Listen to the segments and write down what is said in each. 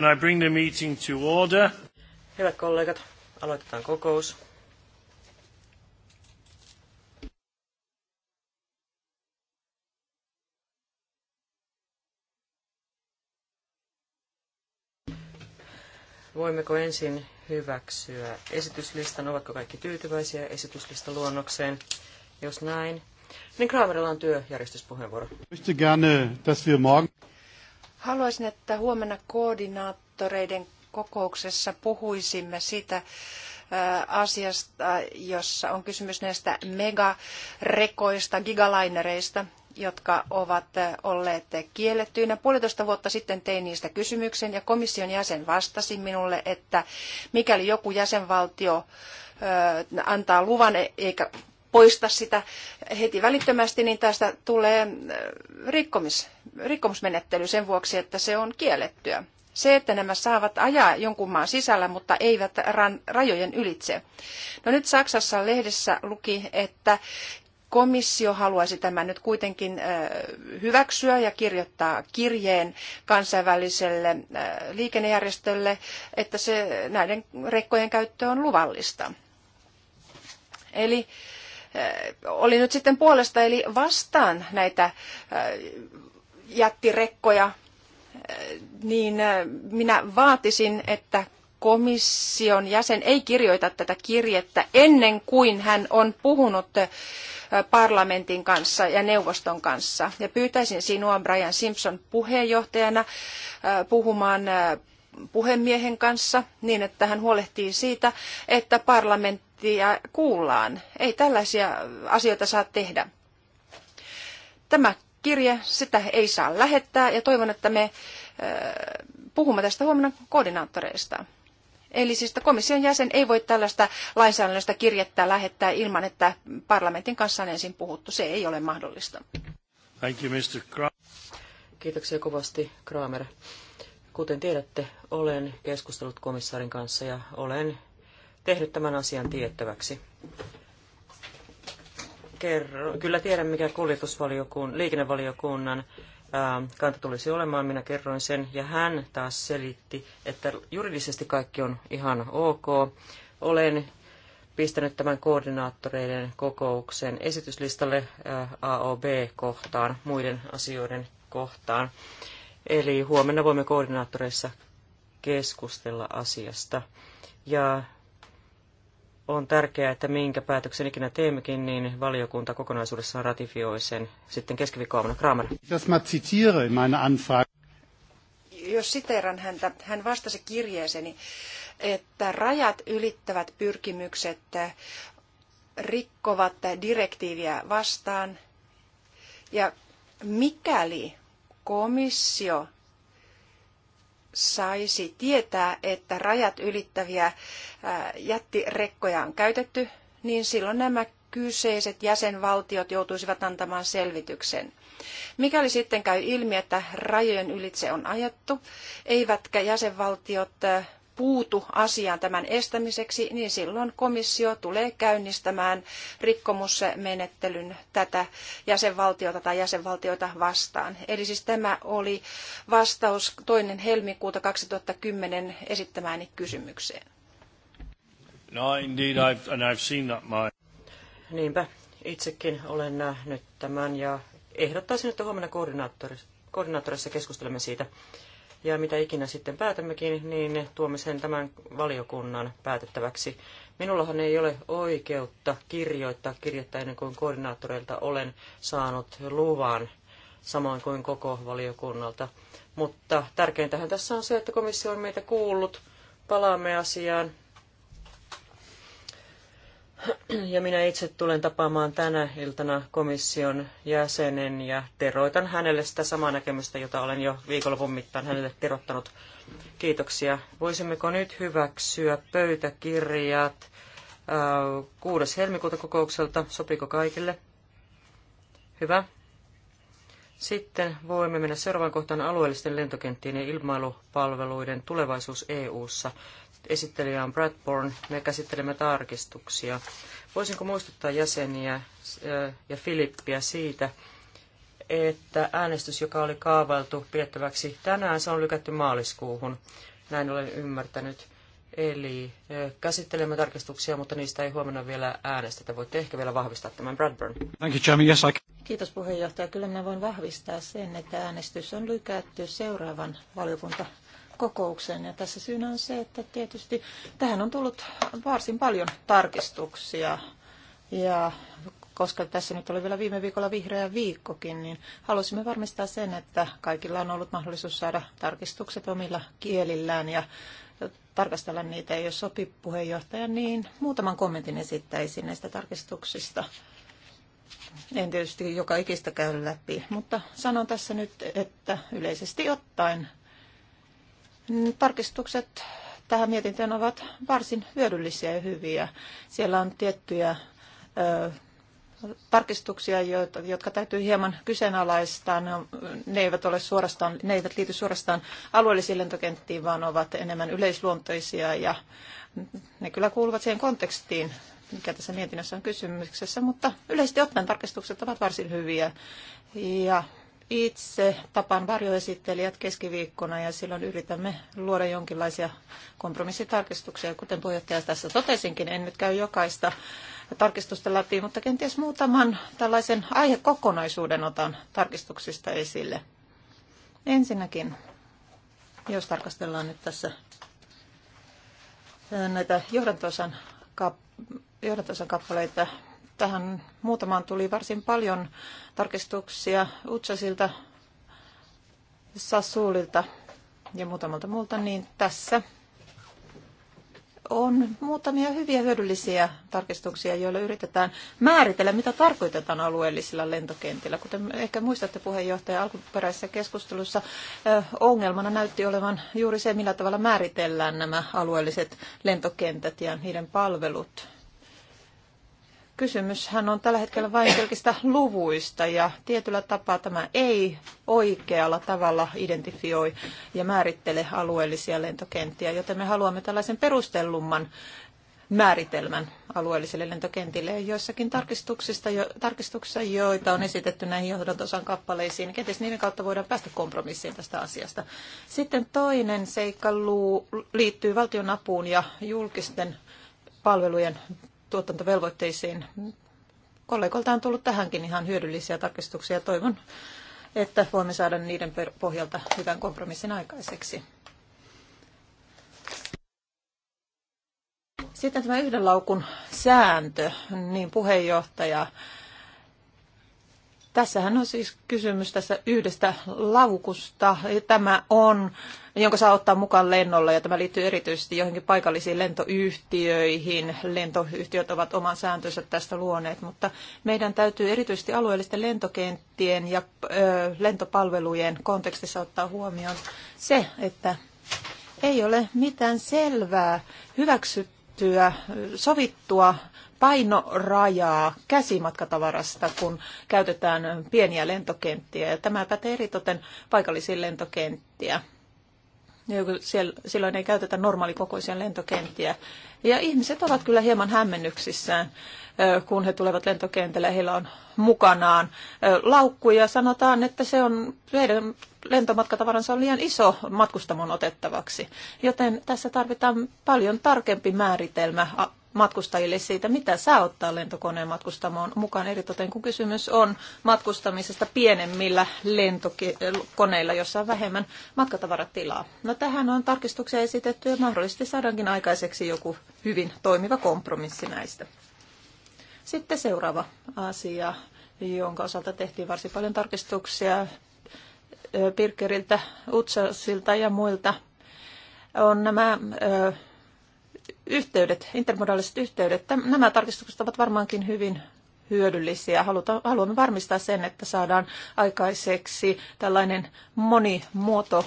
I bring the meeting to order. Hyvät kollegat, aloitetaan kokous. Voimmeko ensin hyväksyä esityslistan? Ovatko kaikki tyytyväisiä luonnokseen, Jos näin, niin Kramerilla on työjärjestyspuheenvuoro. Möchte gerne, dass wir morgen Haluaisin, että huomenna koordinaattoreiden kokouksessa puhuisimme sitä asiasta, jossa on kysymys näistä megarekoista, gigalainereista, jotka ovat olleet kiellettyinä. Puolitoista vuotta sitten tein niistä kysymyksen ja komission jäsen vastasi minulle, että mikäli joku jäsenvaltio antaa luvan eikä poista sitä heti välittömästi, niin tästä tulee äh, rikkomis, rikkomusmenettely sen vuoksi, että se on kiellettyä. Se, että nämä saavat ajaa jonkun maan sisällä, mutta eivät ran, rajojen ylitse. No nyt Saksassa lehdessä luki, että komissio haluaisi tämän nyt kuitenkin äh, hyväksyä ja kirjoittaa kirjeen kansainväliselle äh, liikennejärjestölle, että se, näiden rekkojen käyttö on luvallista. Eli oli nyt sitten puolesta eli vastaan näitä jättirekkoja, niin minä vaatisin, että komission jäsen ei kirjoita tätä kirjettä ennen kuin hän on puhunut parlamentin kanssa ja neuvoston kanssa. Ja pyytäisin sinua, Brian Simpson, puheenjohtajana puhumaan puhemiehen kanssa niin, että hän huolehtii siitä, että parlamenttia kuullaan. Ei tällaisia asioita saa tehdä. Tämä kirje, sitä ei saa lähettää ja toivon, että me puhumme tästä huomenna koordinaattoreista. Eli siis komission jäsen ei voi tällaista lainsäädännöstä kirjettä lähettää ilman, että parlamentin kanssa on ensin puhuttu. Se ei ole mahdollista. Thank you, Mr. Kiitoksia kovasti, Kramer. Kuten tiedätte, olen keskustellut komissaarin kanssa ja olen tehnyt tämän asian tiettäväksi. Kerro, kyllä tiedän, mikä kuljetusvaliokunnan, liikennevaliokunnan ää, kanta tulisi olemaan. Minä kerroin sen ja hän taas selitti, että juridisesti kaikki on ihan ok. Olen pistänyt tämän koordinaattoreiden kokouksen esityslistalle AOB-kohtaan, muiden asioiden kohtaan. Eli huomenna voimme koordinaattoreissa keskustella asiasta. Ja on tärkeää, että minkä päätöksen ikinä teemmekin, niin valiokunta kokonaisuudessaan ratifioi sen sitten keskiviikkoaamuna. Kramer. Jos siteeran häntä, hän vastasi kirjeeseeni, että rajat ylittävät pyrkimykset rikkovat direktiiviä vastaan. Ja mikäli komissio saisi tietää, että rajat ylittäviä jättirekkoja on käytetty, niin silloin nämä kyseiset jäsenvaltiot joutuisivat antamaan selvityksen. Mikäli sitten käy ilmi, että rajojen ylitse on ajettu, eivätkä jäsenvaltiot puutu asiaan tämän estämiseksi, niin silloin komissio tulee käynnistämään rikkomusmenettelyn tätä jäsenvaltiota tai jäsenvaltioita vastaan. Eli siis tämä oli vastaus toinen helmikuuta 2010 esittämääni kysymykseen. No, indeed, I've, and I've seen that my... Niinpä, itsekin olen nähnyt tämän ja ehdottaisin, että huomenna koordinaattorissa keskustelemme siitä ja mitä ikinä sitten päätämmekin, niin tuomme sen tämän valiokunnan päätettäväksi. Minullahan ei ole oikeutta kirjoittaa kirjettä ennen kuin koordinaattoreilta olen saanut luvan, samoin kuin koko valiokunnalta. Mutta tärkeintähän tässä on se, että komissio on meitä kuullut, palaamme asiaan ja minä itse tulen tapaamaan tänä iltana komission jäsenen ja teroitan hänelle sitä samaa näkemystä, jota olen jo viikonlopun mittaan hänelle terottanut. Kiitoksia. Voisimmeko nyt hyväksyä pöytäkirjat 6. Äh, helmikuuta kokoukselta? Sopiiko kaikille? Hyvä. Sitten voimme mennä seuraavaan kohtaan alueellisten lentokenttien ja ilmailupalveluiden tulevaisuus EU-ssa esittelijä on Bourne. Me käsittelemme tarkistuksia. Voisinko muistuttaa jäseniä äh, ja Filippiä siitä, että äänestys, joka oli kaavailtu piettäväksi tänään, se on lykätty maaliskuuhun. Näin olen ymmärtänyt. Eli äh, käsittelemme tarkistuksia, mutta niistä ei huomenna vielä äänestetä. Voitte ehkä vielä vahvistaa tämän Bradburn. Thank you, Chairman. Yes, I... Kiitos puheenjohtaja. Kyllä minä voin vahvistaa sen, että äänestys on lykätty seuraavan valiokunta kokoukseen. Ja tässä syynä on se, että tietysti tähän on tullut varsin paljon tarkistuksia. Ja koska tässä nyt oli vielä viime viikolla vihreä viikkokin, niin halusimme varmistaa sen, että kaikilla on ollut mahdollisuus saada tarkistukset omilla kielillään ja tarkastella niitä. Ja jos sopi puheenjohtaja, niin muutaman kommentin esittäisin näistä tarkistuksista. En tietysti joka ikistä käy läpi, mutta sanon tässä nyt, että yleisesti ottaen Tarkistukset tähän mietintöön ovat varsin hyödyllisiä ja hyviä. Siellä on tiettyjä ö, tarkistuksia, joita, jotka täytyy hieman kyseenalaistaa. Ne, ne, eivät ole suorastaan, ne eivät liity suorastaan alueellisiin lentokenttiin, vaan ovat enemmän yleisluontoisia ja ne kyllä kuuluvat siihen kontekstiin, mikä tässä mietinnössä on kysymyksessä, mutta yleisesti ottaen tarkistukset ovat varsin hyviä. Ja itse tapaan varjoesittelijät keskiviikkona ja silloin yritämme luoda jonkinlaisia kompromissitarkistuksia. Kuten puheenjohtaja tässä totesinkin, en nyt käy jokaista tarkistusta läpi, mutta kenties muutaman tällaisen aihekokonaisuuden otan tarkistuksista esille. Ensinnäkin, jos tarkastellaan nyt tässä äh, näitä johdantosan, kap- johdantosan kappaleita, Tähän muutamaan tuli varsin paljon tarkistuksia Utsasilta, Sassuulilta ja muutamalta muulta, niin tässä on muutamia hyviä hyödyllisiä tarkistuksia, joilla yritetään määritellä, mitä tarkoitetaan alueellisilla lentokentillä. Kuten ehkä muistatte puheenjohtaja alkuperäisessä keskustelussa, ongelmana näytti olevan juuri se, millä tavalla määritellään nämä alueelliset lentokentät ja niiden palvelut. Kysymyshän on tällä hetkellä vain pelkistä luvuista ja tietyllä tapaa tämä ei oikealla tavalla identifioi ja määrittele alueellisia lentokenttiä, joten me haluamme tällaisen perustellumman määritelmän alueellisille lentokentille. Joissakin tarkistuksista, jo, tarkistuksissa, joita on esitetty näihin johdantosan kappaleisiin, niin kenties niiden kautta voidaan päästä kompromissiin tästä asiasta. Sitten toinen seikka liittyy valtion apuun ja julkisten palvelujen tuotantovelvoitteisiin. Kollegolta on tullut tähänkin ihan hyödyllisiä tarkistuksia. Toivon, että voimme saada niiden pohjalta hyvän kompromissin aikaiseksi. Sitten tämä yhden laukun sääntö, niin puheenjohtaja Tässähän on siis kysymys tässä yhdestä lavukusta. Tämä on, jonka saa ottaa mukaan lennolla ja tämä liittyy erityisesti joihinkin paikallisiin lentoyhtiöihin. Lentoyhtiöt ovat oman sääntönsä tästä luoneet, mutta meidän täytyy erityisesti alueellisten lentokenttien ja lentopalvelujen kontekstissa ottaa huomioon se, että ei ole mitään selvää hyväksyttyä sovittua painorajaa käsimatkatavarasta, kun käytetään pieniä lentokenttiä. Ja tämä pätee eritoten paikallisiin lentokenttiä. Silloin ei käytetä normaalikokoisia lentokenttiä. Ja ihmiset ovat kyllä hieman hämmennyksissään, kun he tulevat lentokentälle. Heillä on mukanaan laukkuja. Sanotaan, että se on heidän lentomatkatavaransa on liian iso matkustamon otettavaksi. Joten tässä tarvitaan paljon tarkempi määritelmä matkustajille siitä, mitä saa ottaa lentokoneen matkustamoon mukaan, eritoten kun kysymys on matkustamisesta pienemmillä lentokoneilla, jossa on vähemmän matkatavaratilaa. No tähän on tarkistuksia esitetty ja mahdollisesti saadaankin aikaiseksi joku hyvin toimiva kompromissi näistä. Sitten seuraava asia, jonka osalta tehtiin varsin paljon tarkistuksia Pirkkeriltä, Utsasilta ja muilta, on nämä yhteydet, intermodaaliset yhteydet, nämä tarkistukset ovat varmaankin hyvin hyödyllisiä. Haluta, haluamme varmistaa sen, että saadaan aikaiseksi tällainen monimuoto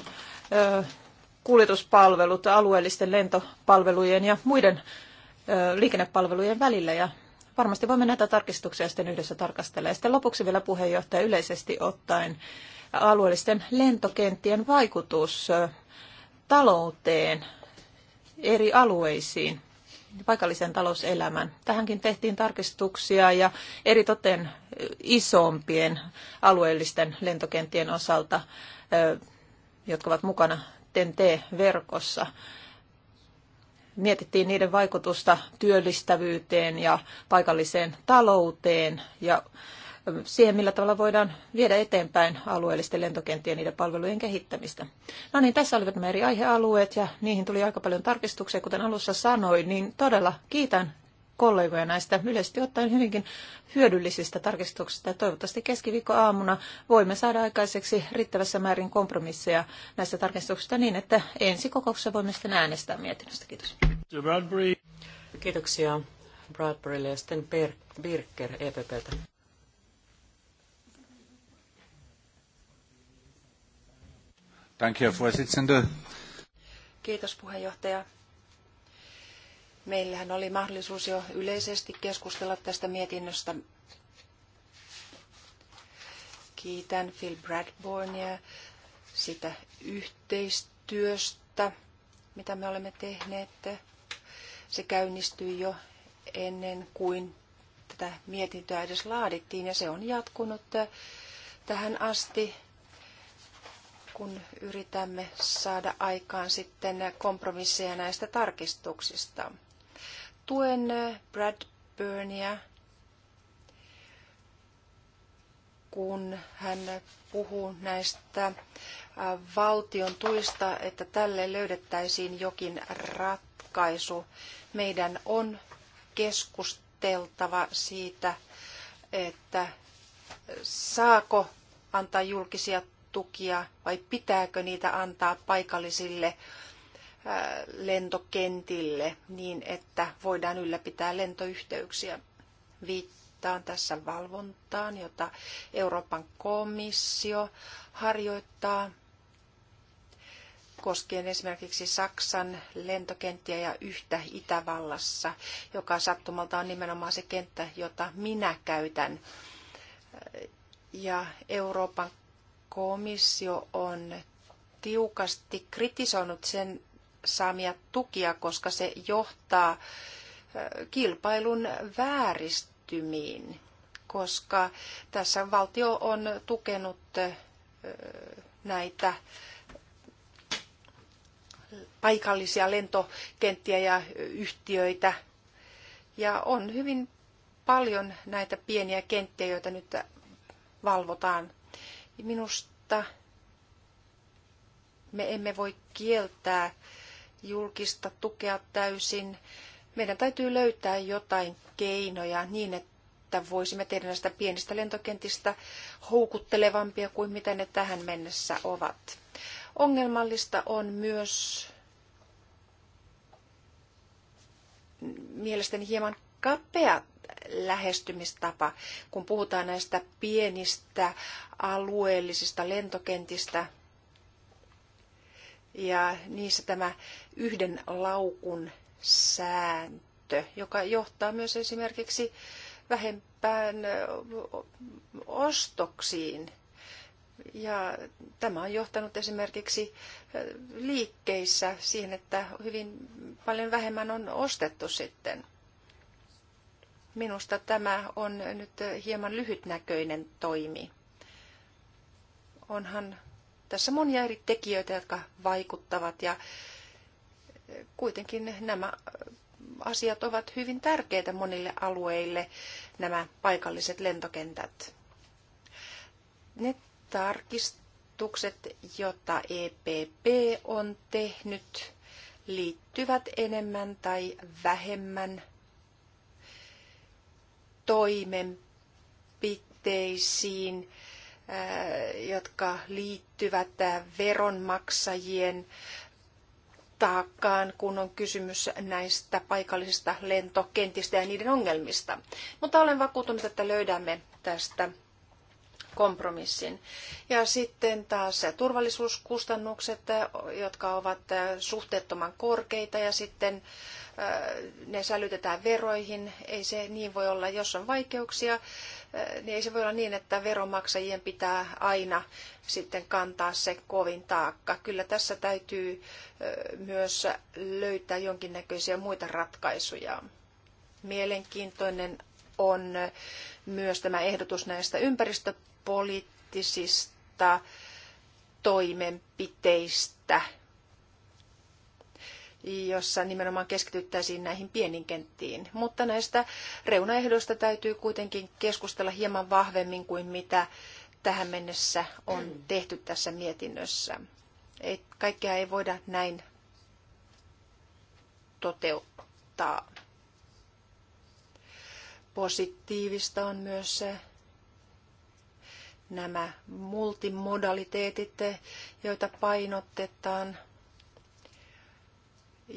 kuljetuspalvelut alueellisten lentopalvelujen ja muiden liikennepalvelujen välillä ja varmasti voimme näitä tarkistuksia sitten yhdessä tarkastella. Ja sitten lopuksi vielä puheenjohtaja yleisesti ottaen alueellisten lentokenttien vaikutus talouteen eri alueisiin, paikalliseen talouselämään. Tähänkin tehtiin tarkistuksia ja eri toten isompien alueellisten lentokenttien osalta, jotka ovat mukana TEN-T-verkossa. Mietittiin niiden vaikutusta työllistävyyteen ja paikalliseen talouteen ja siihen, millä tavalla voidaan viedä eteenpäin alueellisten lentokenttien ja niiden palvelujen kehittämistä. No niin, tässä olivat nämä eri aihealueet ja niihin tuli aika paljon tarkistuksia. Kuten alussa sanoin, niin todella kiitän kollegoja näistä yleisesti ottaen hyvinkin hyödyllisistä tarkistuksista. Ja toivottavasti keskiviikkoaamuna voimme saada aikaiseksi riittävässä määrin kompromisseja näistä tarkistuksista niin, että ensi kokouksessa voimme sitten äänestää mietinnöstä. Kiitos. Bradbury. Kiitoksia Bradburylle ja sitten Birker EPPltä. Danke, Herr Vorsitzender. Kiitos puheenjohtaja. Meillähän oli mahdollisuus jo yleisesti keskustella tästä mietinnöstä. Kiitän Phil Bradbornia sitä yhteistyöstä, mitä me olemme tehneet. Se käynnistyi jo ennen kuin tätä mietintöä edes laadittiin ja se on jatkunut tähän asti kun yritämme saada aikaan sitten kompromisseja näistä tarkistuksista. Tuen Brad Burnia, kun hän puhuu näistä valtion tuista, että tälle löydettäisiin jokin ratkaisu. Meidän on keskusteltava siitä, että saako antaa julkisia tukia vai pitääkö niitä antaa paikallisille lentokentille niin, että voidaan ylläpitää lentoyhteyksiä. Viittaan tässä valvontaan, jota Euroopan komissio harjoittaa koskien esimerkiksi Saksan lentokenttiä ja yhtä Itävallassa, joka sattumalta on nimenomaan se kenttä, jota minä käytän. Ja Euroopan komissio on tiukasti kritisoinut sen saamia tukia, koska se johtaa kilpailun vääristymiin, koska tässä valtio on tukenut näitä paikallisia lentokenttiä ja yhtiöitä. Ja on hyvin paljon näitä pieniä kenttiä, joita nyt valvotaan Minusta me emme voi kieltää julkista tukea täysin. Meidän täytyy löytää jotain keinoja niin, että voisimme tehdä näistä pienistä lentokentistä houkuttelevampia kuin mitä ne tähän mennessä ovat. Ongelmallista on myös mielestäni hieman kapeat lähestymistapa, kun puhutaan näistä pienistä alueellisista lentokentistä. Ja niissä tämä yhden laukun sääntö, joka johtaa myös esimerkiksi vähempään ostoksiin. Ja tämä on johtanut esimerkiksi liikkeissä siihen, että hyvin paljon vähemmän on ostettu sitten. Minusta tämä on nyt hieman lyhytnäköinen toimi. Onhan tässä monia eri tekijöitä, jotka vaikuttavat ja kuitenkin nämä asiat ovat hyvin tärkeitä monille alueille, nämä paikalliset lentokentät. Ne tarkistukset, joita EPP on tehnyt, liittyvät enemmän tai vähemmän – toimenpiteisiin, äh, jotka liittyvät äh, veronmaksajien taakkaan, kun on kysymys näistä paikallisista lentokentistä ja niiden ongelmista. Mutta olen vakuuttunut, että löydämme tästä kompromissin. Ja sitten taas turvallisuuskustannukset, jotka ovat äh, suhteettoman korkeita ja sitten äh, ne sälytetään veroihin. Ei se niin voi olla, jos on vaikeuksia, äh, niin ei se voi olla niin, että veronmaksajien pitää aina sitten kantaa se kovin taakka. Kyllä tässä täytyy myös löytää jonkinnäköisiä muita ratkaisuja. Mielenkiintoinen on myös tämä ehdotus näistä ympäristö poliittisista toimenpiteistä, jossa nimenomaan keskityttäisiin näihin pieniin kenttiin. Mutta näistä reunaehdoista täytyy kuitenkin keskustella hieman vahvemmin kuin mitä tähän mennessä on tehty tässä mietinnössä. Ei, kaikkea ei voida näin toteuttaa. Positiivista on myös se, nämä multimodaliteetit, joita painotetaan.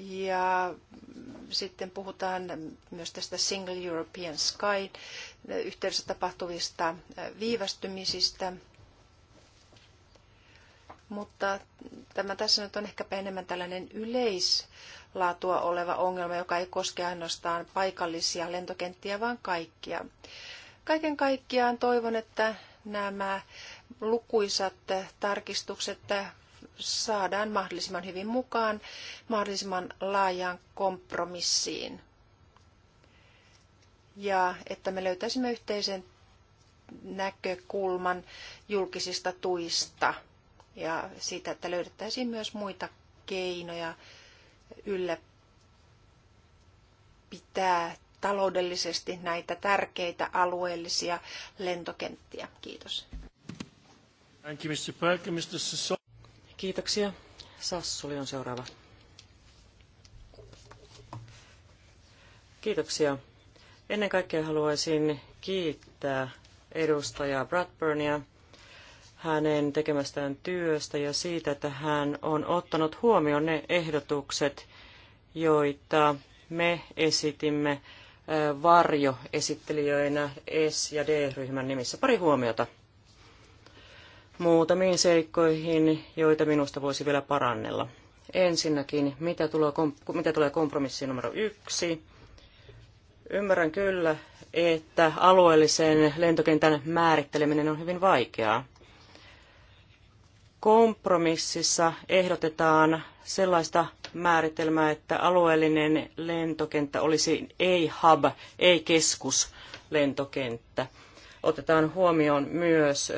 Ja sitten puhutaan myös tästä Single European Sky yhteydessä tapahtuvista viivästymisistä. Mutta tämä tässä nyt on ehkäpä enemmän tällainen yleislaatua oleva ongelma, joka ei koske ainoastaan paikallisia lentokenttiä, vaan kaikkia. Kaiken kaikkiaan toivon, että nämä lukuisat tarkistukset saadaan mahdollisimman hyvin mukaan mahdollisimman laajaan kompromissiin. Ja että me löytäisimme yhteisen näkökulman julkisista tuista ja siitä, että löydettäisiin myös muita keinoja ylläpitää taloudellisesti näitä tärkeitä alueellisia lentokenttiä. Kiitos. Thank you, Mr. Perk, Mr. Kiitoksia. on seuraava. Kiitoksia. Ennen kaikkea haluaisin kiittää edustaja Bradburnia hänen tekemästään työstä ja siitä, että hän on ottanut huomioon ne ehdotukset, joita me esitimme varjoesittelijöinä S- ja D-ryhmän nimissä. Pari huomiota muutamiin seikkoihin, joita minusta voisi vielä parannella. Ensinnäkin, mitä tulee, mitä tulee kompromissiin numero yksi. Ymmärrän kyllä, että alueellisen lentokentän määritteleminen on hyvin vaikeaa. Kompromississa ehdotetaan sellaista määritelmää, että alueellinen lentokenttä olisi ei hub, ei keskuslentokenttä. Otetaan huomioon myös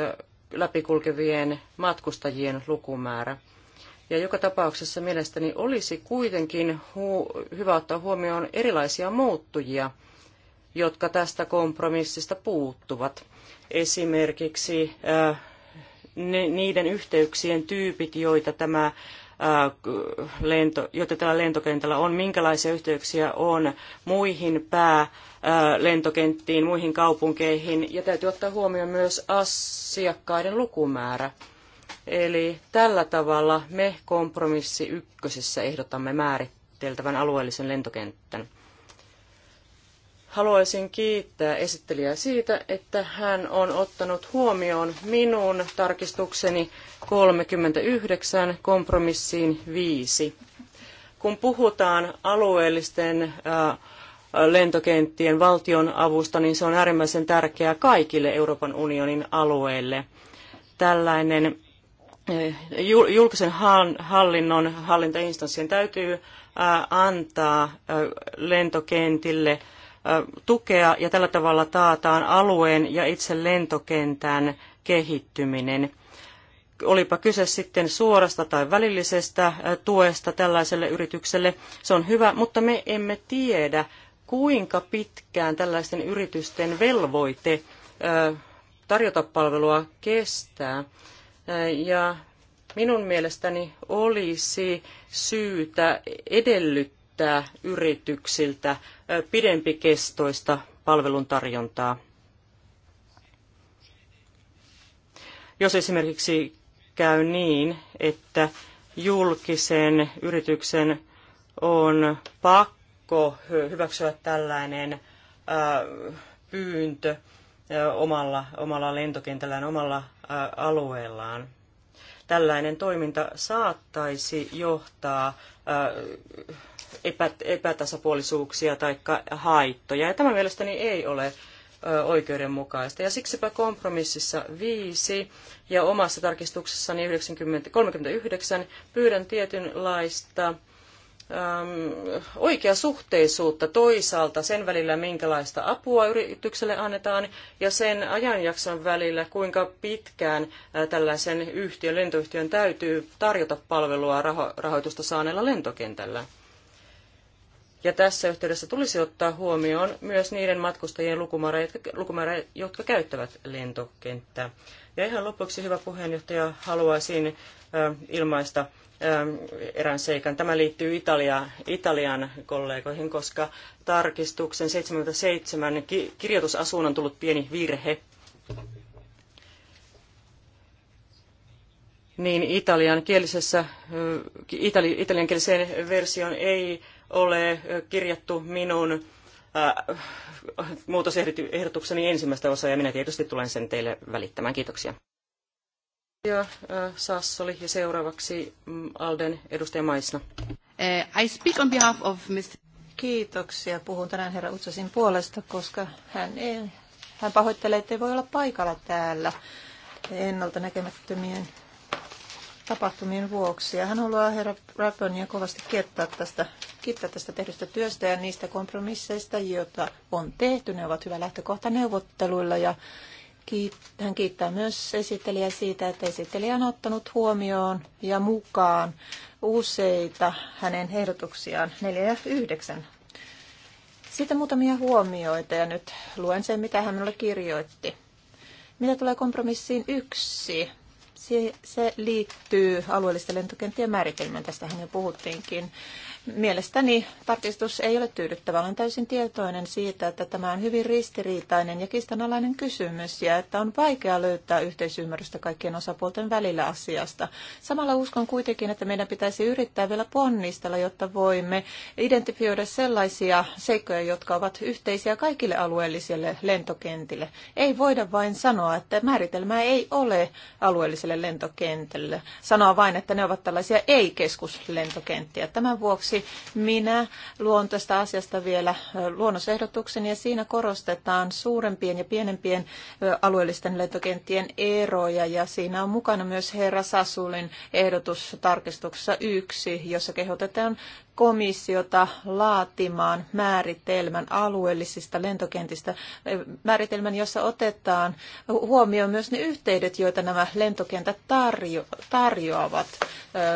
läpikulkevien matkustajien lukumäärä. Ja joka tapauksessa mielestäni olisi kuitenkin hyvä ottaa huomioon erilaisia muuttujia, jotka tästä kompromissista puuttuvat. Esimerkiksi niiden yhteyksien tyypit, joita tämä lento, jota tällä lentokentällä on, minkälaisia yhteyksiä on muihin päälentokenttiin, muihin kaupunkeihin, ja täytyy ottaa huomioon myös asiakkaiden lukumäärä. Eli tällä tavalla me kompromissi ykkösessä ehdotamme määritteltävän alueellisen lentokentän. Haluaisin kiittää esittelijää siitä, että hän on ottanut huomioon minun tarkistukseni 39 kompromissiin 5. Kun puhutaan alueellisten äh, lentokenttien valtion avusta, niin se on äärimmäisen tärkeää kaikille Euroopan unionin alueille. Tällainen äh, julkisen hallinnon hallintainstanssien täytyy äh, antaa lentokentille – tukea ja tällä tavalla taataan alueen ja itse lentokentän kehittyminen. Olipa kyse sitten suorasta tai välillisestä tuesta tällaiselle yritykselle, se on hyvä, mutta me emme tiedä, kuinka pitkään tällaisten yritysten velvoite tarjota palvelua kestää. Ja minun mielestäni olisi syytä edellyttää, edellyttää yrityksiltä pidempikestoista palveluntarjontaa. Jos esimerkiksi käy niin, että julkisen yrityksen on pakko hyväksyä tällainen pyyntö omalla, omalla lentokentällään, omalla alueellaan. Tällainen toiminta saattaisi johtaa epä, epätasapuolisuuksia tai haittoja. Ja tämä mielestäni ei ole oikeudenmukaista. Ja siksipä kompromississa viisi ja omassa tarkistuksessani 90, 39 pyydän tietynlaista äm, oikeasuhteisuutta toisaalta sen välillä, minkälaista apua yritykselle annetaan, ja sen ajanjakson välillä, kuinka pitkään ä, tällaisen yhtiön, lentoyhtiön täytyy tarjota palvelua raho, rahoitusta saaneella lentokentällä. Ja tässä yhteydessä tulisi ottaa huomioon myös niiden matkustajien lukumäärä, jotka, lukumäärä, jotka käyttävät lentokenttää. Ja ihan lopuksi, hyvä puheenjohtaja, haluaisin ilmaista erään seikan. Tämä liittyy Italia, Italian kollegoihin, koska tarkistuksen 77 ki- kirjoitusasuun on tullut pieni virhe. Niin italian kielisessä, itali, italian kieliseen versioon ei ole kirjattu minun äh, muutosehdotukseni ensimmäistä osaa ja minä tietysti tulen sen teille välittämään. Kiitoksia. Ja äh, Sassoli ja seuraavaksi mm, Alden edustaja Maisna. Eh, I speak on behalf of Mr. Kiitoksia. Puhun tänään herra Utsasin puolesta, koska hän, ei, hän pahoittelee, ettei voi olla paikalla täällä ennalta näkemättömien tapahtumien vuoksi. Ja hän haluaa herra Rapponia kovasti kiittää tästä kiittää tästä tehdystä työstä ja niistä kompromisseista, joita on tehty. Ne ovat hyvä lähtökohta neuvotteluilla ja hän kiittää myös esittelijä siitä, että esittelijä on ottanut huomioon ja mukaan useita hänen ehdotuksiaan 4 ja 9. Sitten muutamia huomioita ja nyt luen sen, mitä hän minulle kirjoitti. Mitä tulee kompromissiin yksi? Se liittyy alueellisten lentokenttien määritelmään. Tästähän jo puhuttiinkin. Mielestäni tarkistus ei ole tyydyttävä. Olen täysin tietoinen siitä, että tämä on hyvin ristiriitainen ja kistanalainen kysymys ja että on vaikea löytää yhteisymmärrystä kaikkien osapuolten välillä asiasta. Samalla uskon kuitenkin, että meidän pitäisi yrittää vielä ponnistella, jotta voimme identifioida sellaisia seikkoja, jotka ovat yhteisiä kaikille alueellisille lentokentille. Ei voida vain sanoa, että määritelmää ei ole alueelliselle lentokentälle. Sanoa vain, että ne ovat tällaisia ei-keskuslentokenttiä. Tämän vuoksi lopuksi minä luon tästä asiasta vielä luonnosehdotuksen ja siinä korostetaan suurempien ja pienempien alueellisten lentokenttien eroja ja siinä on mukana myös herra Sasulin ehdotus tarkistuksessa yksi, jossa kehotetaan komissiota laatimaan määritelmän alueellisista lentokentistä, eh, määritelmän, jossa otetaan huomioon myös ne yhteydet, joita nämä lentokentät tarjo- tarjoavat.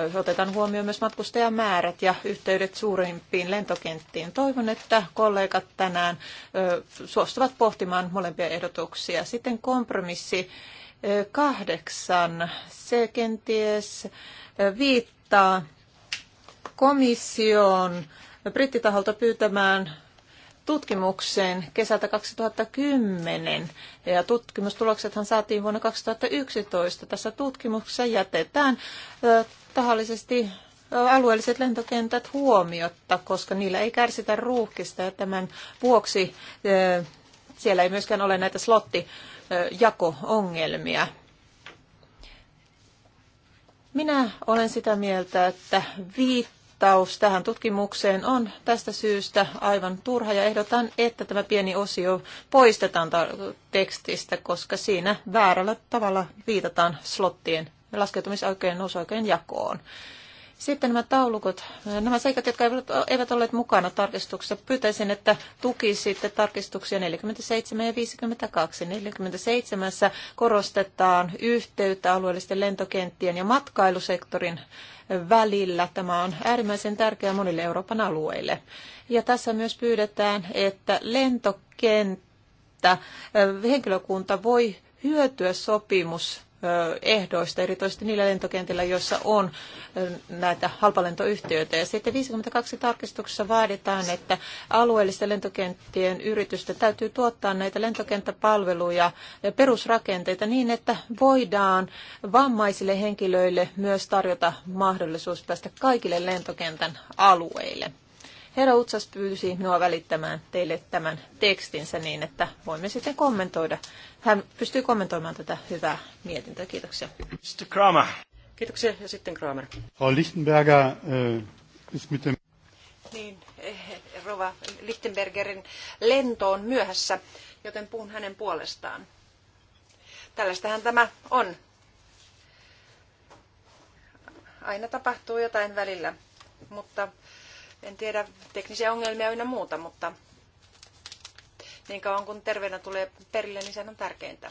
Eh, otetaan huomioon myös matkustajamäärät ja yhteydet suurimpiin lentokenttiin. Toivon, että kollegat tänään eh, suostuvat pohtimaan molempia ehdotuksia. Sitten kompromissi kahdeksan. Se kenties viittaa komission brittitaholta pyytämään tutkimukseen kesältä 2010 ja tutkimustuloksethan saatiin vuonna 2011. Tässä tutkimuksessa jätetään tahallisesti alueelliset lentokentät huomiotta, koska niillä ei kärsitä ruuhkista ja tämän vuoksi siellä ei myöskään ole näitä slottijako-ongelmia. Minä olen sitä mieltä, että viittä vastaus tähän tutkimukseen on tästä syystä aivan turha ja ehdotan, että tämä pieni osio poistetaan tekstistä, koska siinä väärällä tavalla viitataan slottien ja laskeutumisoikeuden jakoon. Sitten nämä taulukot, nämä seikat, jotka eivät olleet mukana tarkistuksessa, pyytäisin, että tuki sitten tarkistuksia 47 ja 52. 47 korostetaan yhteyttä alueellisten lentokenttien ja matkailusektorin välillä. Tämä on äärimmäisen tärkeää monille Euroopan alueille. Ja tässä myös pyydetään, että lentokenttä, henkilökunta voi hyötyä sopimus ehdoista, erityisesti niillä lentokentillä, joissa on näitä halpalentoyhtiöitä. Ja sitten 52 tarkistuksessa vaaditaan, että alueellisten lentokenttien yritysten täytyy tuottaa näitä lentokenttäpalveluja ja perusrakenteita niin, että voidaan vammaisille henkilöille myös tarjota mahdollisuus päästä kaikille lentokentän alueille. Herra Utsas pyysi minua välittämään teille tämän tekstinsä niin, että voimme sitten kommentoida. Hän pystyy kommentoimaan tätä hyvää mietintöä. Kiitoksia. Mr. Kramer. Kiitoksia ja sitten Kramer. Frau Lichtenberger, äh, mit dem... Niin, eh, Rova Lichtenbergerin lento on myöhässä, joten puhun hänen puolestaan. Tällaistähän tämä on. Aina tapahtuu jotain välillä, mutta en tiedä teknisiä ongelmia ynnä muuta, mutta niin kauan kun terveenä tulee perille, niin sehän on tärkeintä.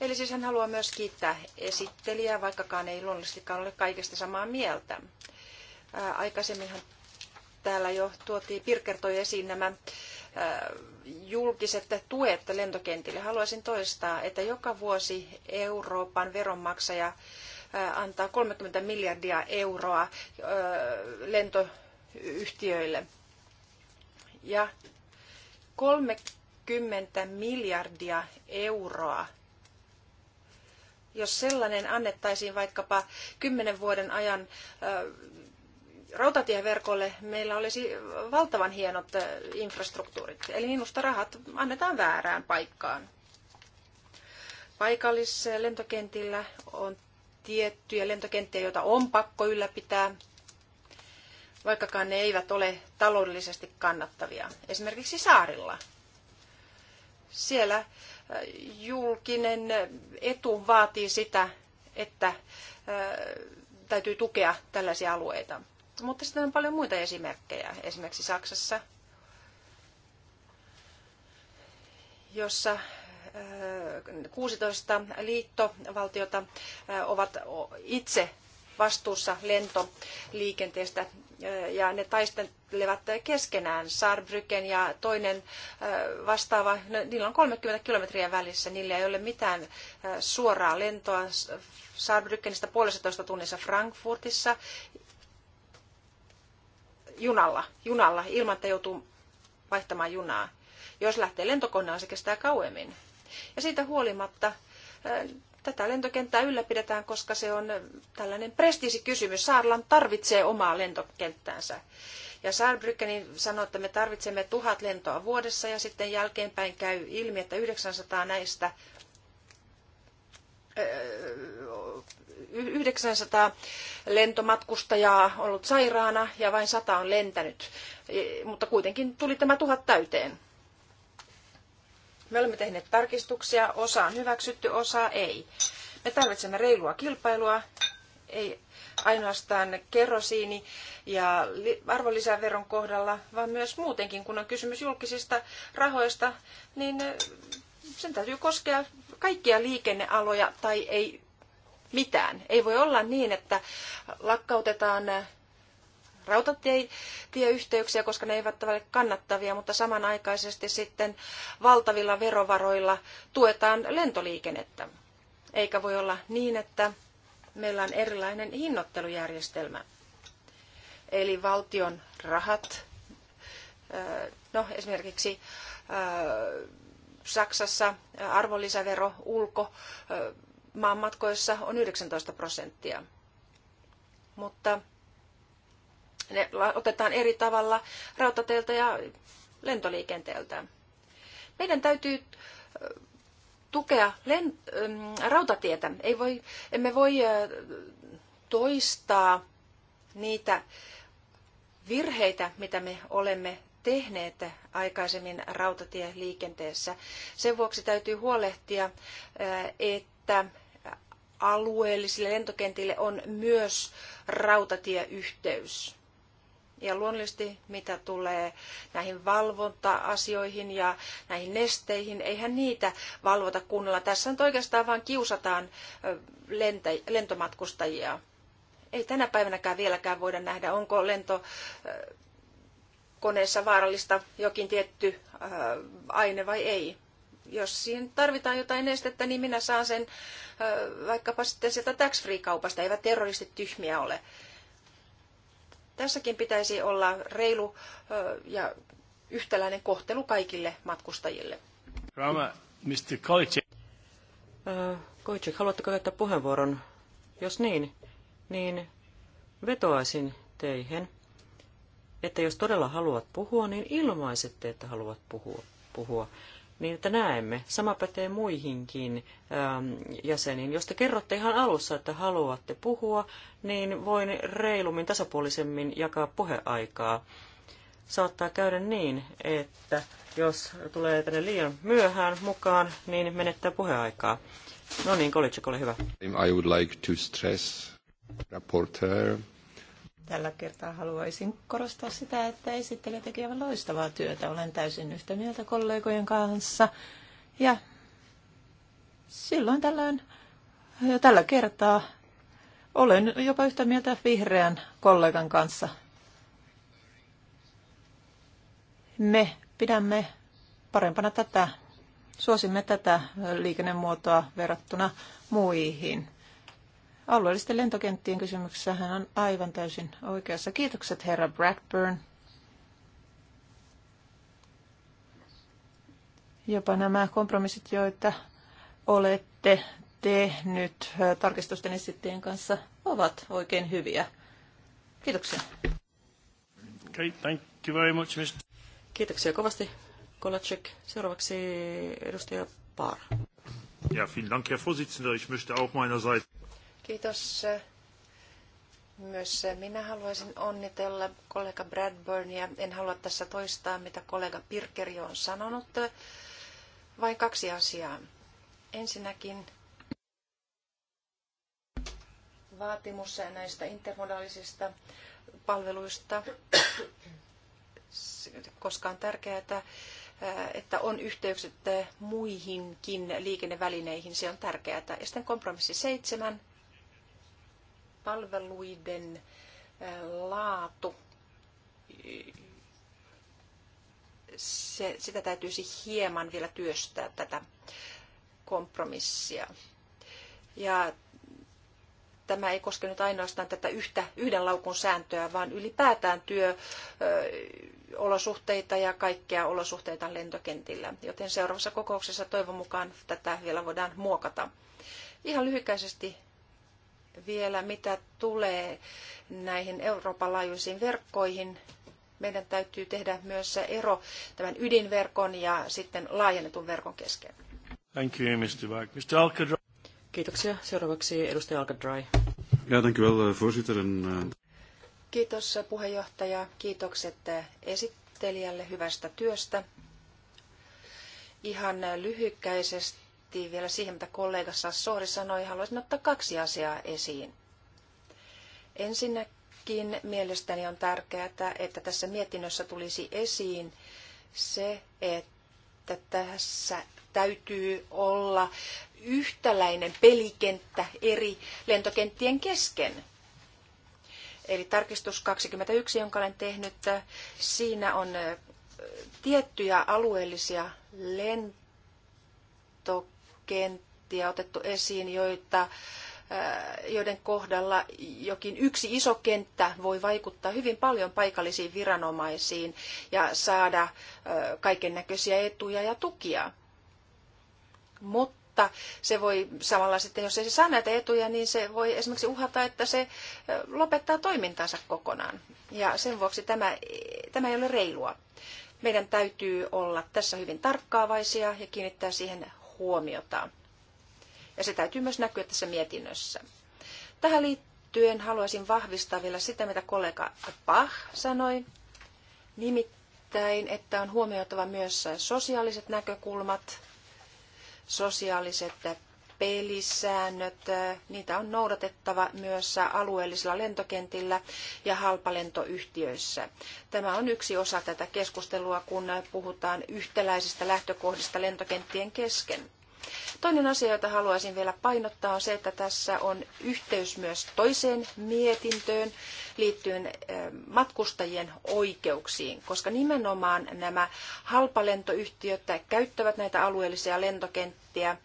Eli siis hän haluaa myös kiittää esittelijää, vaikkakaan ei luonnollisestikaan ole kaikesta samaa mieltä. Ää, aikaisemminhan täällä jo tuotiin, Pirker toi esiin nämä ää, julkiset tuet lentokentille. Haluaisin toistaa, että joka vuosi Euroopan veronmaksaja antaa 30 miljardia euroa lento yhtiöille. Ja 30 miljardia euroa jos sellainen annettaisiin vaikkapa kymmenen vuoden ajan rautatieverkolle, meillä olisi valtavan hienot infrastruktuurit. Eli minusta rahat annetaan väärään paikkaan. Paikallislentokentillä on tiettyjä lentokenttiä, joita on pakko ylläpitää, vaikkakaan ne eivät ole taloudellisesti kannattavia. Esimerkiksi saarilla. Siellä äh, julkinen etu vaatii sitä, että äh, täytyy tukea tällaisia alueita. Mutta sitten on paljon muita esimerkkejä, esimerkiksi Saksassa, jossa 16 äh, liittovaltiota ovat itse vastuussa lentoliikenteestä ja ne taistelevat keskenään. Saarbrücken ja toinen vastaava, no, niillä on 30 kilometriä välissä, niillä ei ole mitään suoraa lentoa Saarbrückenistä puolestatoista tunnissa Frankfurtissa junalla, junalla ilman, että joutuu vaihtamaan junaa. Jos lähtee lentokoneella, se kestää kauemmin. Ja siitä huolimatta tätä lentokenttää ylläpidetään, koska se on tällainen prestiisikysymys. Saarland tarvitsee omaa lentokenttäänsä. Ja Saarbrückenin sanoi, että me tarvitsemme tuhat lentoa vuodessa ja sitten jälkeenpäin käy ilmi, että 900 näistä 900 lentomatkustajaa ollut sairaana ja vain 100 on lentänyt, mutta kuitenkin tuli tämä tuhat täyteen. Me olemme tehneet tarkistuksia, osa on hyväksytty, osa ei. Me tarvitsemme reilua kilpailua, ei ainoastaan kerosiini ja arvonlisäveron kohdalla, vaan myös muutenkin, kun on kysymys julkisista rahoista, niin eh, sen täytyy koskea kaikkia liikennealoja tai ei mitään. Ei voi olla niin, että lakkautetaan eh, rautatieyhteyksiä, koska ne eivät ole kannattavia, mutta samanaikaisesti sitten valtavilla verovaroilla tuetaan lentoliikennettä. Eikä voi olla niin, että meillä on erilainen hinnoittelujärjestelmä. Eli valtion rahat, no esimerkiksi Saksassa arvonlisävero ulko maanmatkoissa on 19 prosenttia. Mutta ne otetaan eri tavalla rautateiltä ja lentoliikenteeltä. Meidän täytyy tukea lent- rautatietä. Ei voi, emme voi toistaa niitä virheitä, mitä me olemme tehneet aikaisemmin rautatieliikenteessä. Sen vuoksi täytyy huolehtia, että alueellisille lentokentille on myös rautatieyhteys. Ja luonnollisesti mitä tulee näihin valvonta-asioihin ja näihin nesteihin, eihän niitä valvota kunnolla. Tässä nyt oikeastaan vain kiusataan lentä- lentomatkustajia. Ei tänä päivänäkään vieläkään voida nähdä, onko lentokoneessa vaarallista jokin tietty aine vai ei. Jos siihen tarvitaan jotain nestettä, niin minä saan sen vaikkapa sitten sieltä tax-free-kaupasta. Eivät terroristit tyhmiä ole. Tässäkin pitäisi olla reilu ja yhtäläinen kohtelu kaikille matkustajille. Rama, Mr. Kojic. Äh, Kolicek, haluatteko käyttää puheenvuoron? Jos niin, niin vetoaisin teihin, että jos todella haluat puhua, niin ilmaisette, että haluat puhua. puhua niin että näemme. Sama pätee muihinkin äm, jäseniin. Jos te kerrotte ihan alussa, että haluatte puhua, niin voin reilummin, tasapuolisemmin jakaa puheaikaa. Saattaa käydä niin, että jos tulee tänne liian myöhään mukaan, niin menettää puheaikaa. No niin, Kolitsik, ole hyvä. I would like to stress, reporter, Tällä kertaa haluaisin korostaa sitä, että esittelijä teki aivan loistavaa työtä. Olen täysin yhtä mieltä kollegojen kanssa. Ja silloin tällöin, tällä kertaa olen jopa yhtä mieltä vihreän kollegan kanssa. Me pidämme parempana tätä, suosimme tätä liikennemuotoa verrattuna muihin. Alueellisten lentokenttien kysymyksessä hän on aivan täysin oikeassa. Kiitokset herra Bradburn. Jopa nämä kompromissit, joita olette tehnyt tarkistusten esittäjien kanssa, ovat oikein hyviä. Kiitoksia. Okay, thank you very much, Mr. Kiitoksia kovasti, Kolacek. Seuraavaksi edustaja Paar. Ja, vielen Dank, Herr Vorsitzender. Ich möchte auch meinerseits... Kiitos. Myös minä haluaisin onnitella kollega Bradburnia. En halua tässä toistaa, mitä kollega Pirkeri on sanonut. Vain kaksi asiaa. Ensinnäkin vaatimus näistä intermodaalisista palveluista, koska on tärkeää, että, että on yhteykset muihinkin liikennevälineihin. Se on tärkeää. Ja sitten kompromissi seitsemän palveluiden laatu, se, sitä täytyisi hieman vielä työstää tätä kompromissia. Ja tämä ei koske nyt ainoastaan tätä yhtä, yhden laukun sääntöä, vaan ylipäätään työolosuhteita ja kaikkea olosuhteita lentokentillä. Joten seuraavassa kokouksessa toivon mukaan tätä vielä voidaan muokata. Ihan lyhykäisesti vielä mitä tulee näihin Euroopan laajuisiin verkkoihin, meidän täytyy tehdä myös ero tämän ydinverkon ja sitten laajennetun verkon kesken. Thank you, Mr. Back. Mr. Alcadry. Kiitoksia. Seuraavaksi edustaja Alcadry. Ja, thank you well, eh, voorzitter. And, eh, Kiitos eh, puheenjohtaja. Kiitokset esittelijälle hyvästä työstä. Ihan lyhykäisesti kommenttiin vielä siihen, mitä kollega Sassori sanoi. Haluaisin ottaa kaksi asiaa esiin. Ensinnäkin mielestäni on tärkeää, että tässä mietinnössä tulisi esiin se, että tässä täytyy olla yhtäläinen pelikenttä eri lentokenttien kesken. Eli tarkistus 21, jonka olen tehnyt, siinä on tiettyjä alueellisia lentokenttiä kenttiä otettu esiin, joita, äh, joiden kohdalla jokin yksi iso kenttä voi vaikuttaa hyvin paljon paikallisiin viranomaisiin ja saada äh, kaiken näköisiä etuja ja tukia. Mutta se voi samalla sitten, jos ei se saa näitä etuja, niin se voi esimerkiksi uhata, että se äh, lopettaa toimintansa kokonaan. Ja sen vuoksi tämä, tämä ei ole reilua. Meidän täytyy olla tässä hyvin tarkkaavaisia ja kiinnittää siihen huomiota. Ja se täytyy myös näkyä tässä mietinnössä. Tähän liittyen haluaisin vahvistaa vielä sitä, mitä kollega Bach sanoi. Nimittäin, että on huomioitava myös sosiaaliset näkökulmat, sosiaaliset pelisäännöt, niitä on noudatettava myös alueellisilla lentokentillä ja halpalentoyhtiöissä. Tämä on yksi osa tätä keskustelua, kun puhutaan yhtäläisistä lähtökohdista lentokenttien kesken. Toinen asia, jota haluaisin vielä painottaa, on se, että tässä on yhteys myös toiseen mietintöön liittyen eh, matkustajien oikeuksiin, koska nimenomaan nämä halpalentoyhtiöt käyttävät näitä alueellisia lentokenttiä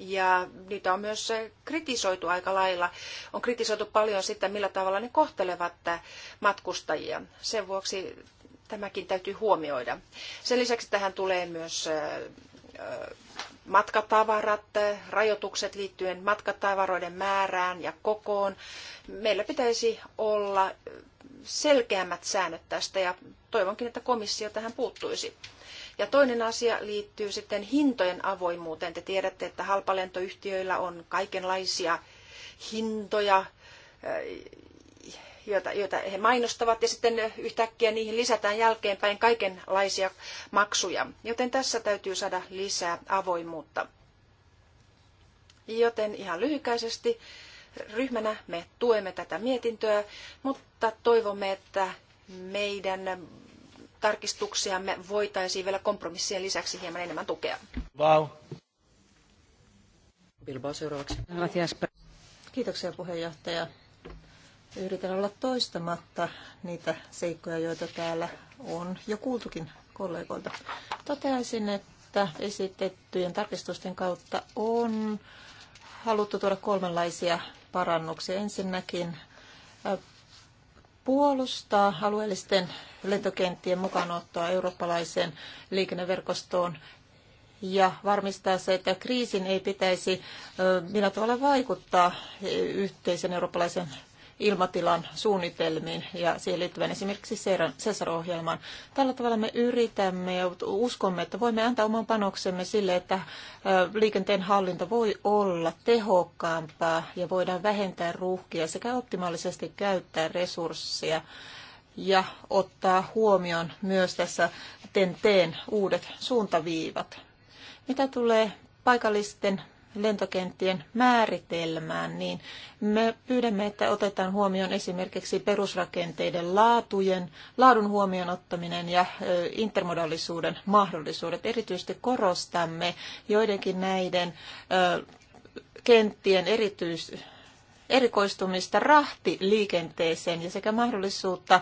ja niitä on myös eh, kritisoitu aika lailla. On kritisoitu paljon sitä, millä tavalla ne kohtelevat eh, matkustajia. Sen vuoksi tämäkin täytyy huomioida. Sen lisäksi tähän tulee myös eh, matkatavarat, rajoitukset liittyen matkatavaroiden määrään ja kokoon. Meillä pitäisi olla selkeämmät säännöt tästä ja toivonkin, että komissio tähän puuttuisi. Ja toinen asia liittyy sitten hintojen avoimuuteen. Te tiedätte, että halpalentoyhtiöillä on kaikenlaisia hintoja, eh, joita, joita he mainostavat, ja sitten yhtäkkiä niihin lisätään jälkeenpäin kaikenlaisia maksuja. Joten tässä täytyy saada lisää avoimuutta. Joten ihan lyhykäisesti ryhmänä me tuemme tätä mietintöä, mutta toivomme, että meidän tarkistuksiamme voitaisiin vielä kompromissien lisäksi hieman enemmän tukea. Wow. Bilbao seuraavaksi. Kiitoksia puheenjohtaja. Yritän olla toistamatta niitä seikkoja, joita täällä on jo kuultukin kollegoilta. Toteaisin, että esitettyjen tarkistusten kautta on haluttu tuoda kolmenlaisia parannuksia. Ensinnäkin puolustaa alueellisten lentokenttien mukaanottoa eurooppalaiseen liikenneverkostoon ja varmistaa se, että kriisin ei pitäisi millä tavalla vaikuttaa yhteisen eurooppalaisen ilmatilan suunnitelmiin ja siihen liittyvän esimerkiksi CESAR-ohjelmaan. Tällä tavalla me yritämme ja uskomme, että voimme antaa oman panoksemme sille, että liikenteen hallinta voi olla tehokkaampaa ja voidaan vähentää ruuhkia sekä optimaalisesti käyttää resursseja ja ottaa huomioon myös tässä TEN-T:n uudet suuntaviivat. Mitä tulee paikallisten lentokenttien määritelmään, niin me pyydämme, että otetaan huomioon esimerkiksi perusrakenteiden laatujen, laadun huomioon ottaminen ja intermodallisuuden mahdollisuudet. Erityisesti korostamme joidenkin näiden kenttien erityis erikoistumista rahtiliikenteeseen ja sekä mahdollisuutta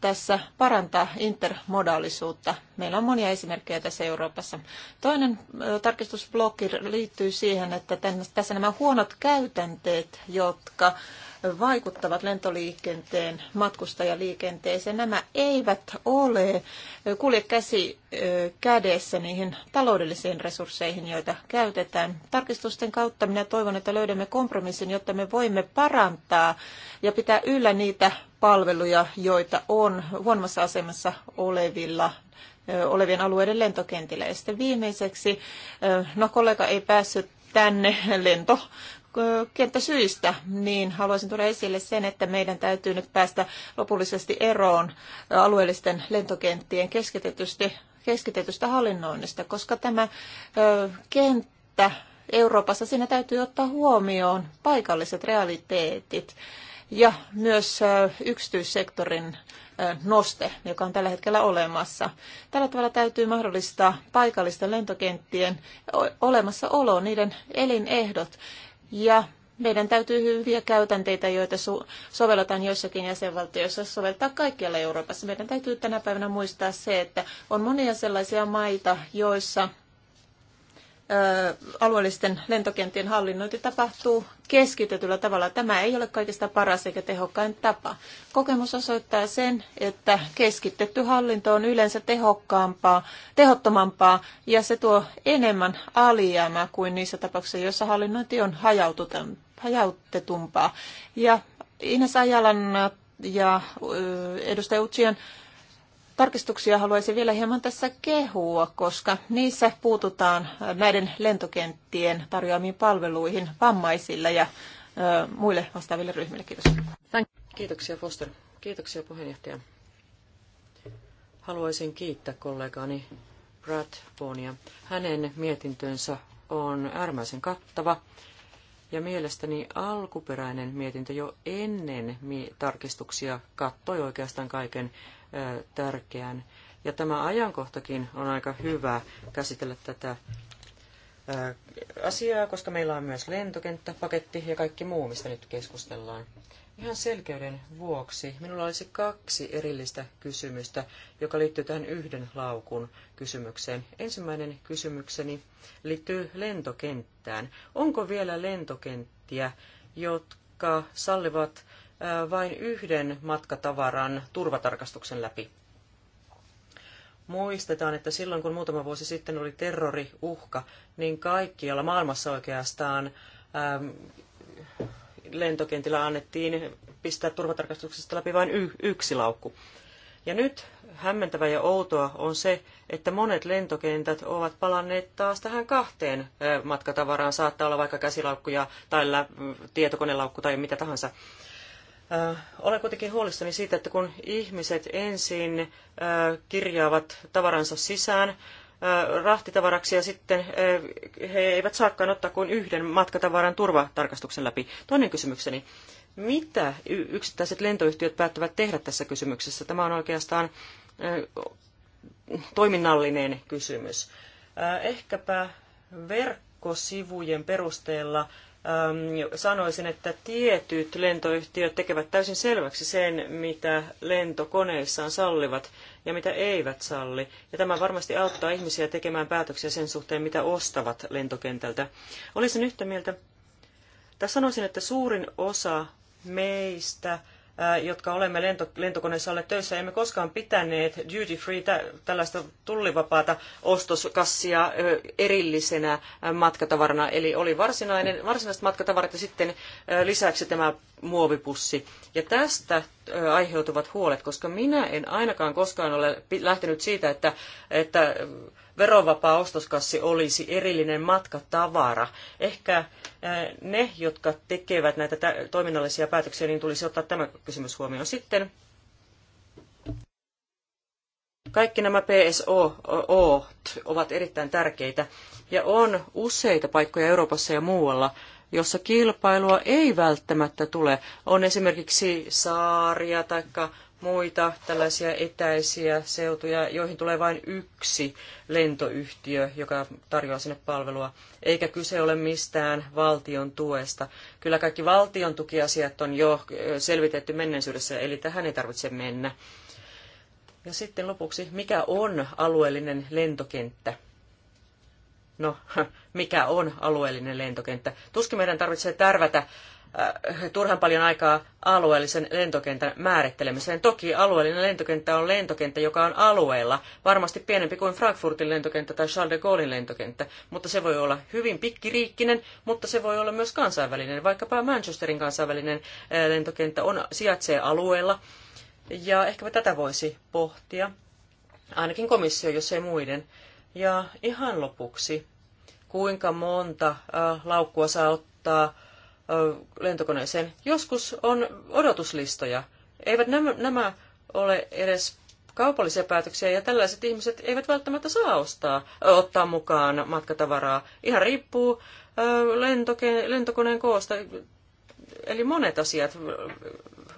tässä parantaa intermodaalisuutta. Meillä on monia esimerkkejä tässä Euroopassa. Toinen tarkistusblokki liittyy siihen, että tässä nämä huonot käytänteet, jotka vaikuttavat lentoliikenteen matkustajaliikenteeseen. Nämä eivät ole kulje käsi kädessä niihin taloudellisiin resursseihin, joita käytetään. Tarkistusten kautta minä toivon, että löydämme kompromissin, jotta me voimme parantaa ja pitää yllä niitä palveluja, joita on huonommassa asemassa olevilla olevien alueiden lentokentillä. Ja sitten viimeiseksi, no kollega ei päässyt tänne lento kenttäsyistä, niin haluaisin tuoda esille sen, että meidän täytyy nyt päästä lopullisesti eroon alueellisten lentokenttien keskitetystä, keskitetystä hallinnoinnista, koska tämä kenttä Euroopassa, siinä täytyy ottaa huomioon paikalliset realiteetit ja myös yksityissektorin noste, joka on tällä hetkellä olemassa. Tällä tavalla täytyy mahdollistaa paikallisten lentokenttien olemassaolo, niiden elinehdot ja meidän täytyy hyviä käytänteitä, joita so- sovelletaan joissakin jäsenvaltioissa, soveltaa kaikkialla Euroopassa. Meidän täytyy tänä päivänä muistaa se, että on monia sellaisia maita, joissa alueellisten lentokenttien hallinnointi tapahtuu keskitetyllä tavalla. Tämä ei ole kaikista paras eikä tehokkain tapa. Kokemus osoittaa sen, että keskitetty hallinto on yleensä tehokkaampaa, tehottomampaa ja se tuo enemmän alijäämää kuin niissä tapauksissa, joissa hallinnointi on hajautetumpaa. Ja Ines Ajalan ja edustaja Utsian tarkistuksia haluaisin vielä hieman tässä kehua, koska niissä puututaan näiden lentokenttien tarjoamiin palveluihin vammaisille ja muille vastaaville ryhmille. Kiitos. Kiitoksia Foster. Kiitoksia puheenjohtaja. Haluaisin kiittää kollegaani Brad Bonia. Hänen mietintönsä on äärimmäisen kattava ja mielestäni alkuperäinen mietintö jo ennen tarkistuksia kattoi oikeastaan kaiken tärkeän. Ja tämä ajankohtakin on aika hyvä käsitellä tätä asiaa, koska meillä on myös lentokenttäpaketti ja kaikki muu, mistä nyt keskustellaan. Ihan selkeyden vuoksi minulla olisi kaksi erillistä kysymystä, joka liittyy tähän yhden laukun kysymykseen. Ensimmäinen kysymykseni liittyy lentokenttään. Onko vielä lentokenttiä, jotka sallivat vain yhden matkatavaran turvatarkastuksen läpi. Muistetaan, että silloin kun muutama vuosi sitten oli terroriuhka, niin kaikkialla maailmassa oikeastaan ähm, lentokentillä annettiin pistää turvatarkastuksesta läpi vain y- yksi laukku. Ja nyt hämmentävää ja outoa on se, että monet lentokentät ovat palanneet taas tähän kahteen matkatavaraan. Saattaa olla vaikka käsilaukkuja tai tietokonelaukku tai mitä tahansa. Olen kuitenkin huolissani siitä, että kun ihmiset ensin kirjaavat tavaransa sisään rahtitavaraksi ja sitten he eivät saakaan ottaa kuin yhden matkatavaran turvatarkastuksen läpi. Toinen kysymykseni. Mitä yksittäiset lentoyhtiöt päättävät tehdä tässä kysymyksessä? Tämä on oikeastaan toiminnallinen kysymys. Ehkäpä verkkosivujen perusteella Ähm, sanoisin, että tietyt lentoyhtiöt tekevät täysin selväksi sen, mitä lentokoneissaan sallivat ja mitä eivät salli. Ja tämä varmasti auttaa ihmisiä tekemään päätöksiä sen suhteen, mitä ostavat lentokentältä. Olisin yhtä mieltä, Tässä sanoisin, että suurin osa meistä Äh, jotka olemme lentokoneessa olleet töissä, emme koskaan pitäneet duty free tällaista tullivapaata ostoskassia erillisenä äh, matkatavarana. Eli oli varsinainen, varsinaiset matkatavarat ja sitten lisäksi tämä muovipussi. Ja tästä aiheutuvat huolet, koska minä en ainakaan koskaan ole lähtenyt siitä, että, että verovapaa ostoskassi olisi erillinen matkatavara. Ehkä äh, ne, jotka tekevät näitä toiminnallisia päätöksiä, niin tulisi ottaa tämä kysymys huomioon sitten. Kaikki nämä PSO ovat erittäin tärkeitä ja on useita paikkoja Euroopassa ja muualla, jossa kilpailua ei välttämättä tule. On esimerkiksi saaria tai muita tällaisia etäisiä seutuja, joihin tulee vain yksi lentoyhtiö, joka tarjoaa sinne palvelua, eikä kyse ole mistään valtion tuesta. Kyllä kaikki valtion tukiasiat on jo selvitetty menneisyydessä, eli tähän ei tarvitse mennä. Ja sitten lopuksi, mikä on alueellinen lentokenttä? No, mikä on alueellinen lentokenttä? Tuskin meidän tarvitsee tärvätä Äh, turhan paljon aikaa alueellisen lentokentän määrittelemiseen. Toki alueellinen lentokenttä on lentokenttä, joka on alueella, varmasti pienempi kuin Frankfurtin lentokenttä tai Charles de Gaullein lentokenttä, mutta se voi olla hyvin pikkiriikkinen, mutta se voi olla myös kansainvälinen. Vaikkapa Manchesterin kansainvälinen äh, lentokenttä on, sijaitsee alueella, ja ehkäpä tätä voisi pohtia, ainakin komissio, jos ei muiden. Ja ihan lopuksi, kuinka monta äh, laukkua saa ottaa lentokoneeseen. Joskus on odotuslistoja. Eivät nämä, nämä ole edes kaupallisia päätöksiä ja tällaiset ihmiset eivät välttämättä saa ostaa, ottaa mukaan matkatavaraa. Ihan riippuu lentoke, lentokoneen koosta. Eli monet asiat,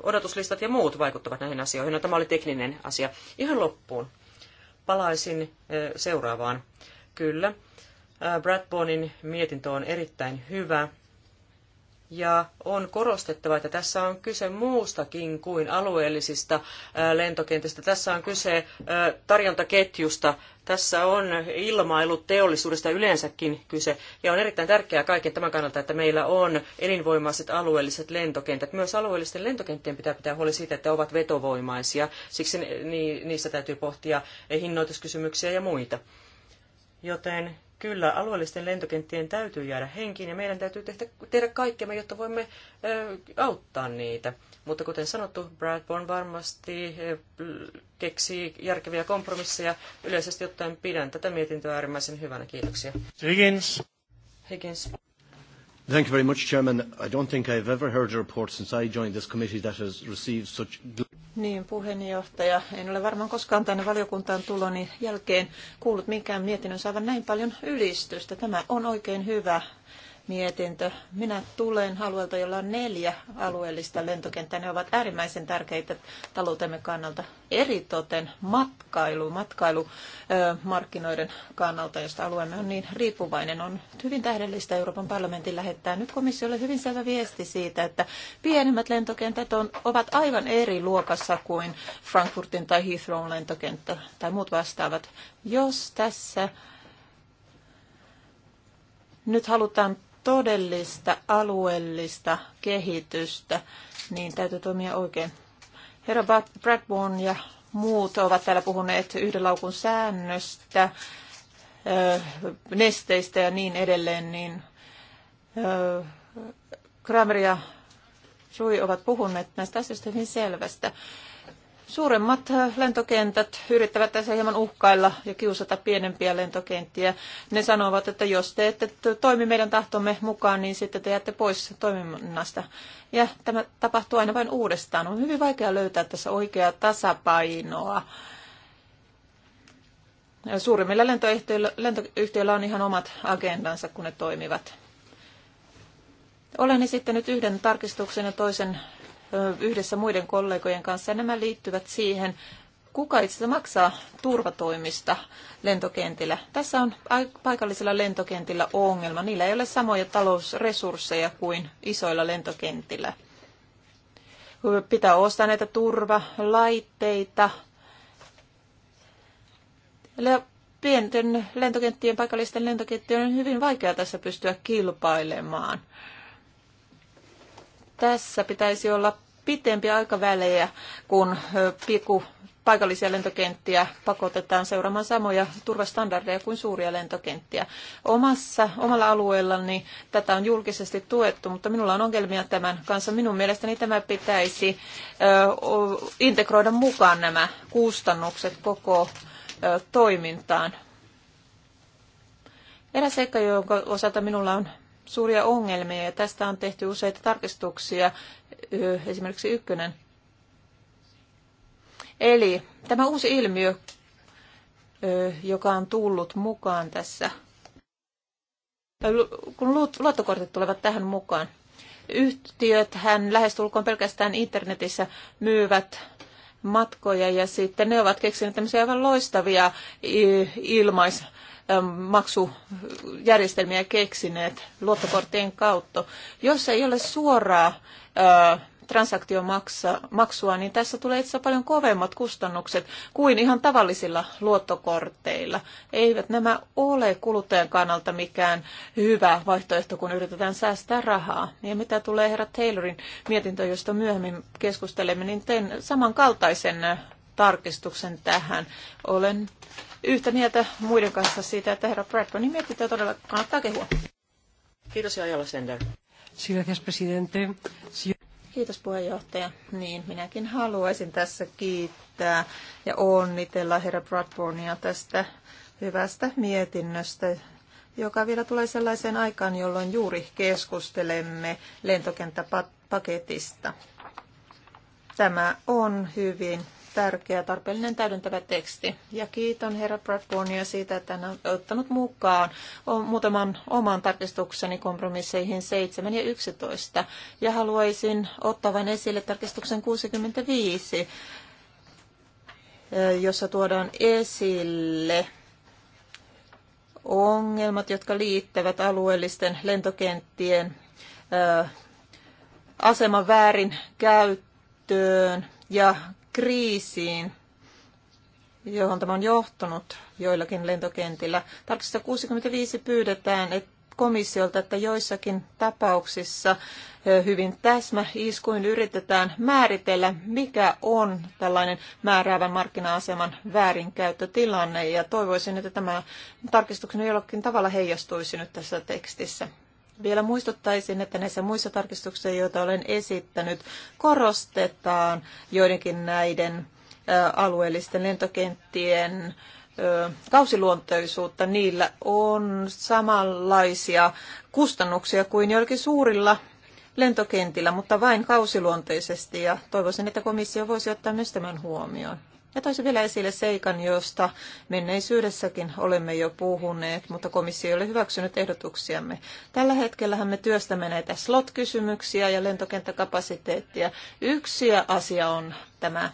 odotuslistat ja muut vaikuttavat näihin asioihin. No, tämä oli tekninen asia. Ihan loppuun. Palaisin seuraavaan. Kyllä. Bradbonin mietintö on erittäin hyvä. Ja on korostettava, että tässä on kyse muustakin kuin alueellisista äh, lentokentistä. Tässä on kyse äh, tarjontaketjusta. Tässä on ilmailuteollisuudesta yleensäkin kyse. Ja on erittäin tärkeää kaiken tämän kannalta, että meillä on elinvoimaiset alueelliset lentokentät. Myös alueellisten lentokenttien pitää pitää huoli siitä, että ovat vetovoimaisia. Siksi niissä täytyy pohtia hinnoituskysymyksiä ja muita. Joten kyllä alueellisten lentokenttien täytyy jäädä henkiin ja meidän täytyy tehdä, tehdä kaikkemme, jotta voimme ö, auttaa niitä. Mutta kuten sanottu, Bradborn varmasti ö, keksii järkeviä kompromisseja. Yleisesti ottaen pidän tätä mietintöä äärimmäisen hyvänä. Kiitoksia. Higgins. Higgins. Thank you very much, Chairman. I don't think I've ever heard a report since I joined this committee that has received such... Niin, puheenjohtaja. En ole varmaan koskaan tänne valiokuntaan tuloni niin jälkeen kuullut minkään mietinnön saavan näin paljon ylistystä. Tämä on oikein hyvä mietintö. Minä tulen alueelta, jolla on neljä alueellista lentokenttää. Ne ovat äärimmäisen tärkeitä taloutemme kannalta, eritoten matkailu, matkailumarkkinoiden kannalta, josta alueemme on niin riippuvainen. On hyvin tähdellistä Euroopan parlamentin lähettää nyt komissiolle hyvin selvä viesti siitä, että pienemmät lentokentät on, ovat aivan eri luokassa kuin Frankfurtin tai Heathrown lentokenttä tai muut vastaavat. Jos tässä nyt halutaan todellista alueellista kehitystä, niin täytyy toimia oikein. Herra Bradbourne ja muut ovat täällä puhuneet yhden laukun säännöstä, nesteistä ja niin edelleen, niin Kramer ja Sui ovat puhuneet näistä asioista hyvin selvästä. Suuremmat äh, lentokentät yrittävät tässä hieman uhkailla ja kiusata pienempiä lentokenttiä. Ne sanovat, että jos te ette toimi meidän tahtomme mukaan, niin sitten te jäätte pois toiminnasta. Ja tämä tapahtuu aina vain uudestaan. On hyvin vaikea löytää tässä oikeaa tasapainoa. Suurimmilla lentoyhtiöillä, on ihan omat agendansa, kun ne toimivat. Olen esittänyt yhden tarkistuksen ja toisen yhdessä muiden kollegojen kanssa. Nämä liittyvät siihen, kuka itse maksaa turvatoimista lentokentillä. Tässä on paikallisella lentokentillä ongelma. Niillä ei ole samoja talousresursseja kuin isoilla lentokentillä. Pitää ostaa näitä turvalaitteita. pienten lentokenttien, paikallisten lentokenttien on hyvin vaikea tässä pystyä kilpailemaan tässä pitäisi olla pitempiä aikavälejä, kun piku paikallisia lentokenttiä pakotetaan seuraamaan samoja turvastandardeja kuin suuria lentokenttiä. Omassa, omalla alueellani tätä on julkisesti tuettu, mutta minulla on ongelmia tämän kanssa. Minun mielestäni tämä pitäisi ö, integroida mukaan nämä kustannukset koko ö, toimintaan. Eräs seikka, jonka osalta minulla on suuria ongelmia ja tästä on tehty useita tarkistuksia, esimerkiksi ykkönen. Eli tämä uusi ilmiö, joka on tullut mukaan tässä, kun luottokortit tulevat tähän mukaan, yhtiöt hän lähestulkoon pelkästään internetissä myyvät matkoja ja sitten ne ovat keksineet tämmöisiä aivan loistavia ilmaisia Ähm, maksujärjestelmiä keksineet luottokorttien kautta. Jos ei ole suoraa äh, transaktiomaksua, niin tässä tulee itse paljon kovemmat kustannukset kuin ihan tavallisilla luottokorteilla. Eivät nämä ole kuluttajan kannalta mikään hyvä vaihtoehto, kun yritetään säästää rahaa. Ja mitä tulee herra Taylorin mietintö, josta myöhemmin keskustelemme, niin teen samankaltaisen äh, tarkistuksen tähän. Olen yhtä mieltä muiden kanssa siitä, että herra mietti, että todella kannattaa kehua. Kiitos ja Ajala Sender. presidente. Kiitos puheenjohtaja. Niin, minäkin haluaisin tässä kiittää ja onnitella herra Bradburnia tästä hyvästä mietinnöstä, joka vielä tulee sellaiseen aikaan, jolloin juuri keskustelemme lentokenttäpaketista. Tämä on hyvin tärkeä tarpeellinen täydentävä teksti. Ja kiitän herra Bradbornia siitä, että hän on ottanut mukaan muutaman oman tarkistukseni kompromisseihin 7 ja 11. Ja haluaisin ottaa vain esille tarkistuksen 65, eh, jossa tuodaan esille ongelmat, jotka liittävät alueellisten lentokenttien eh, aseman väärin käyttöön ja kriisiin, johon tämä on johtanut, joillakin lentokentillä. Tarkistusta 65 pyydetään että komissiolta, että joissakin tapauksissa hyvin täsmä, iskuin yritetään määritellä, mikä on tällainen määräävän markkina-aseman väärinkäyttötilanne. Ja toivoisin, että tämä tarkistuksen jollakin tavalla heijastuisi nyt tässä tekstissä. Vielä muistuttaisin, että näissä muissa tarkistuksissa, joita olen esittänyt, korostetaan joidenkin näiden alueellisten lentokenttien kausiluontoisuutta. Niillä on samanlaisia kustannuksia kuin joillakin suurilla lentokentillä, mutta vain kausiluonteisesti. Ja toivoisin, että komissio voisi ottaa myös tämän huomioon. Ja toisin vielä esille seikan, josta menneisyydessäkin olemme jo puhuneet, mutta komissio ei ole hyväksynyt ehdotuksiamme. Tällä hetkellä me työstämme näitä slot-kysymyksiä ja lentokenttäkapasiteettia. Yksi asia on tämä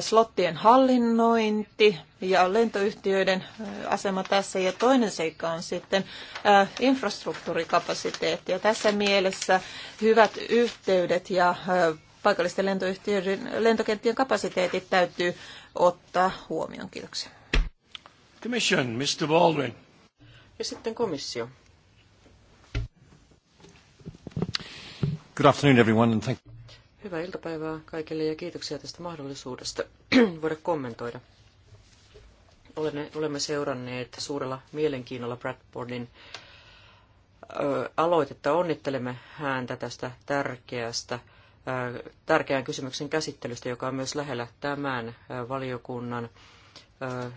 slottien hallinnointi ja lentoyhtiöiden asema tässä. Ja toinen seikka on sitten infrastruktuurikapasiteetti. Ja tässä mielessä hyvät yhteydet ja paikallisten lentoyhtiöiden lentokenttien kapasiteetit täytyy ottaa huomioon. Kiitoksia. Commission, Mr. Baldwin. Ja sitten komissio. Good afternoon everyone and thank Hyvää iltapäivää kaikille ja kiitoksia tästä mahdollisuudesta voida kommentoida. Olemme, olemme seuranneet suurella mielenkiinnolla Bradfordin aloitetta. Onnittelemme häntä tästä tärkeästä tärkeän kysymyksen käsittelystä, joka on myös lähellä tämän valiokunnan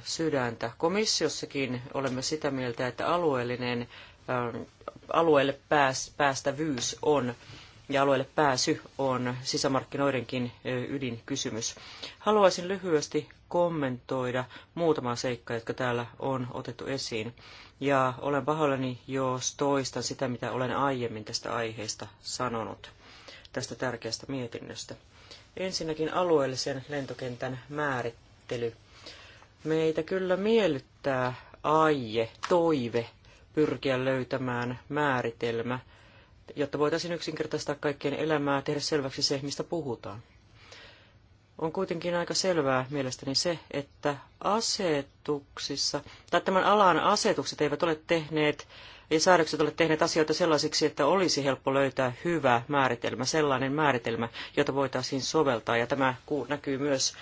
sydäntä. Komissiossakin olemme sitä mieltä, että alueellinen, alueelle pääs, päästävyys on ja alueelle pääsy on sisämarkkinoidenkin ydinkysymys. Haluaisin lyhyesti kommentoida muutamaa seikkaa, jotka täällä on otettu esiin. Ja olen pahoillani, jos toistan sitä, mitä olen aiemmin tästä aiheesta sanonut tästä tärkeästä mietinnöstä. Ensinnäkin alueellisen lentokentän määrittely. Meitä kyllä miellyttää aie, toive pyrkiä löytämään määritelmä, jotta voitaisiin yksinkertaistaa kaikkien elämää tehdä selväksi se, mistä puhutaan. On kuitenkin aika selvää mielestäni se, että asetuksissa, tai tämän alan asetukset eivät ole tehneet ei säädökset ole tehneet asioita sellaisiksi, että olisi helppo löytää hyvä määritelmä, sellainen määritelmä, jota voitaisiin soveltaa. Ja tämä näkyy myös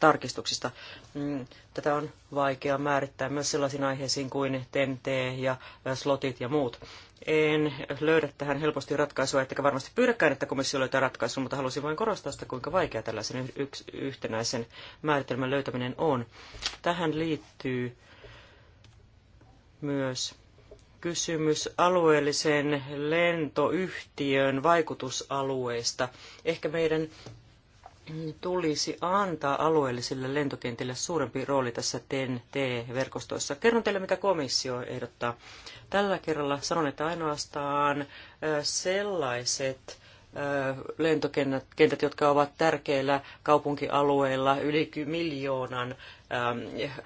tarkistuksista. Mm, tätä on vaikea määrittää myös sellaisiin aiheisiin kuin TNT ja slotit ja muut. En löydä tähän helposti ratkaisua, ettekä varmasti pyydäkään, että komissio löytää ratkaisun, mutta halusin vain korostaa sitä, kuinka vaikea tällaisen yks, yhtenäisen määritelmän löytäminen on. Tähän liittyy myös kysymys alueellisen lentoyhtiön vaikutusalueesta. Ehkä meidän tulisi antaa alueellisille lentokentille suurempi rooli tässä TEN-T-verkostoissa. Kerron teille, mitä komissio ehdottaa. Tällä kerralla sanon, että ainoastaan sellaiset lentokentät, jotka ovat tärkeillä kaupunkialueilla yli miljoonan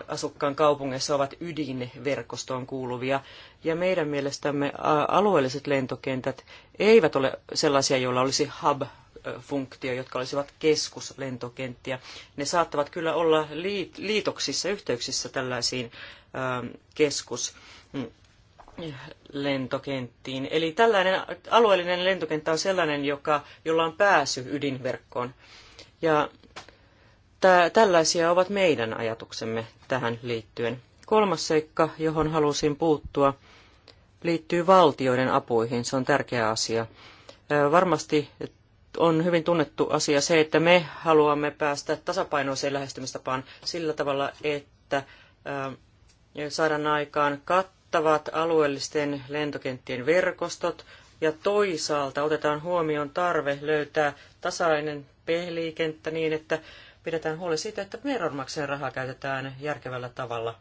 asukkaan kaupungeissa, ovat ydinverkostoon kuuluvia ja meidän mielestämme alueelliset lentokentät eivät ole sellaisia, joilla olisi hub funktio, jotka olisivat keskuslentokenttiä. Ne saattavat kyllä olla liitoksissa, yhteyksissä tällaisiin keskuslentokenttiin. Eli tällainen alueellinen lentokenttä on sellainen, joka, jolla on pääsy ydinverkkoon. Ja tällaisia ovat meidän ajatuksemme tähän liittyen. Kolmas seikka, johon halusin puuttua, liittyy valtioiden apuihin. Se on tärkeä asia. Varmasti on hyvin tunnettu asia se, että me haluamme päästä tasapainoiseen lähestymistapaan sillä tavalla, että saadaan aikaan kattavat alueellisten lentokenttien verkostot ja toisaalta otetaan huomioon tarve löytää tasainen pelikenttä niin, että pidetään huoli siitä, että veronmaksajan rahaa käytetään järkevällä tavalla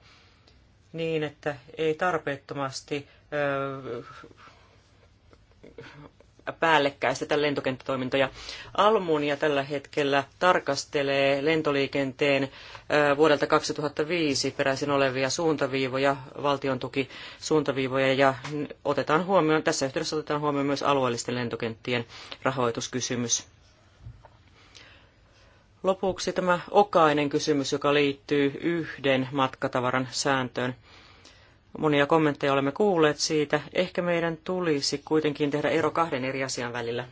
niin, että ei tarpeettomasti päällekkäistä tämän lentokenttätoimintoja. Almunia tällä hetkellä tarkastelee lentoliikenteen vuodelta 2005 peräisin olevia suuntaviivoja, valtion tuki suuntaviivoja ja otetaan huomioon, tässä yhteydessä otetaan huomioon myös alueellisten lentokenttien rahoituskysymys. Lopuksi tämä okainen kysymys, joka liittyy yhden matkatavaran sääntöön. Monia kommentteja olemme kuulleet siitä. Ehkä meidän tulisi kuitenkin tehdä ero kahden eri asian välillä.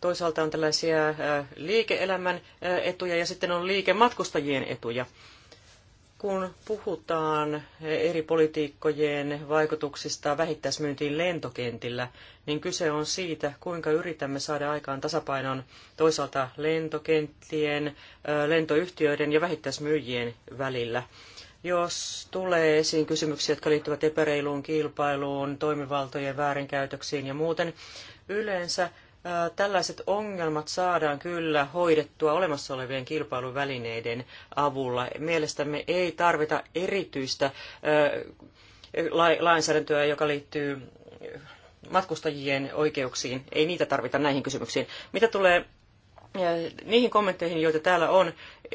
Toisaalta on tällaisia äh, liike-elämän äh, etuja ja sitten on liikematkustajien etuja. Kun puhutaan eri politiikkojen vaikutuksista vähittäismyyntiin lentokentillä, niin kyse on siitä, kuinka yritämme saada aikaan tasapainon toisaalta lentokenttien, äh, lentoyhtiöiden ja vähittäismyyjien välillä – jos tulee esiin kysymyksiä, jotka liittyvät epäreiluun kilpailuun, toimivaltojen väärinkäytöksiin ja muuten, yleensä tällaiset ongelmat saadaan kyllä hoidettua olemassa olevien kilpailuvälineiden avulla. Mielestämme ei tarvita erityistä lainsäädäntöä, joka liittyy matkustajien oikeuksiin. Ei niitä tarvita näihin kysymyksiin. Mitä tulee niihin kommentteihin, joita täällä on,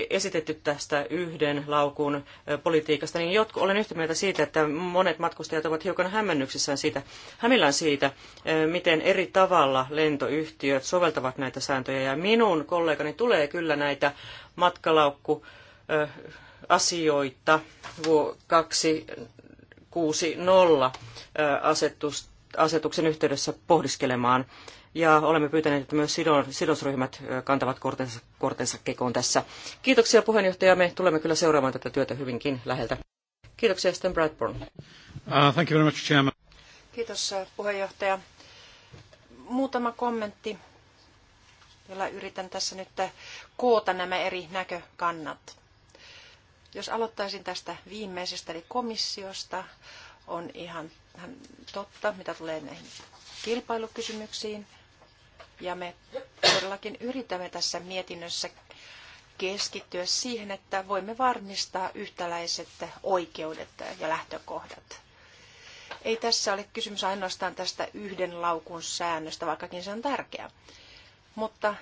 esitetty tästä yhden laukun politiikasta, niin jotkut, olen yhtä mieltä siitä, että monet matkustajat ovat hiukan hämmennyksissään siitä, hämillään siitä, miten eri tavalla lentoyhtiöt soveltavat näitä sääntöjä. Ja minun kollegani tulee kyllä näitä matkalaukku asioita 260 asetuksen yhteydessä pohdiskelemaan ja olemme pyytäneet, että myös sidosryhmät kantavat kortensa, kortensa kekoon tässä. Kiitoksia puheenjohtaja, me tulemme kyllä seuraamaan tätä työtä hyvinkin läheltä. Kiitoksia Sten Bradburn. Uh, thank you very much, Chairman. Kiitos puheenjohtaja. Muutama kommentti, jolla yritän tässä nyt koota nämä eri näkökannat. Jos aloittaisin tästä viimeisestä, eli komissiosta, on ihan totta, mitä tulee näihin kilpailukysymyksiin. Ja me todellakin yritämme tässä mietinnössä keskittyä siihen, että voimme varmistaa yhtäläiset oikeudet ja lähtökohdat. Ei tässä ole kysymys ainoastaan tästä yhden laukun säännöstä, vaikkakin se on tärkeä. Mutta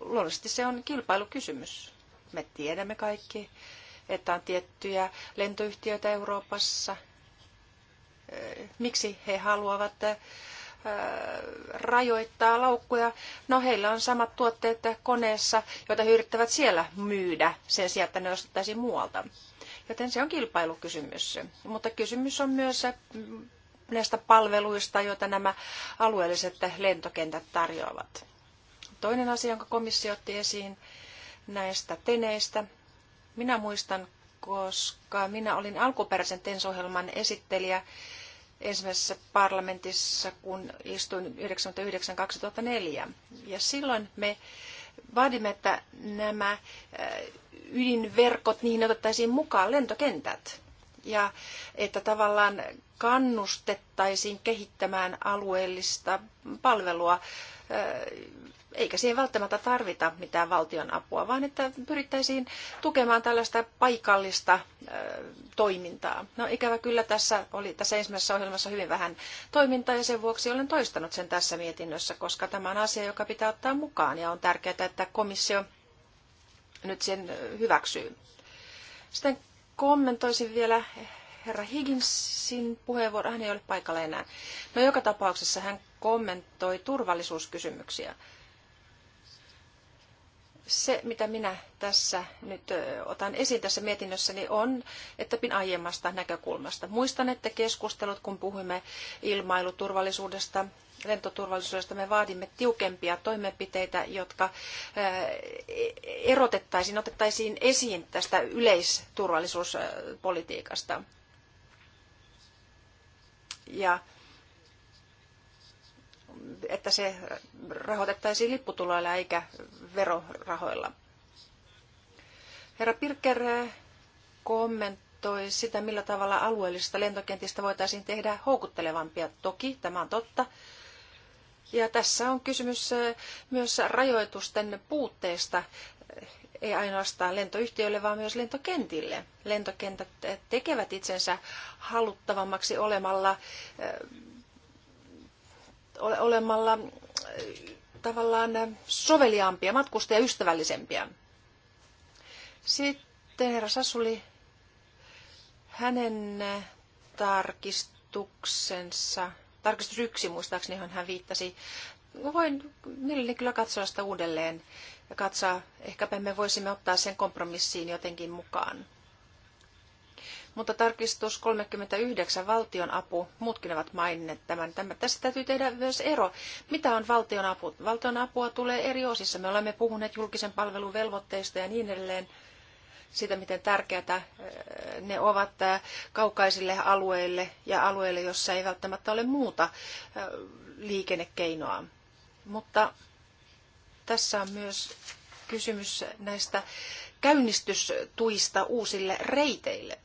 luonnollisesti se on kilpailukysymys. Me tiedämme kaikki, että on tiettyjä lentoyhtiöitä Euroopassa. Miksi he haluavat rajoittaa laukkuja. No heillä on samat tuotteet koneessa, joita he yrittävät siellä myydä sen sijaan, että ne ostettaisiin muualta. Joten se on kilpailukysymys. Mutta kysymys on myös näistä palveluista, joita nämä alueelliset lentokentät tarjoavat. Toinen asia, jonka komissio otti esiin näistä teneistä. Minä muistan, koska minä olin alkuperäisen TENS-ohjelman esittelijä, ensimmäisessä parlamentissa, kun istuin 99-2004. Ja silloin me vaadimme, että nämä äh, ydinverkot, niihin otettaisiin mukaan lentokentät. Ja että tavallaan kannustettaisiin kehittämään alueellista palvelua äh, eikä siihen välttämättä tarvita mitään valtion apua, vaan että pyrittäisiin tukemaan tällaista paikallista toimintaa. No ikävä kyllä tässä oli tässä ensimmäisessä ohjelmassa hyvin vähän toimintaa ja sen vuoksi olen toistanut sen tässä mietinnössä, koska tämä on asia, joka pitää ottaa mukaan ja on tärkeää, että komissio nyt sen hyväksyy. Sitten kommentoisin vielä herra Higginsin puheenvuoro, hän ei ole paikalla enää. No joka tapauksessa hän kommentoi turvallisuuskysymyksiä se, mitä minä tässä nyt otan esiin tässä mietinnössäni, on, että pin aiemmasta näkökulmasta. Muistan, että keskustelut, kun puhumme ilmailuturvallisuudesta, lentoturvallisuudesta, me vaadimme tiukempia toimenpiteitä, jotka erotettaisiin, otettaisiin esiin tästä yleisturvallisuuspolitiikasta. Ja että se rahoitettaisiin lipputuloilla eikä verorahoilla. Herra Pirker eh, kommentoi sitä, millä tavalla alueellisista lentokentistä voitaisiin tehdä houkuttelevampia. Toki tämä on totta. Ja tässä on kysymys eh, myös rajoitusten puutteesta, ei ainoastaan lentoyhtiöille, vaan myös lentokentille. Lentokentät tekevät itsensä haluttavammaksi olemalla eh, ole, olemalla äh, tavallaan soveliaampia, ystävällisempiä. Sitten herra Sassuli, hänen tarkistuksensa, tarkistus yksi muistaakseni, johon hän viittasi, voin mielelläni kyllä katsoa sitä uudelleen ja katsoa, ehkäpä me voisimme ottaa sen kompromissiin jotenkin mukaan. Mutta tarkistus 39, valtion apu, muutkin ovat maininneet tämän. Tämä, tässä täytyy tehdä myös ero. Mitä on valtion apu? Valtion apua tulee eri osissa. Me olemme puhuneet julkisen palvelun velvoitteista ja niin edelleen siitä, miten tärkeätä äh, ne ovat äh, kaukaisille alueille ja alueille, jossa ei välttämättä ole muuta äh, liikennekeinoa. Mutta tässä on myös kysymys näistä käynnistystuista uusille reiteille.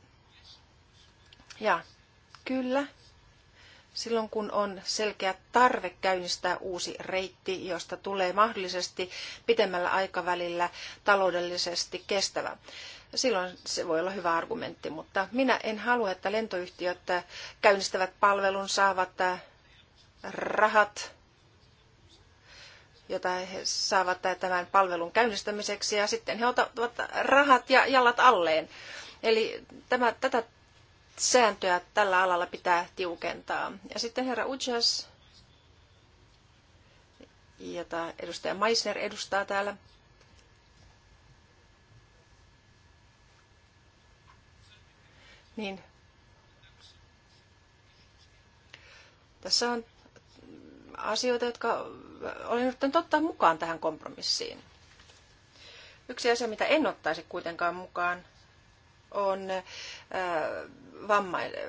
Ja kyllä, silloin kun on selkeä tarve käynnistää uusi reitti, josta tulee mahdollisesti pitemmällä aikavälillä taloudellisesti kestävä. Silloin se voi olla hyvä argumentti, mutta minä en halua, että lentoyhtiöt käynnistävät palvelun, saavat äh, rahat, jota he saavat äh, tämän palvelun käynnistämiseksi, ja sitten he ottavat rahat ja jalat alleen. Eli tämä, tätä sääntöä tällä alalla pitää tiukentaa. Ja sitten herra Ujas, jota edustaja Meissner edustaa täällä, niin tässä on asioita, jotka olen yrittänyt ottaa mukaan tähän kompromissiin. Yksi asia, mitä en ottaisi kuitenkaan mukaan, on äh,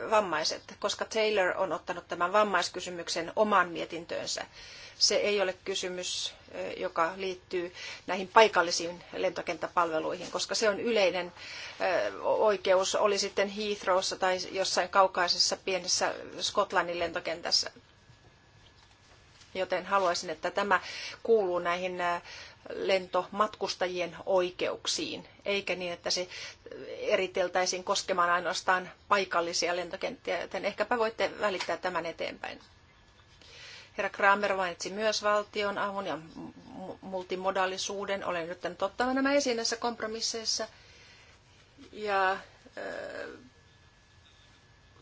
vammaiset, koska Taylor on ottanut tämän vammaiskysymyksen oman mietintöönsä. Se ei ole kysymys, joka liittyy näihin paikallisiin lentokenttäpalveluihin, koska se on yleinen oikeus, oli sitten Heathrowssa tai jossain kaukaisessa pienessä Skotlannin lentokentässä joten haluaisin, että tämä kuuluu näihin äh, lentomatkustajien oikeuksiin, eikä niin, että se eriteltäisiin koskemaan ainoastaan paikallisia lentokenttiä, joten ehkäpä voitte välittää tämän eteenpäin. Herra Kramer mainitsi myös valtion avun ja multimodaalisuuden. Olen yrittänyt ottaa nämä esiin näissä kompromisseissa. Ja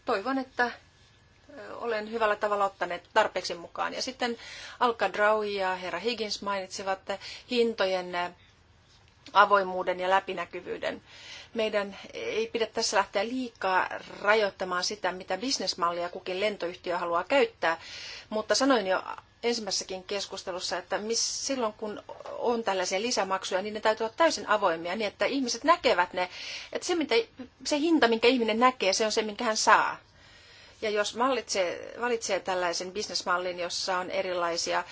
toivon, että olen hyvällä tavalla ottaneet tarpeeksi mukaan. Ja sitten Alka Draui ja herra Higgins mainitsivat hintojen avoimuuden ja läpinäkyvyyden. Meidän ei pidä tässä lähteä liikaa rajoittamaan sitä, mitä bisnesmallia kukin lentoyhtiö haluaa käyttää, mutta sanoin jo ensimmäisessäkin keskustelussa, että miss, silloin kun on tällaisia lisämaksuja, niin ne täytyy olla täysin avoimia niin, että ihmiset näkevät ne. Että se, mitä, se hinta, minkä ihminen näkee, se on se, minkä hän saa. Ja jos mallitsee, valitsee tällaisen bisnesmallin, jossa on erilaisia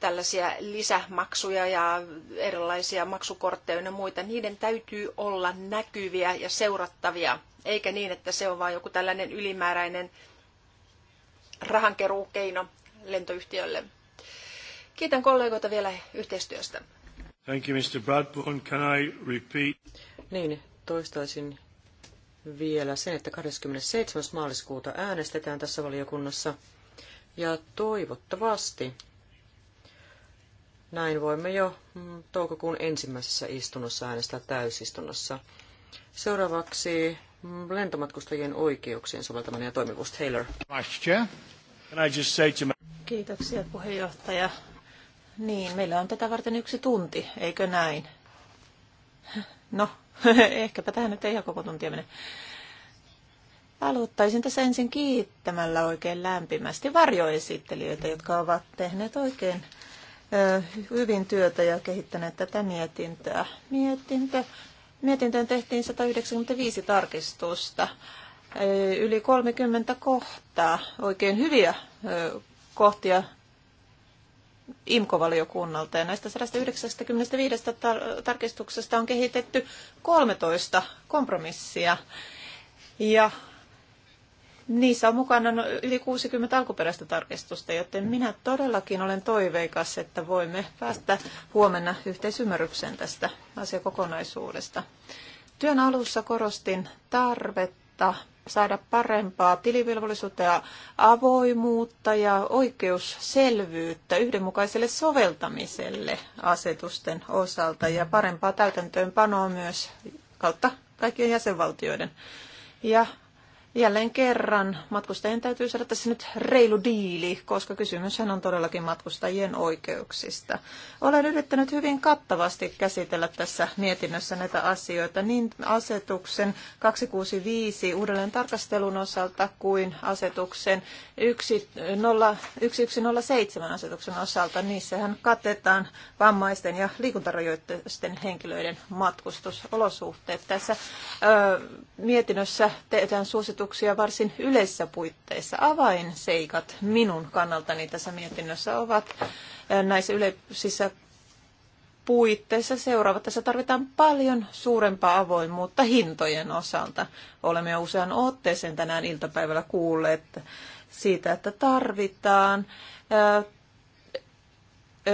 tällaisia lisämaksuja ja erilaisia maksukortteja ja muita, niiden täytyy olla näkyviä ja seurattavia, eikä niin, että se on vain joku tällainen ylimääräinen rahankeruukeino lentoyhtiölle. Kiitän kollegoita vielä yhteistyöstä. Thank you, Mr. Bradbourne. Can I repeat? Niin, toistaisin vielä sen, että 27. maaliskuuta äänestetään tässä valiokunnassa. Ja toivottavasti näin voimme jo mm, toukokuun ensimmäisessä istunnossa äänestää täysistunnossa. Seuraavaksi mm, lentomatkustajien oikeuksien soveltaminen ja toimivuus. Taylor. Kiitoksia puheenjohtaja. Niin, meillä on tätä varten yksi tunti, eikö näin? No, ehkäpä tähän nyt ei ihan koko tuntia mene. Aloittaisin tässä ensin kiittämällä oikein lämpimästi varjoesittelijöitä, jotka ovat tehneet oikein hyvin työtä ja kehittäneet tätä mietintöä. Mietintö. Mietintöön tehtiin 195 tarkistusta, yli 30 kohtaa, oikein hyviä kohtia IMKO-valiokunnalta ja näistä 195 tar- tarkistuksesta on kehitetty 13 kompromissia ja niissä on mukana no, yli 60 alkuperäistä tarkistusta, joten minä todellakin olen toiveikas, että voimme päästä huomenna yhteisymmärrykseen tästä asiakokonaisuudesta. Työn alussa korostin tarvetta saada parempaa tilivelvollisuutta ja avoimuutta ja oikeusselvyyttä yhdenmukaiselle soveltamiselle asetusten osalta ja parempaa täytäntöönpanoa myös kautta kaikkien jäsenvaltioiden. Ja Jälleen kerran matkustajien täytyy saada tässä nyt reilu diili, koska kysymyshän on todellakin matkustajien oikeuksista. Olen yrittänyt hyvin kattavasti käsitellä tässä mietinnössä näitä asioita niin asetuksen 265 uudelleen tarkastelun osalta kuin asetuksen 1107 asetuksen osalta. Niissähän katetaan vammaisten ja liikuntarajoitteisten henkilöiden matkustusolosuhteet. Tässä ö, mietinnössä tehdään suositus ehdotuksia varsin yleisissä puitteissa. Avainseikat minun kannaltani tässä mietinnössä ovat näissä yleisissä puitteissa seuraavat. Tässä tarvitaan paljon suurempaa avoimuutta hintojen osalta. Olemme jo usean otteeseen tänään iltapäivällä kuulleet siitä, että tarvitaan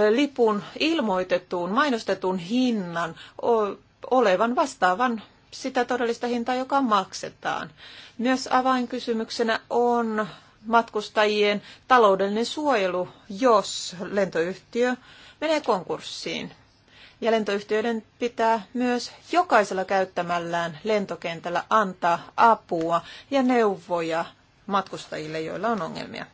lipun ilmoitettuun, mainostetun hinnan olevan vastaavan sitä todellista hintaa, joka maksetaan. Myös avainkysymyksenä on matkustajien taloudellinen suojelu, jos lentoyhtiö menee konkurssiin. Ja lentoyhtiöiden pitää myös jokaisella käyttämällään lentokentällä antaa apua ja neuvoja matkustajille, joilla on ongelmia.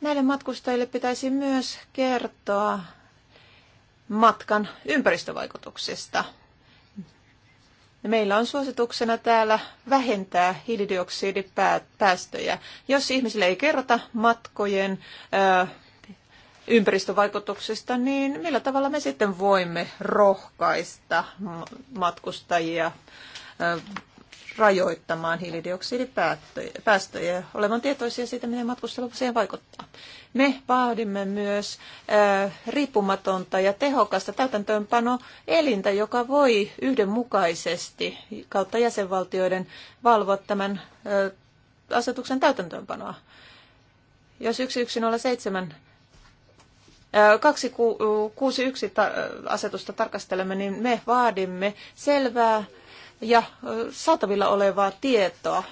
Näille matkustajille pitäisi myös kertoa matkan ympäristövaikutuksista – Meillä on suosituksena täällä vähentää hiilidioksidipäästöjä. Jos ihmisille ei kerrota matkojen ympäristövaikutuksista, niin millä tavalla me sitten voimme rohkaista matkustajia rajoittamaan hiilidioksidipäästöjä, olevan tietoisia siitä, miten matkustelu siihen vaikuttaa. Me vaadimme myös äh, riippumatonta ja tehokasta täytäntöönpano elintä, joka voi yhdenmukaisesti kautta jäsenvaltioiden valvoa tämän äh, asetuksen täytäntöönpanoa. Jos 1107 261 asetusta tarkastelemme, niin me vaadimme selvää ja saatavilla olevaa tietoa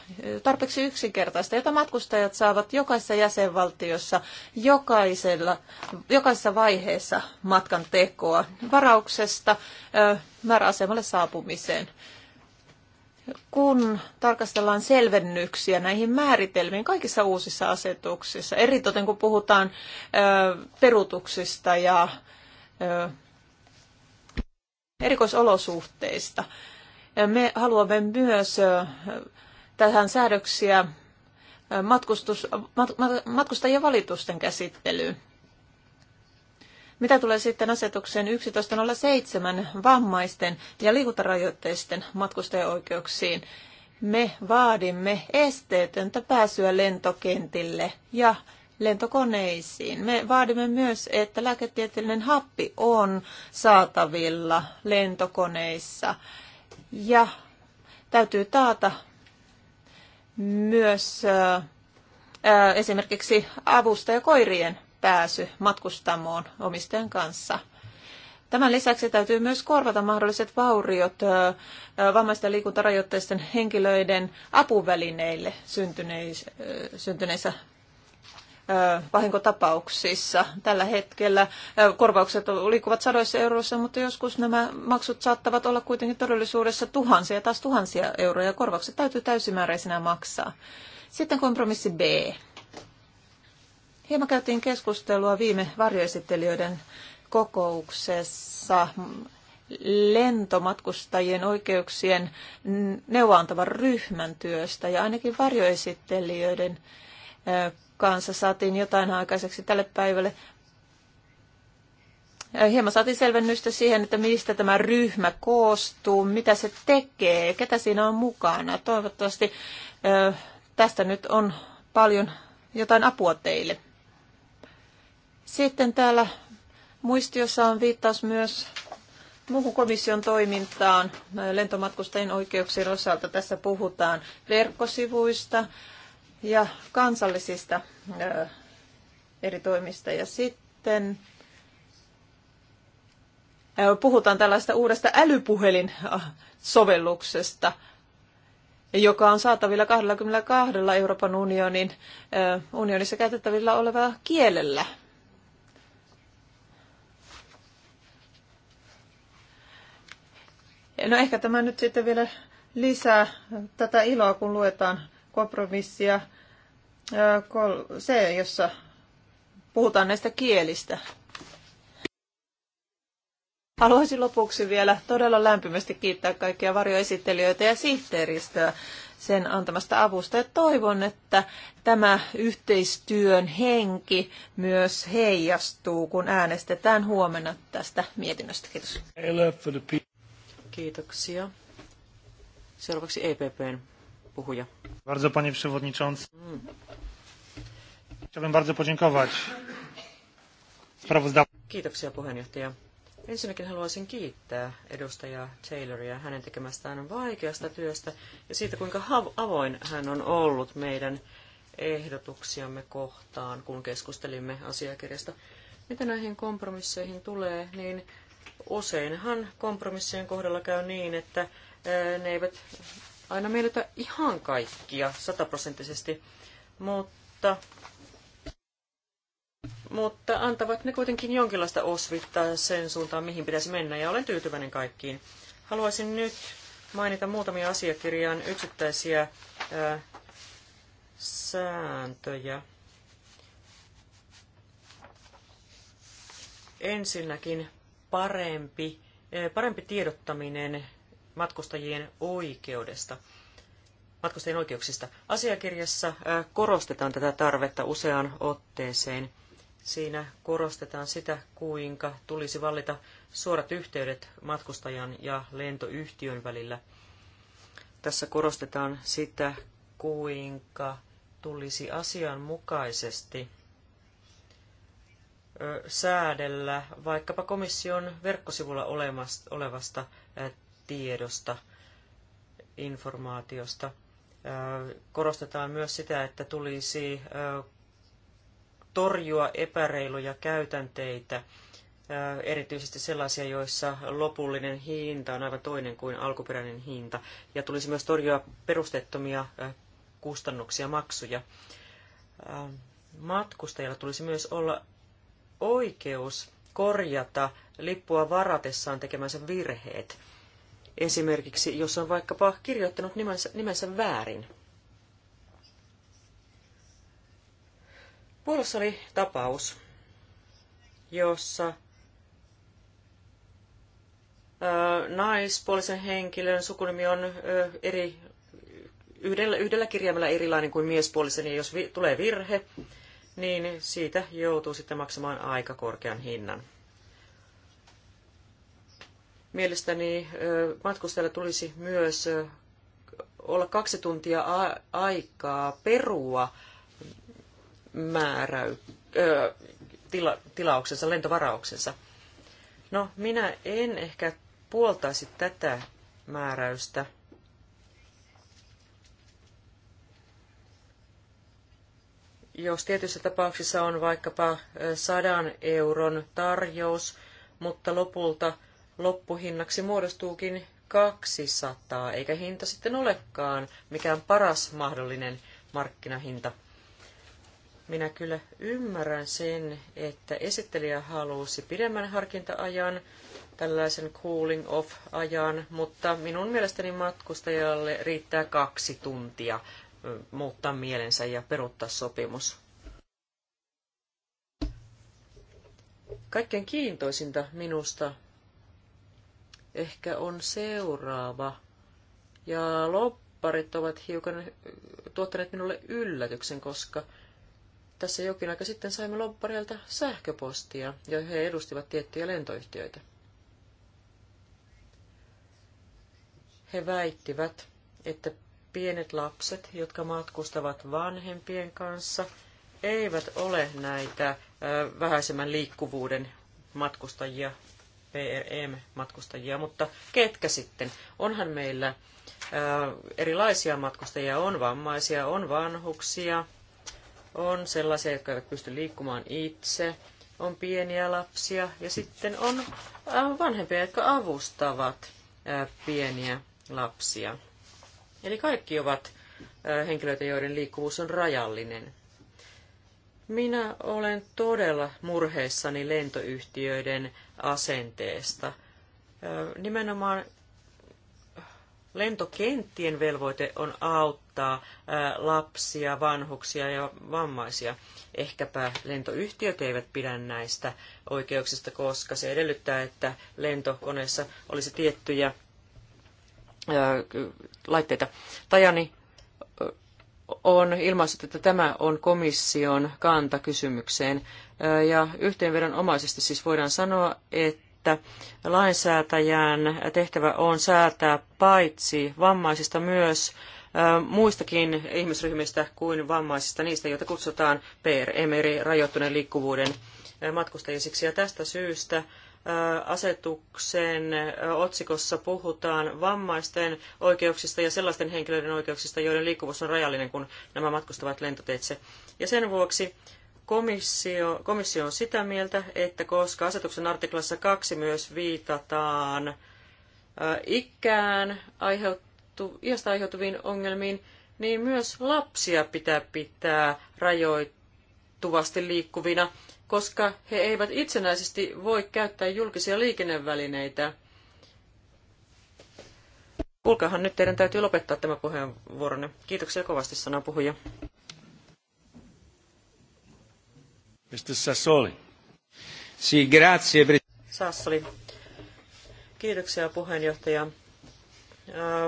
tarpeeksi yksinkertaista, jota matkustajat saavat jokaisessa jäsenvaltiossa, jokaisella, jokaisessa vaiheessa matkan tekoa, varauksesta määräasemalle saapumiseen. Kun tarkastellaan selvennyksiä näihin määritelmiin kaikissa uusissa asetuksissa, eritoten kun puhutaan ö, perutuksista ja ö, erikoisolosuhteista, me haluamme myös tähän säädöksiä matkustus, mat, mat, matkustajien valitusten käsittelyyn. Mitä tulee sitten asetukseen 11.07 vammaisten ja liikuntarajoitteisten matkustajaoikeuksiin, me vaadimme esteetöntä pääsyä lentokentille ja lentokoneisiin. Me vaadimme myös, että lääketieteellinen happi on saatavilla lentokoneissa ja täytyy taata myös ää, esimerkiksi avustajakoirien pääsy matkustamoon omistajan kanssa. Tämän lisäksi täytyy myös korvata mahdolliset vauriot vammaisten liikuntarajoitteisten henkilöiden apuvälineille syntyneissä vahinkotapauksissa. Tällä hetkellä korvaukset liikkuvat sadoissa euroissa, mutta joskus nämä maksut saattavat olla kuitenkin todellisuudessa tuhansia ja taas tuhansia euroja. Korvaukset täytyy täysimääräisenä maksaa. Sitten kompromissi B. Hieman käytiin keskustelua viime varjoesittelijöiden kokouksessa lentomatkustajien oikeuksien neuvoantavan ryhmän työstä ja ainakin varjoesittelijöiden kanssa saatiin jotain aikaiseksi tälle päivälle. Hieman saatiin selvennystä siihen, että mistä tämä ryhmä koostuu, mitä se tekee, ketä siinä on mukana. Toivottavasti tästä nyt on paljon jotain apua teille. Sitten täällä muistiossa on viittaus myös muuhun komission toimintaan lentomatkustajien oikeuksien osalta. Tässä puhutaan verkkosivuista, ja kansallisista eri toimista. Ja sitten puhutaan tällaista uudesta älypuhelin-sovelluksesta, joka on saatavilla 22 Euroopan unionin unionissa käytettävillä olevalla kielellä. No ehkä tämä nyt sitten vielä lisää tätä iloa, kun luetaan kompromissia, se, jossa puhutaan näistä kielistä. Haluaisin lopuksi vielä todella lämpimästi kiittää kaikkia varjoesittelijöitä ja sihteeristöä sen antamasta avusta. Ja toivon, että tämä yhteistyön henki myös heijastuu, kun äänestetään huomenna tästä mietinnöstä. Kiitos. Kiitoksia. Seuraavaksi EPPn puhuja. Bardzo panie przewodniczący. Chciałbym bardzo podziękować sprawozdawcy. Kiitoksia puheenjohtaja. Ensinnäkin haluaisin kiittää edustaja Tayloria hänen tekemästään vaikeasta työstä ja siitä, kuinka avoin hän on ollut meidän ehdotuksiamme kohtaan, kun keskustelimme asiakirjasta. Mitä näihin kompromisseihin tulee, niin useinhan kompromissien kohdalla käy niin, että ne eivät aina miellytä ihan kaikkia sataprosenttisesti, mutta, mutta antavat ne kuitenkin jonkinlaista osvittaa sen suuntaan, mihin pitäisi mennä, ja olen tyytyväinen kaikkiin. Haluaisin nyt mainita muutamia asiakirjan yksittäisiä ää, sääntöjä. Ensinnäkin parempi, parempi tiedottaminen matkustajien oikeudesta matkustajien oikeuksista. Asiakirjassa korostetaan tätä tarvetta useaan otteeseen. Siinä korostetaan sitä, kuinka tulisi vallita suorat yhteydet matkustajan ja lentoyhtiön välillä. Tässä korostetaan sitä, kuinka tulisi asianmukaisesti säädellä vaikkapa komission verkkosivulla olevasta tiedosta, informaatiosta – korostetaan myös sitä, että tulisi torjua epäreiluja käytänteitä, erityisesti sellaisia, joissa lopullinen hinta on aivan toinen kuin alkuperäinen hinta, ja tulisi myös torjua perusteettomia kustannuksia, maksuja. Matkustajilla tulisi myös olla oikeus korjata lippua varatessaan tekemänsä virheet – esimerkiksi, jos on vaikkapa kirjoittanut nimensä, nimensä väärin. Puolossa oli tapaus, jossa naispuolisen henkilön sukunimi on eri, yhdellä, yhdellä kirjaimella erilainen kuin miespuolisen, ja jos vi, tulee virhe, niin siitä joutuu sitten maksamaan aika korkean hinnan. Mielestäni matkustajalla tulisi myös olla kaksi tuntia aikaa perua määräy, tila, tilauksensa, lentovarauksensa. No, minä en ehkä puoltaisi tätä määräystä. Jos tietyissä tapauksissa on vaikkapa sadan euron tarjous, mutta lopulta – loppuhinnaksi muodostuukin 200, eikä hinta sitten olekaan mikään paras mahdollinen markkinahinta. Minä kyllä ymmärrän sen, että esittelijä halusi pidemmän harkintaajan, tällaisen cooling off-ajan, mutta minun mielestäni matkustajalle riittää kaksi tuntia muuttaa mielensä ja peruuttaa sopimus. Kaikkein kiintoisinta minusta ehkä on seuraava. Ja lopparit ovat hiukan tuottaneet minulle yllätyksen, koska tässä jokin aika sitten saimme loppareilta sähköpostia, ja he edustivat tiettyjä lentoyhtiöitä. He väittivät, että pienet lapset, jotka matkustavat vanhempien kanssa, eivät ole näitä vähäisemmän liikkuvuuden matkustajia PRM-matkustajia, mutta ketkä sitten? Onhan meillä ä, äh, erilaisia matkustajia, on vammaisia, on vanhuksia, on sellaisia, jotka eivät pysty liikkumaan itse, on pieniä lapsia ja sitten on äh, vanhempia, jotka avustavat ä, äh, pieniä lapsia. Eli kaikki ovat ä, henkilöitä, joiden liikkuvuus on rajallinen. Minä olen todella murheissani lentoyhtiöiden asenteesta. Nimenomaan lentokenttien velvoite on auttaa lapsia, vanhuksia ja vammaisia. Ehkäpä lentoyhtiöt eivät pidä näistä oikeuksista, koska se edellyttää, että lentokoneessa olisi tiettyjä laitteita. Tajani on ilmaissut, että tämä on komission kanta kysymykseen. Ja yhteenvedonomaisesti siis voidaan sanoa, että lainsäätäjän tehtävä on säätää paitsi vammaisista myös muistakin ihmisryhmistä kuin vammaisista, niistä, joita kutsutaan PRM, eli rajoittuneen liikkuvuuden matkustajisiksi. Ja tästä syystä asetuksen otsikossa puhutaan vammaisten oikeuksista ja sellaisten henkilöiden oikeuksista, joiden liikkuvuus on rajallinen, kun nämä matkustavat lentoteitse. Ja sen vuoksi komissio, komissio on sitä mieltä, että koska asetuksen artiklassa 2 myös viitataan ikään aiheuttu, iästä aiheutuviin ongelmiin, niin myös lapsia pitää pitää rajoittuvasti liikkuvina koska he eivät itsenäisesti voi käyttää julkisia liikennevälineitä. Kuulkaahan nyt, teidän täytyy lopettaa tämä puheenvuoronne. Kiitoksia kovasti, sanoo puhuja. Mr. Sassoli. Si, grazie. Sassoli. Kiitoksia puheenjohtaja.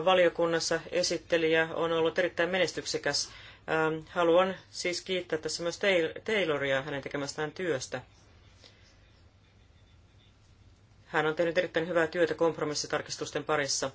Valiokunnassa esittelijä on ollut erittäin menestyksekäs Ähm, haluan siis kiittää tässä myös Tayloria hänen tekemästään työstä. Hän on tehnyt erittäin hyvää työtä kompromissitarkistusten parissa.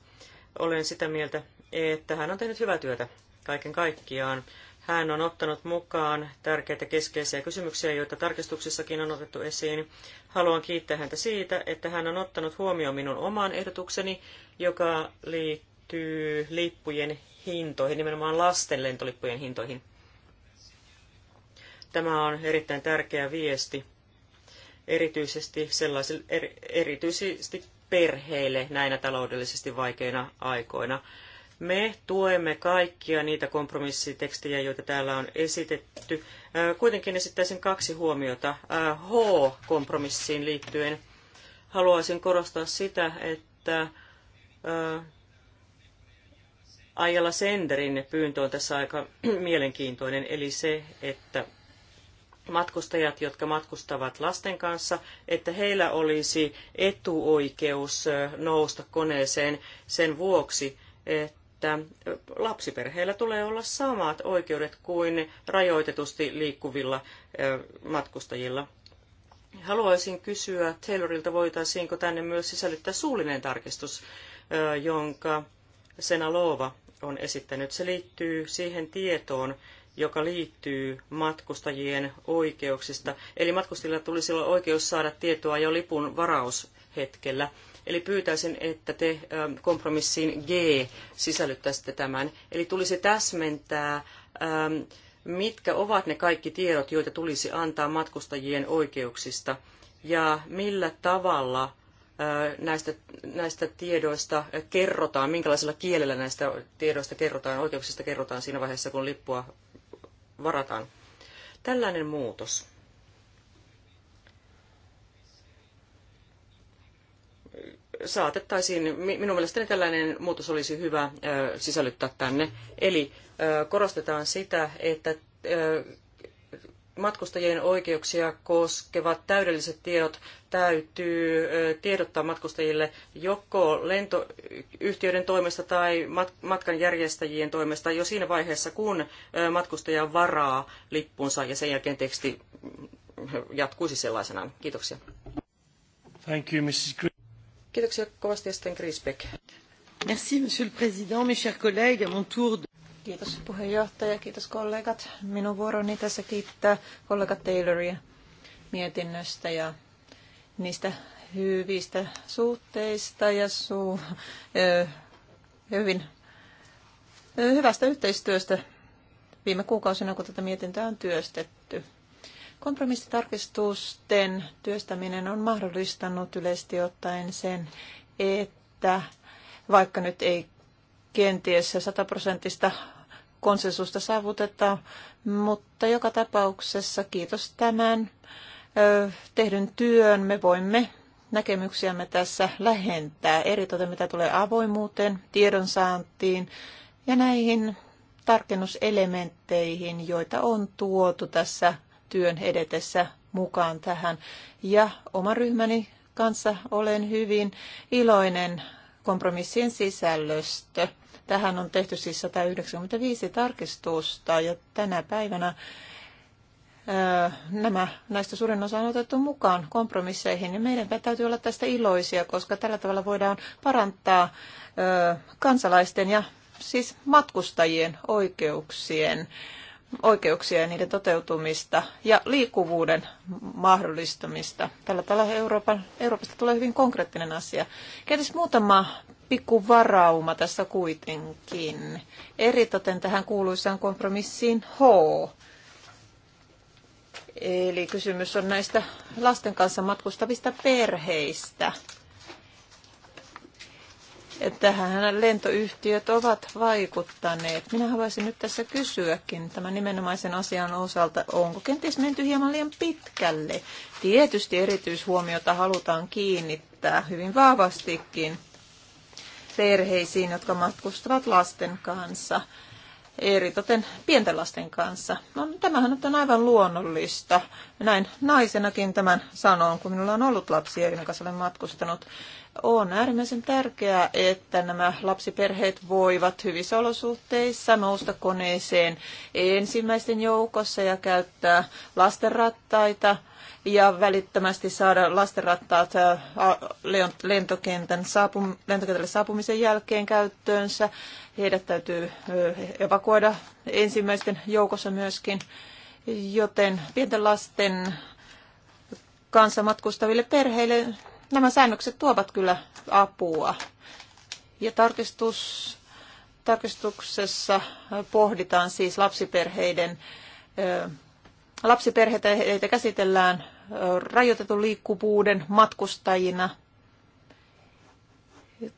Olen sitä mieltä, että hän on tehnyt hyvää työtä kaiken kaikkiaan. Hän on ottanut mukaan tärkeitä keskeisiä kysymyksiä, joita tarkistuksissakin on otettu esiin. Haluan kiittää häntä siitä, että hän on ottanut huomioon minun oman ehdotukseni, joka liittyy lippujen hintoihin, nimenomaan lasten lentolippujen hintoihin. Tämä on erittäin tärkeä viesti, erityisesti, sellaisille, er, erityisesti perheille näinä taloudellisesti vaikeina aikoina. Me tuemme kaikkia niitä kompromissitekstejä, joita täällä on esitetty. Äh, kuitenkin esittäisin kaksi huomiota äh, H-kompromissiin liittyen. Haluaisin korostaa sitä, että äh, Ajalla Senderin pyyntö on tässä aika mielenkiintoinen, eli se, että matkustajat, jotka matkustavat lasten kanssa, että heillä olisi etuoikeus nousta koneeseen sen vuoksi, että lapsiperheillä tulee olla samat oikeudet kuin rajoitetusti liikkuvilla matkustajilla. Haluaisin kysyä Taylorilta, voitaisiinko tänne myös sisällyttää suullinen tarkistus, jonka Sena Loova on esittänyt. Se liittyy siihen tietoon, joka liittyy matkustajien oikeuksista. Eli matkustajilla tulisi olla oikeus saada tietoa jo lipun varaushetkellä. Eli pyytäisin, että te kompromissiin G sisällyttäisitte tämän. Eli tulisi täsmentää, mitkä ovat ne kaikki tiedot, joita tulisi antaa matkustajien oikeuksista ja millä tavalla näistä, näistä tiedoista kerrotaan, minkälaisella kielellä näistä tiedoista kerrotaan, oikeuksista kerrotaan siinä vaiheessa, kun lippua varataan. Tällainen muutos. saatettaisiin, minun mielestäni tällainen muutos olisi hyvä sisällyttää tänne. Eli korostetaan sitä, että matkustajien oikeuksia koskevat täydelliset tiedot täytyy tiedottaa matkustajille joko lentoyhtiöiden toimesta tai matkanjärjestäjien toimesta jo siinä vaiheessa, kun matkustaja varaa lippunsa ja sen jälkeen teksti mm, jatkuisi sellaisenaan. Kiitoksia. Thank you, Mrs. Gr- Kiitoksia kovasti ja Merci, Monsieur le Président, mes chers collègues, à mon tour de... Kiitos puheenjohtaja, kiitos kollegat. Minun vuoroni tässä kiittää kollega Tayloria mietinnöstä ja niistä hyvistä suhteista ja suu, hyvin hyvästä yhteistyöstä viime kuukausina, kun tätä mietintöä on työstetty. Kompromissitarkistusten työstäminen on mahdollistanut yleisesti ottaen sen, että vaikka nyt ei kenties sataprosenttista konsensusta saavuteta, mutta joka tapauksessa kiitos tämän tehdyn työn. Me voimme näkemyksiämme tässä lähentää, eritoten mitä tulee avoimuuteen, tiedonsaantiin ja näihin tarkennuselementteihin, joita on tuotu tässä työn edetessä mukaan tähän. Ja oma ryhmäni kanssa olen hyvin iloinen kompromissien sisällöstä. Tähän on tehty siis 195 tarkistusta ja tänä päivänä nämä, näistä suurin osa on otettu mukaan kompromisseihin, ja meidän täytyy olla tästä iloisia, koska tällä tavalla voidaan parantaa kansalaisten ja siis matkustajien oikeuksien oikeuksia ja niiden toteutumista ja liikkuvuuden mahdollistamista. Tällä tavalla Euroopan, Euroopasta tulee hyvin konkreettinen asia. Kenties muutama pikku varauma tässä kuitenkin. Eritoten tähän kuuluisaan kompromissiin H. Eli kysymys on näistä lasten kanssa matkustavista perheistä. Tähän lentoyhtiöt ovat vaikuttaneet. Minä haluaisin nyt tässä kysyäkin tämän nimenomaisen asian osalta, onko kenties menty hieman liian pitkälle? Tietysti erityishuomiota halutaan kiinnittää hyvin vahvastikin perheisiin, jotka matkustavat lasten kanssa, eritoten pienten lasten kanssa. No, tämähän nyt on aivan luonnollista. Näin naisenakin tämän sanon, kun minulla on ollut lapsia, joiden kanssa olen matkustanut on äärimmäisen tärkeää, että nämä lapsiperheet voivat hyvissä olosuhteissa nousta koneeseen ensimmäisten joukossa ja käyttää lastenrattaita ja välittömästi saada lastenrattaat lentokentän saapum- lentokentälle saapumisen jälkeen käyttöönsä. Heidät täytyy evakuoida ensimmäisten joukossa myöskin, joten pienten lasten kanssa matkustaville perheille nämä säännökset tuovat kyllä apua. Ja tarkistus, tarkistuksessa pohditaan siis lapsiperheiden, lapsiperheitä käsitellään rajoitetun liikkuvuuden matkustajina.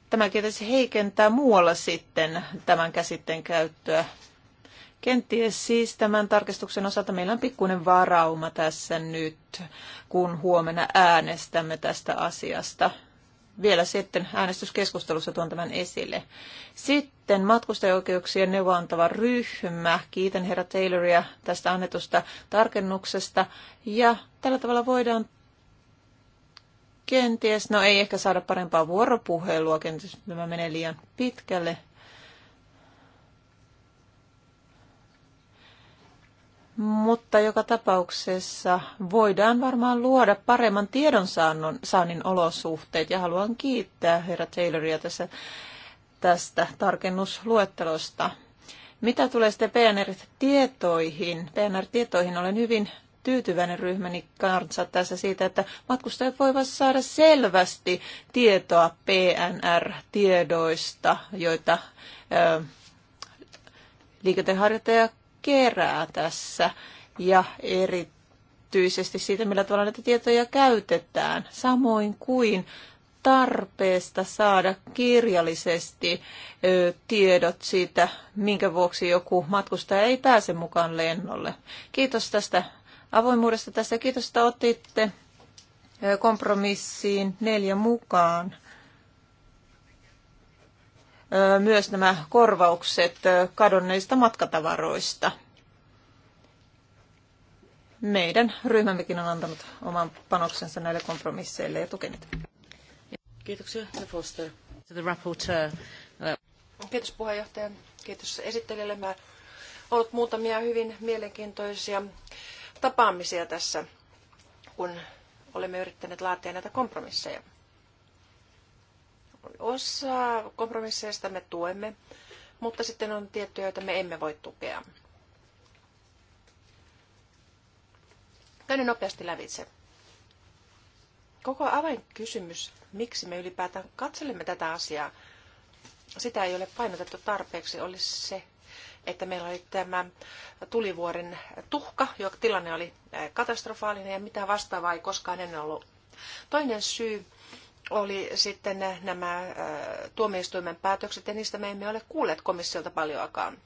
Tämä tietysti heikentää muualla sitten tämän käsitteen käyttöä. Kenties siis tämän tarkistuksen osalta meillä on pikkuinen varauma tässä nyt, kun huomenna äänestämme tästä asiasta. Vielä sitten äänestyskeskustelussa tuon tämän esille. Sitten matkustajoikeuksien neuvontava ryhmä. Kiitän herra Tayloria tästä annetusta tarkennuksesta. Ja tällä tavalla voidaan kenties, no ei ehkä saada parempaa vuoropuhelua, kenties tämä menee liian pitkälle, mutta joka tapauksessa voidaan varmaan luoda paremman tiedonsaannon saannin olosuhteet. Ja haluan kiittää herra Tayloria tässä, tästä tarkennusluettelosta. Mitä tulee sitten PNR-tietoihin? PNR-tietoihin olen hyvin tyytyväinen ryhmäni kanssa tässä siitä, että matkustajat voivat saada selvästi tietoa PNR-tiedoista, joita ö, liikenteenharjoittaja kerää tässä ja erityisesti siitä, millä tavalla näitä tietoja käytetään, samoin kuin tarpeesta saada kirjallisesti tiedot siitä, minkä vuoksi joku matkustaja ei pääse mukaan lennolle. Kiitos tästä avoimuudesta tässä. Kiitos, että otitte kompromissiin neljä mukaan myös nämä korvaukset kadonneista matkatavaroista. Meidän ryhmämmekin on antanut oman panoksensa näille kompromisseille ja tukenut. Kiitoksia. Foster. To the rapporteur. Kiitos puheenjohtaja. Kiitos esittelijälle. Mä ollut muutamia hyvin mielenkiintoisia tapaamisia tässä, kun olemme yrittäneet laatia näitä kompromisseja. Osa kompromisseista me tuemme, mutta sitten on tiettyjä, joita me emme voi tukea. Käyn nopeasti lävitse. Koko avainkysymys, miksi me ylipäätään katselemme tätä asiaa, sitä ei ole painotettu tarpeeksi, olisi se, että meillä oli tämä tulivuoren tuhka, joka tilanne oli eh, katastrofaalinen ja mitä vastaavaa ei koskaan ennen ollut. Toinen syy oli sitten nämä äh, tuomioistuimen päätökset, ja niistä me emme ole kuulleet komissiolta paljoakaan.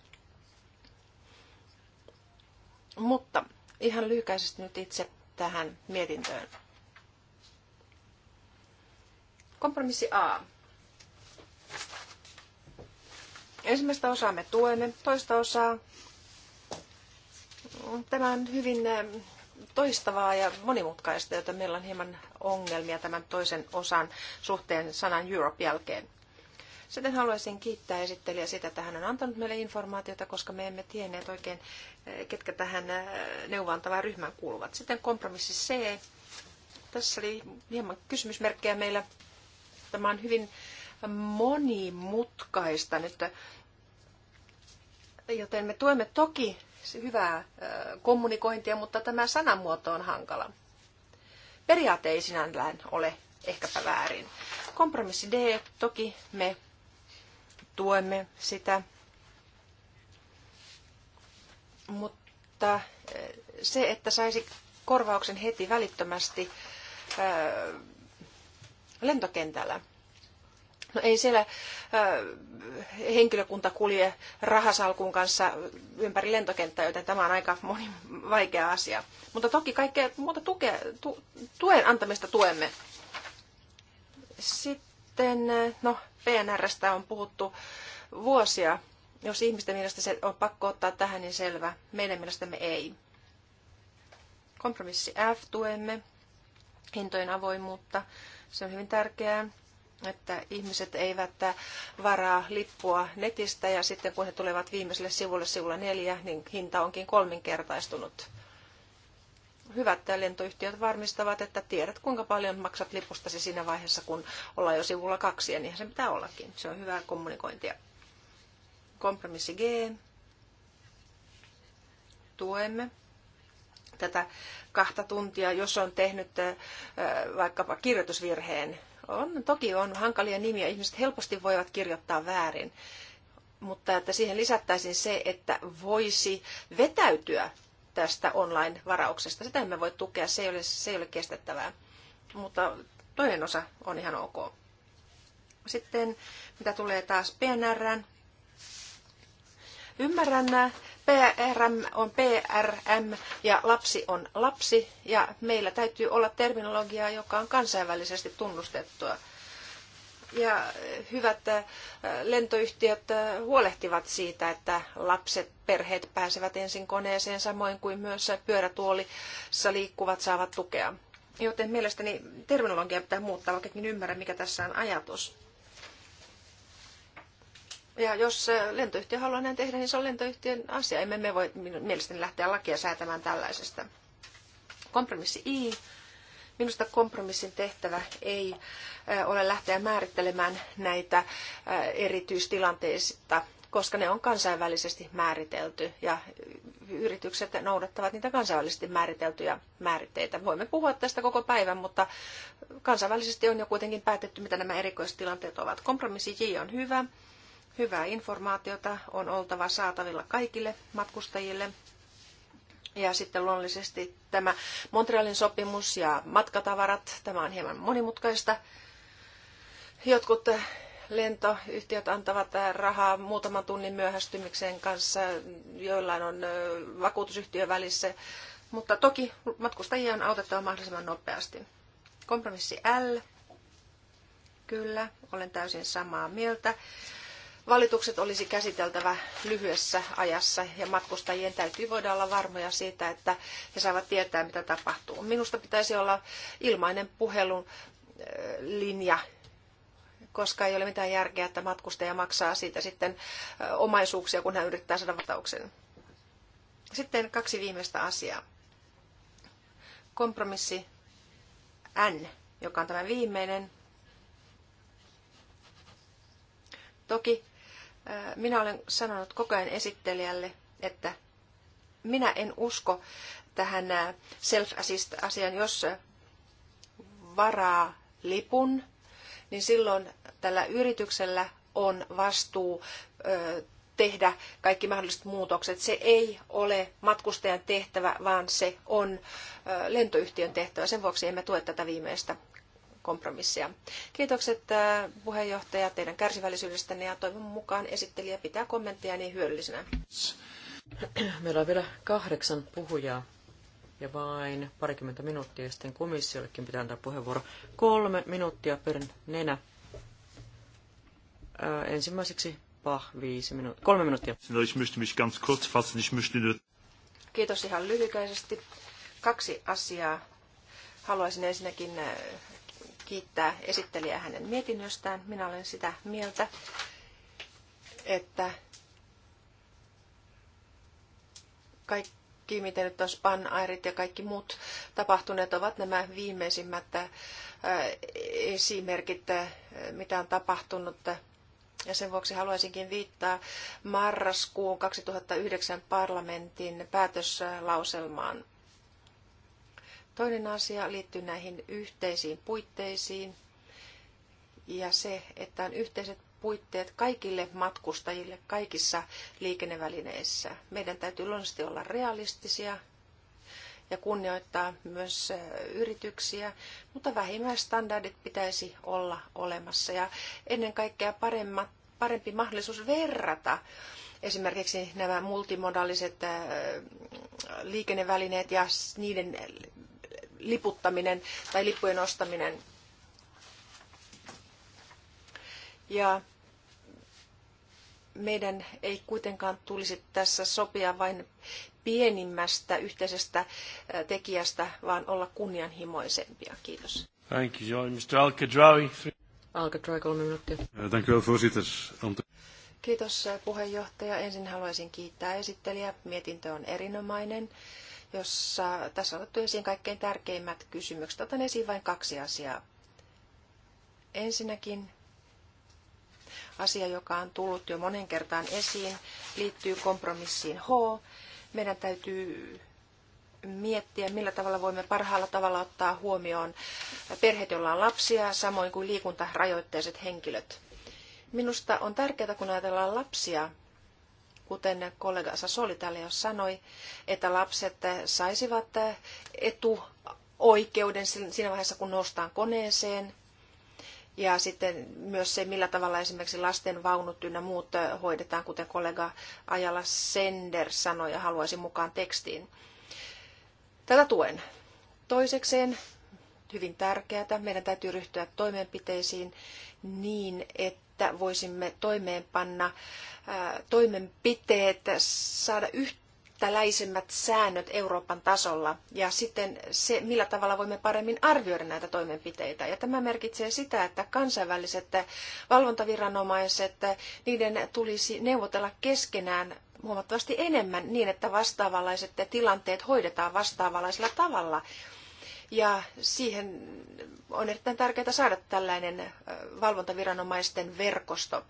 Mutta ihan lyhykäisesti nyt itse tähän mietintöön. Kompromissi A. Ensimmäistä osaa me tuemme, toista osaa. Tämä on hyvin äh, toistavaa ja monimutkaista, jota meillä on hieman ongelmia tämän toisen osan suhteen sanan Europe jälkeen. Sitten haluaisin kiittää esittelijä sitä, että hän on antanut meille informaatiota, koska me emme tienneet oikein, eh, ketkä tähän eh, neuvontavaan ryhmään kuuluvat. Sitten kompromissi C. Tässä oli hieman kysymysmerkkejä meillä. Tämä on hyvin monimutkaista nyt, joten me tuemme toki hyvää eh, kommunikointia, mutta tämä sanamuoto on hankala. Periaate ei sinällään ole ehkäpä väärin. Kompromissi D, toki me tuemme sitä, mutta eh, se, että saisi korvauksen heti välittömästi eh, lentokentällä, No ei siellä henkilökunta kulje rahasalkun kanssa ympäri lentokenttää, joten tämä on aika moni vaikea asia. Mutta toki kaikkea muuta tukea, tu, tuen antamista tuemme. Sitten, no, PNRstä on puhuttu vuosia. Jos ihmisten mielestä se on pakko ottaa tähän, niin selvä. Meidän mielestämme ei. Kompromissi F tuemme, hintojen avoimuutta. Se on hyvin tärkeää että ihmiset eivät varaa lippua netistä ja sitten kun he tulevat viimeiselle sivulle, sivulla neljä, niin hinta onkin kolminkertaistunut. Hyvät lentoyhtiöt varmistavat, että tiedät kuinka paljon maksat lipustasi siinä vaiheessa, kun ollaan jo sivulla kaksi, ja niinhän se pitää ollakin. Se on hyvää kommunikointia. Kompromissi G. Tuemme tätä kahta tuntia, jos on tehnyt äh, vaikkapa kirjoitusvirheen, on, toki on hankalia nimiä, ihmiset helposti voivat kirjoittaa väärin, mutta että siihen lisättäisiin se, että voisi vetäytyä tästä online-varauksesta. Sitä emme voi tukea, se ei ole, se ei ole kestettävää. Mutta toinen osa on ihan ok. Sitten mitä tulee taas PNRään, Ymmärrän, PRM on PRM ja lapsi on lapsi ja meillä täytyy olla terminologiaa, joka on kansainvälisesti tunnustettua. Ja hyvät äh, lentoyhtiöt äh, huolehtivat siitä, että lapset, perheet pääsevät ensin koneeseen, samoin kuin myös pyörätuolissa liikkuvat saavat tukea. Joten mielestäni terminologia pitää muuttaa, vaikkakin ymmärrä, mikä tässä on ajatus. Ja jos äh, lentoyhtiö haluaa näin tehdä, niin se on lentoyhtiön asia. Emme me voi mielestäni lähteä lakia säätämään tällaisesta. Kompromissi I. Minusta kompromissin tehtävä ei äh, ole lähteä määrittelemään näitä äh, erityistilanteita, koska ne on kansainvälisesti määritelty ja yritykset noudattavat niitä kansainvälisesti määriteltyjä määritteitä. Voimme puhua tästä koko päivän, mutta kansainvälisesti on jo kuitenkin päätetty, mitä nämä erikoistilanteet ovat. Kompromissi J on hyvä Hyvää informaatiota on oltava saatavilla kaikille matkustajille. Ja sitten luonnollisesti tämä Montrealin sopimus ja matkatavarat, tämä on hieman monimutkaista. Jotkut lentoyhtiöt antavat rahaa muutaman tunnin myöhästymiseen kanssa, joillain on vakuutusyhtiö välissä, mutta toki matkustajia on autettava mahdollisimman nopeasti. Kompromissi L. Kyllä, olen täysin samaa mieltä. Valitukset olisi käsiteltävä lyhyessä ajassa ja matkustajien täytyy voida olla varmoja siitä, että he saavat tietää, mitä tapahtuu. Minusta pitäisi olla ilmainen puhelun eh, linja, koska ei ole mitään järkeä, että matkustaja maksaa siitä sitten eh, omaisuuksia, kun hän yrittää saada vastauksen. Sitten kaksi viimeistä asiaa. Kompromissi N, joka on tämä viimeinen. Toki Äh, minä olen sanonut koko ajan esittelijälle, että minä en usko tähän äh, self-assist-asiaan, jos äh, varaa lipun, niin silloin tällä yrityksellä on vastuu tehdä kaikki mahdolliset muutokset. Se ei ole matkustajan tehtävä, vaan se on lentoyhtiön tehtävä. Sen vuoksi emme tue tätä viimeistä kompromissia. Kiitokset äh, puheenjohtaja teidän kärsivällisyydestänne ja toivon mukaan esittelijä pitää kommentteja niin hyödyllisenä. Meillä on vielä kahdeksan puhujaa ja vain parikymmentä minuuttia sitten komissiollekin pitää antaa puheenvuoro. Kolme minuuttia per nenä. Ää, äh, ensimmäiseksi pah, viisi minuuttia. Kolme minuuttia. No, ganz kurz fassen. Ich Kiitos ihan lyhykäisesti. Kaksi asiaa. Haluaisin ensinnäkin äh, kiittää esittelijää hänen mietinnöstään. Minä olen sitä mieltä, että kaikki, miten nyt on spanairit ja kaikki muut tapahtuneet, ovat nämä viimeisimmät äh, esimerkit, äh, mitä on tapahtunut. Ja sen vuoksi haluaisinkin viittaa marraskuun 2009 parlamentin päätöslauselmaan Toinen asia liittyy näihin yhteisiin puitteisiin ja se, että on yhteiset puitteet kaikille matkustajille kaikissa liikennevälineissä. Meidän täytyy luonnollisesti olla realistisia ja kunnioittaa myös yrityksiä, mutta vähimmäistandardit pitäisi olla olemassa ja ennen kaikkea paremmat, parempi mahdollisuus verrata esimerkiksi nämä multimodaaliset liikennevälineet ja niiden liputtaminen tai lippujen ostaminen. Ja meidän ei kuitenkaan tulisi tässä sopia vain pienimmästä yhteisestä tekijästä, vaan olla kunnianhimoisempia. Kiitos. Thank you, Mr. Alcadrawi. Alcadrawi, kolme minuuttia. Thank you, voorzitter. Kiitos puheenjohtaja. Ensin haluaisin kiittää esittelijä. Mietintö on erinomainen jossa tässä on otettu esiin kaikkein tärkeimmät kysymykset. Otan esiin vain kaksi asiaa. Ensinnäkin asia, joka on tullut jo monen kertaan esiin, liittyy kompromissiin H. Meidän täytyy miettiä, millä tavalla voimme parhaalla tavalla ottaa huomioon perheet, joilla on lapsia, samoin kuin liikuntarajoitteiset henkilöt. Minusta on tärkeää, kun ajatellaan lapsia, kuten kollega Sassoli täällä jo sanoi, että lapset saisivat etuoikeuden siinä vaiheessa, kun nostaan koneeseen. Ja sitten myös se, millä tavalla esimerkiksi lasten vaunut ynnä muut hoidetaan, kuten kollega Ajala Sender sanoi ja haluaisin mukaan tekstiin. Tätä tuen. Toisekseen hyvin tärkeää. Meidän täytyy ryhtyä toimenpiteisiin niin, että että voisimme toimeenpanna toimenpiteet, saada yhtäläisemmät säännöt Euroopan tasolla ja sitten se, millä tavalla voimme paremmin arvioida näitä toimenpiteitä. Ja tämä merkitsee sitä, että kansainväliset valvontaviranomaiset, niiden tulisi neuvotella keskenään huomattavasti enemmän niin, että vastaavanlaiset tilanteet hoidetaan vastaavanlaisella tavalla ja siihen on erittäin tärkeää saada tällainen valvontaviranomaisten verkosto.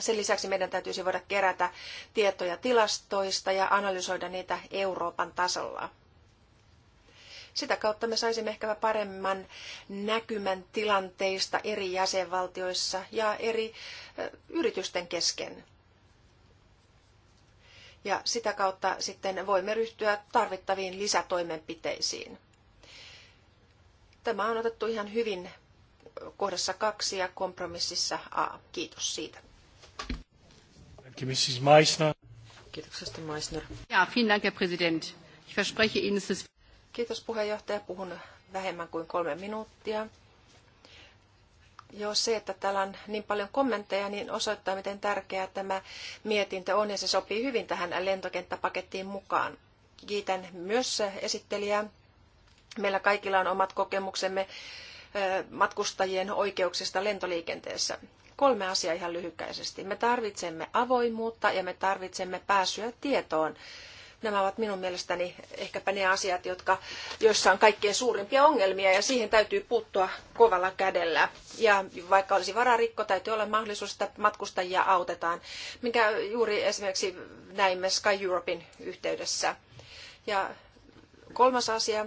Sen lisäksi meidän täytyisi voida kerätä tietoja tilastoista ja analysoida niitä Euroopan tasolla. Sitä kautta me saisimme ehkä paremman näkymän tilanteista eri jäsenvaltioissa ja eri yritysten kesken. Ja sitä kautta sitten voimme ryhtyä tarvittaviin lisätoimenpiteisiin. Tämä on otettu ihan hyvin kohdassa kaksi ja kompromississa A. Kiitos siitä. Mrs. Meissner. Kiitoksesta Meissner. Ja, vielen Dank, Herr Präsident. Ich verspreche Ihnen, dass. Kiitos puheenjohtaja. Puhun vähemmän kuin kolme minuuttia. Jo se, että täällä on niin paljon kommentteja, niin osoittaa, miten tärkeää tämä mietintö on ja se sopii hyvin tähän lentokenttäpakettiin mukaan. Kiitän myös esittelijää Meillä kaikilla on omat kokemuksemme matkustajien oikeuksista lentoliikenteessä. Kolme asiaa ihan lyhykäisesti. Me tarvitsemme avoimuutta ja me tarvitsemme pääsyä tietoon. Nämä ovat minun mielestäni ehkäpä ne asiat, jotka, joissa on kaikkein suurimpia ongelmia ja siihen täytyy puuttua kovalla kädellä. Ja vaikka olisi vararikko, täytyy olla mahdollisuus, että matkustajia autetaan, minkä juuri esimerkiksi näimme Sky Europein yhteydessä. Ja kolmas asia,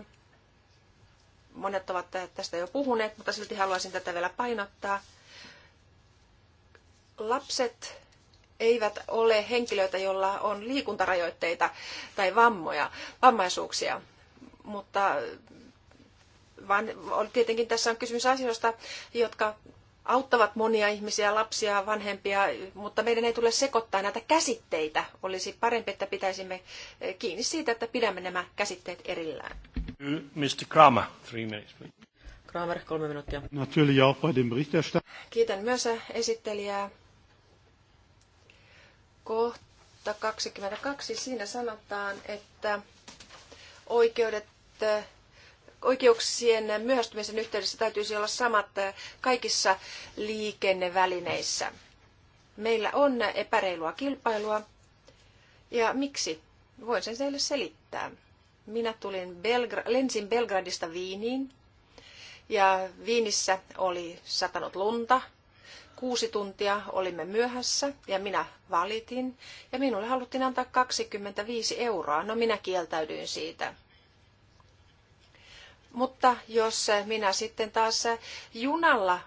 Monet ovat tästä jo puhuneet, mutta silti haluaisin tätä vielä painottaa. Lapset eivät ole henkilöitä, joilla on liikuntarajoitteita tai vammoja, vammaisuuksia, mutta vaan tietenkin tässä on kysymys asioista, jotka auttavat monia ihmisiä, lapsia, vanhempia, mutta meidän ei tule sekoittaa näitä käsitteitä. Olisi parempi, että pitäisimme kiinni siitä, että pidämme nämä käsitteet erillään. Mr. Kramer, three minutes, please. Kramer, kolme minuuttia. Natürlich auch bei dem Berichterstatter. Kiitän myös esittelijää. Kohta 22, siinä sanotaan, että oikeudet, oikeuksien myöhästymisen yhteydessä täytyisi olla samat kaikissa liikennevälineissä. Meillä on epäreilua kilpailua. Ja miksi? Voin sen teille selittää. Minä tulin Belgra- lensin Belgradista Viiniin ja Viinissä oli satanut lunta. Kuusi tuntia olimme myöhässä ja minä valitin ja minulle haluttiin antaa 25 euroa. No minä kieltäydyin siitä. Mutta jos minä sitten taas junalla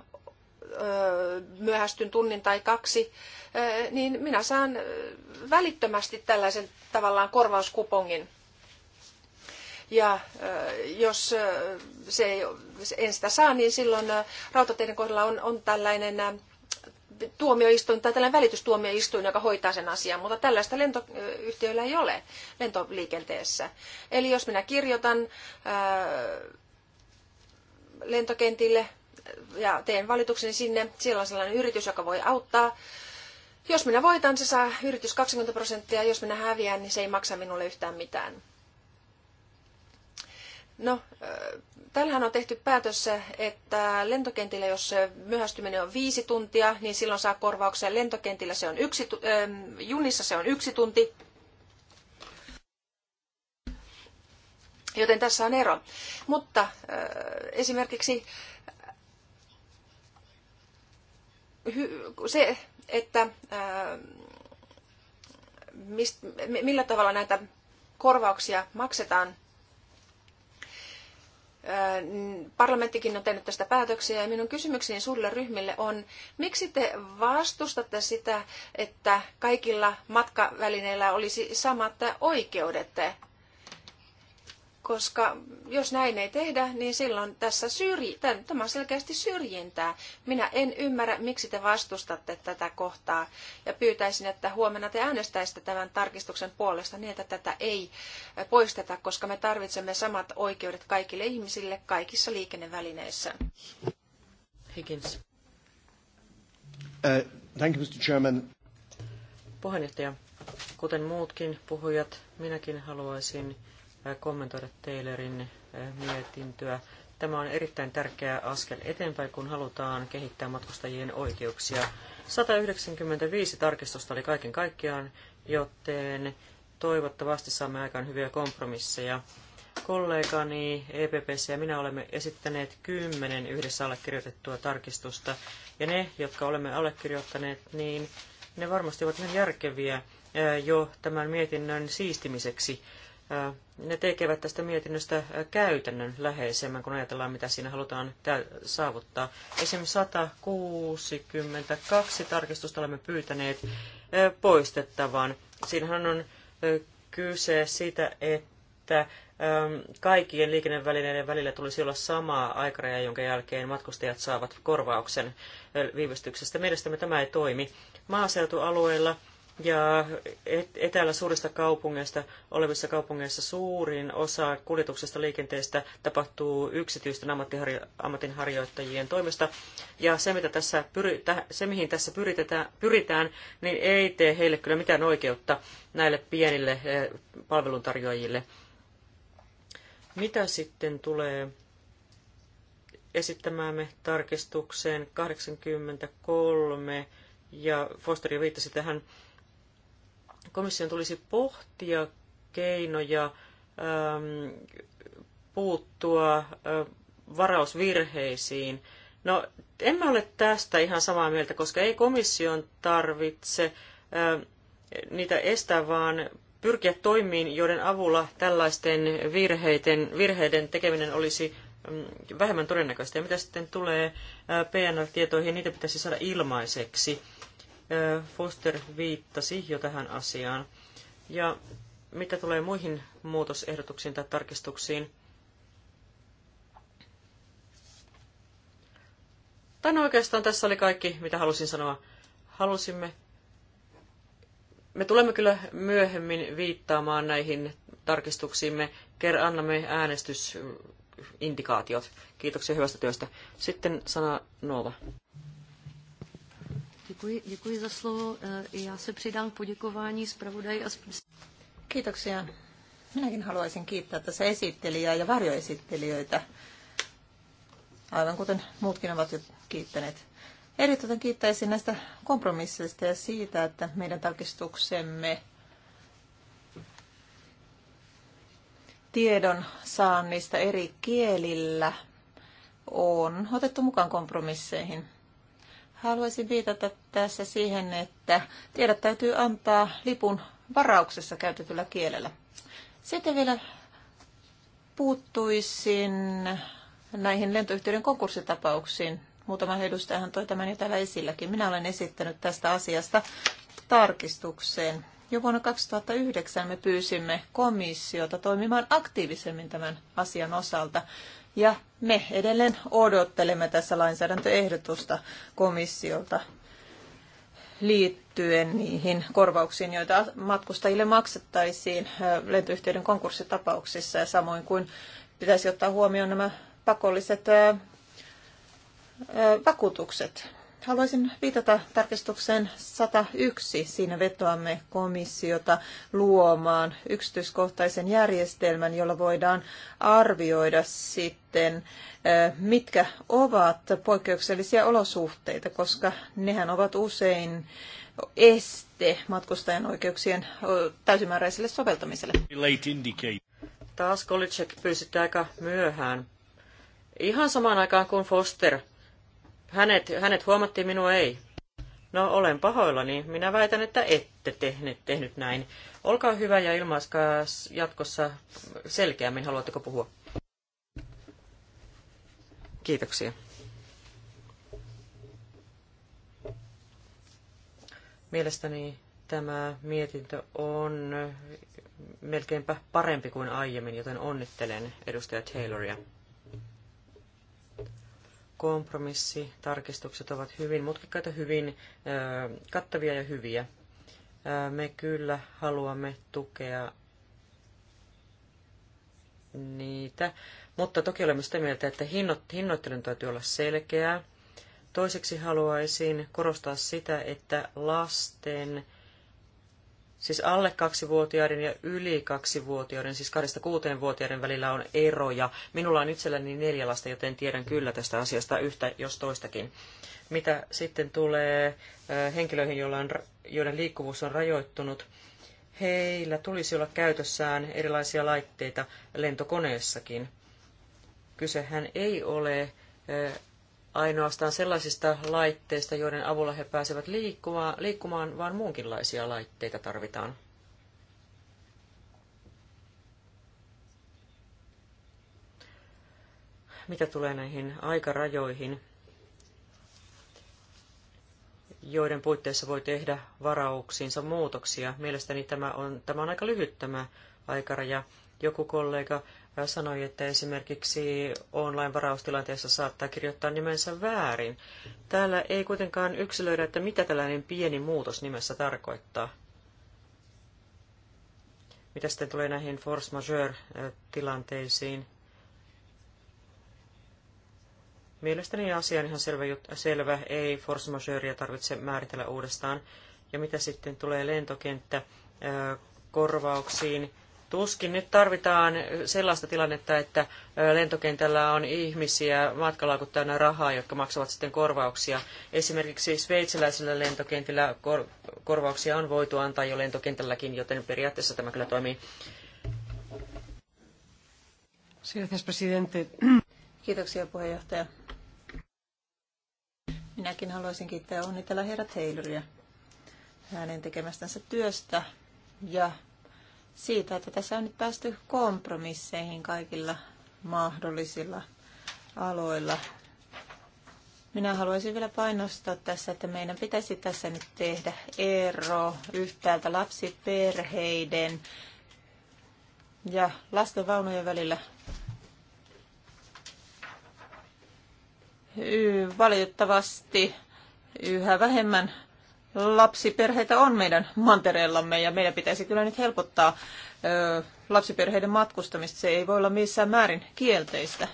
myöhästyn tunnin tai kaksi, niin minä saan välittömästi tällaisen tavallaan korvauskupongin. Ja jos se ei, en sitä saa, niin silloin rautateiden kohdalla on, on tällainen tuomioistuin tai tällainen välitystuomioistuin, joka hoitaa sen asian, mutta tällaista lentoyhtiöillä ei ole lentoliikenteessä. Eli jos minä kirjoitan ää, lentokentille ja teen valituksen niin sinne, siellä on sellainen yritys, joka voi auttaa. Jos minä voitan, se saa yritys 20 prosenttia, jos minä häviän, niin se ei maksa minulle yhtään mitään. No, tällähän on tehty päätös, että lentokentillä, jos myöhästyminen on viisi tuntia, niin silloin saa korvauksia. Lentokentillä se on yksi, junissa se on yksi tunti. Joten tässä on ero. Mutta esimerkiksi se, että millä tavalla näitä korvauksia maksetaan – Parlamenttikin on tehnyt tästä päätöksiä ja minun kysymykseni suurille ryhmille on, miksi te vastustatte sitä, että kaikilla matkavälineillä olisi samat oikeudet? Koska jos näin ei tehdä, niin silloin tässä syrji, tämä on selkeästi syrjintää. Minä en ymmärrä, miksi te vastustatte tätä kohtaa ja pyytäisin, että huomenna te äänestäisitte tämän tarkistuksen puolesta niin, että tätä ei poisteta, koska me tarvitsemme samat oikeudet kaikille ihmisille kaikissa liikennevälineissä. Higgins. Uh, thank you, Mr. Chairman. Puheenjohtaja, kuten muutkin puhujat, minäkin haluaisin Äh, kommentoida Taylorin äh, mietintöä. Tämä on erittäin tärkeä askel eteenpäin, kun halutaan kehittää matkustajien oikeuksia. 195 tarkistusta oli kaiken kaikkiaan, joten toivottavasti saamme aikaan hyviä kompromisseja. Kollegani EPPC ja minä olemme esittäneet kymmenen yhdessä allekirjoitettua tarkistusta, ja ne, jotka olemme allekirjoittaneet, niin ne varmasti ovat ihan järkeviä äh, jo tämän mietinnön siistimiseksi ne tekevät tästä mietinnöstä käytännön läheisemmän, kun ajatellaan, mitä siinä halutaan saavuttaa. Esimerkiksi 162 tarkistusta olemme pyytäneet poistettavan. Siinähän on kyse siitä, että kaikkien liikennevälineiden välillä tulisi olla sama aikaraja, jonka jälkeen matkustajat saavat korvauksen viivästyksestä. Mielestämme tämä ei toimi. Maaseutualueilla ja etäällä suurista kaupungeista olevissa kaupungeissa suurin osa kuljetuksesta liikenteestä tapahtuu yksityisten ammatinharjoittajien toimesta. Ja se, mitä tässä pyri, se mihin tässä pyritään, niin ei tee heille kyllä mitään oikeutta näille pienille eh, palveluntarjoajille. Mitä sitten tulee esittämäämme tarkistukseen 83 ja Foster jo viittasi tähän komission tulisi pohtia keinoja ähm, puuttua äh, varausvirheisiin. No, en mä ole tästä ihan samaa mieltä, koska ei komission tarvitse ähm, niitä estää, vaan pyrkiä toimiin, joiden avulla tällaisten virheiden, virheiden tekeminen olisi mm, vähemmän todennäköistä. Ja mitä sitten tulee äh, PNR-tietoihin, niitä pitäisi saada ilmaiseksi. Foster viittasi jo tähän asiaan. Ja mitä tulee muihin muutosehdotuksiin tai tarkistuksiin, Tai no oikeastaan tässä oli kaikki, mitä halusin sanoa. Halusimme. Me tulemme kyllä myöhemmin viittaamaan näihin tarkistuksiimme. Ker annamme äänestysindikaatiot. Kiitoksia hyvästä työstä. Sitten sana Nova. Děkuji, děkuji za slovo. E, já se přidám k poděkování zpravodaji a Kiitoksia. Minäkin haluaisin kiittää tässä esittelijää ja varjoesittelijöitä, aivan kuten muutkin ovat jo kiittäneet. Erityisen kiittäisin näistä kompromisseista ja siitä, että meidän tarkistuksemme tiedon saannista eri kielillä on otettu mukaan kompromisseihin. Haluaisin viitata tässä siihen, että tiedot täytyy antaa lipun varauksessa käytetyllä kielellä. Sitten vielä puuttuisin näihin lentoyhtiöiden konkurssitapauksiin. Muutama edustajahan toi tämän jo täällä esilläkin. Minä olen esittänyt tästä asiasta tarkistukseen. Jo vuonna 2009 me pyysimme komissiota toimimaan aktiivisemmin tämän asian osalta. Ja me edelleen odottelemme tässä lainsäädäntöehdotusta komissiolta liittyen niihin korvauksiin, joita matkustajille maksettaisiin lentoyhtiöiden konkurssitapauksissa ja samoin kuin pitäisi ottaa huomioon nämä pakolliset vakuutukset. Haluaisin viitata tarkistukseen 101. Siinä vetoamme komissiota luomaan yksityiskohtaisen järjestelmän, jolla voidaan arvioida sitten, mitkä ovat poikkeuksellisia olosuhteita, koska nehän ovat usein este matkustajan oikeuksien täysimääräiselle soveltamiselle. Taas Kolicek pyysitte aika myöhään. Ihan samaan aikaan kuin Foster hänet, hänet huomattiin, minua ei. No olen pahoillani. Minä väitän, että ette tehnyt, tehnyt näin. Olkaa hyvä ja ilmaiskaa jatkossa selkeämmin, haluatteko puhua. Kiitoksia. Mielestäni tämä mietintö on melkeinpä parempi kuin aiemmin, joten onnittelen edustaja Tayloria kompromissitarkistukset ovat hyvin mutkikkaita, hyvin kattavia ja hyviä. Me kyllä haluamme tukea niitä, mutta toki olemme sitä mieltä, että hinnoittelun täytyy olla selkeää. Toiseksi haluaisin korostaa sitä, että lasten Siis alle kaksivuotiaiden ja yli kaksivuotiaiden, siis kahdesta kuuteenvuotiaiden välillä on eroja. Minulla on itselläni neljä lasta, joten tiedän kyllä tästä asiasta yhtä jos toistakin. Mitä sitten tulee henkilöihin, joiden liikkuvuus on rajoittunut, heillä tulisi olla käytössään erilaisia laitteita lentokoneessakin. Kysehän ei ole ainoastaan sellaisista laitteista, joiden avulla he pääsevät liikkumaan, liikkumaan vaan muunkinlaisia laitteita tarvitaan. Mitä tulee näihin aikarajoihin, joiden puitteissa voi tehdä varauksiinsa muutoksia. Mielestäni tämä on, tämä on aika lyhyt tämä aikaraja. Joku kollega sanoi, että esimerkiksi online-varaustilanteessa saattaa kirjoittaa nimensä väärin. Täällä ei kuitenkaan yksilöidä, että mitä tällainen pieni muutos nimessä tarkoittaa. Mitä sitten tulee näihin force majeure-tilanteisiin? Mielestäni asia on ihan selvä, selvä. ei force majeurea tarvitse määritellä uudestaan. Ja mitä sitten tulee lentokenttä korvauksiin, Tuskin nyt tarvitaan sellaista tilannetta, että lentokentällä on ihmisiä matkalaukut täynnä rahaa, jotka maksavat sitten korvauksia. Esimerkiksi sveitsiläisillä lentokentillä kor- korvauksia on voitu antaa jo lentokentälläkin, joten periaatteessa tämä kyllä toimii. Kiitoksia puheenjohtaja. Minäkin haluaisin kiittää onnitella herra Tayloria hänen tekemästänsä työstä ja siitä, että tässä on nyt päästy kompromisseihin kaikilla mahdollisilla aloilla. Minä haluaisin vielä painostaa tässä, että meidän pitäisi tässä nyt tehdä ero yhtäältä lapsiperheiden ja lastenvaunujen välillä. Valitettavasti yhä vähemmän lapsiperheitä on meidän mantereellamme ja meidän pitäisi kyllä nyt helpottaa lapsiperheiden matkustamista. Se ei voi olla missään määrin kielteistä.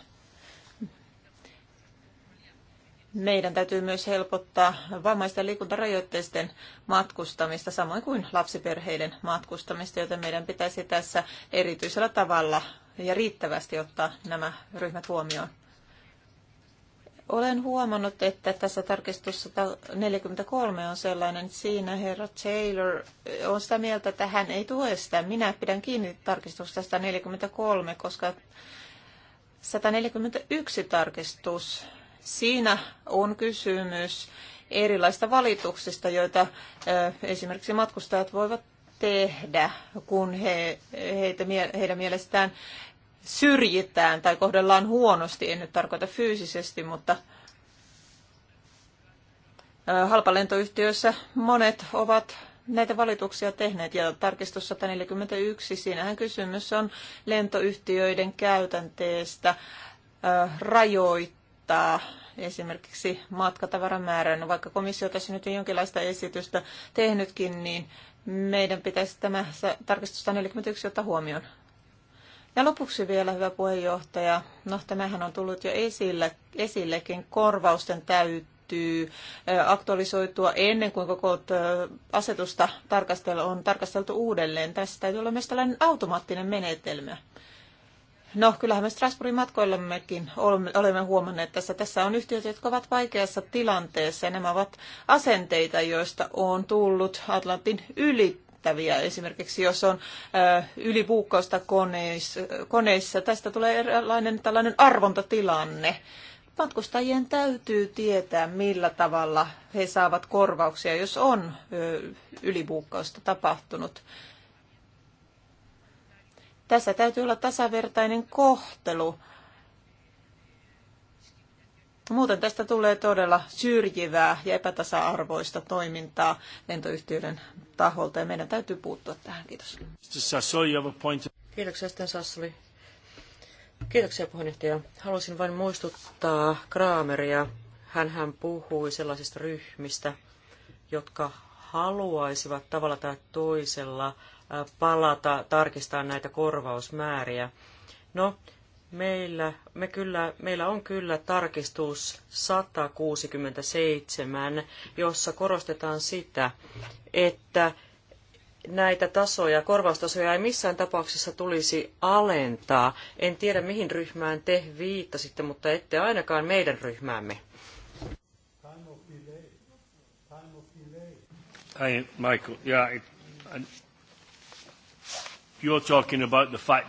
Meidän täytyy myös helpottaa vammaisten liikuntarajoitteisten matkustamista, samoin kuin lapsiperheiden matkustamista, joten meidän pitäisi tässä erityisellä tavalla ja riittävästi ottaa nämä ryhmät huomioon. Olen huomannut, että tässä tarkistussa 43 on sellainen, että siinä herra Taylor on sitä mieltä, että hän ei tue sitä. Minä pidän kiinni tarkistuksesta 143, koska 141 tarkistus, siinä on kysymys erilaista valituksista, joita esimerkiksi matkustajat voivat tehdä, kun he, heitä, heidän mielestään syrjitään tai kohdellaan huonosti, en nyt tarkoita fyysisesti, mutta halpalentoyhtiöissä monet ovat näitä valituksia tehneet ja tarkistus 141, siinähän kysymys on lentoyhtiöiden käytänteestä rajoittaa esimerkiksi no Vaikka komissio tässä nyt on jonkinlaista esitystä tehnytkin, niin meidän pitäisi tämä tarkistus 141 ottaa huomioon. Ja lopuksi vielä, hyvä puheenjohtaja, no tämähän on tullut jo esille, esillekin, korvausten täytyy aktualisoitua ennen kuin koko asetusta tarkastelu on tarkasteltu uudelleen. Tässä täytyy olla myös tällainen automaattinen menetelmä. No, kyllähän me Strasbourgin matkoillammekin olemme huomanneet tässä. Tässä on yhtiöt, jotka ovat vaikeassa tilanteessa ja nämä ovat asenteita, joista on tullut Atlantin yli yllättäviä. Esimerkiksi jos on ylipuukkausta koneissa, koneissa, tästä tulee erilainen tällainen arvontatilanne. Matkustajien täytyy tietää, millä tavalla he saavat korvauksia, jos on ylipuukkausta tapahtunut. Tässä täytyy olla tasavertainen kohtelu Muuten tästä tulee todella syrjivää ja epätasa-arvoista toimintaa lentoyhtiöiden taholta ja meidän täytyy puuttua tähän. Kiitos. Kiitoksia sitten Sassoli. Kiitoksia puheenjohtaja. Haluaisin vain muistuttaa Kraameria. hän puhui sellaisista ryhmistä, jotka haluaisivat tavalla tai toisella palata tarkistaa näitä korvausmääriä. No, Meillä, me kyllä, meillä on kyllä tarkistus 167, jossa korostetaan sitä, että näitä tasoja, korvaustasoja ei missään tapauksessa tulisi alentaa. En tiedä, mihin ryhmään te viittasitte, mutta ette ainakaan meidän ryhmäämme. Hey, Michael, yeah, it, you're talking about the fact...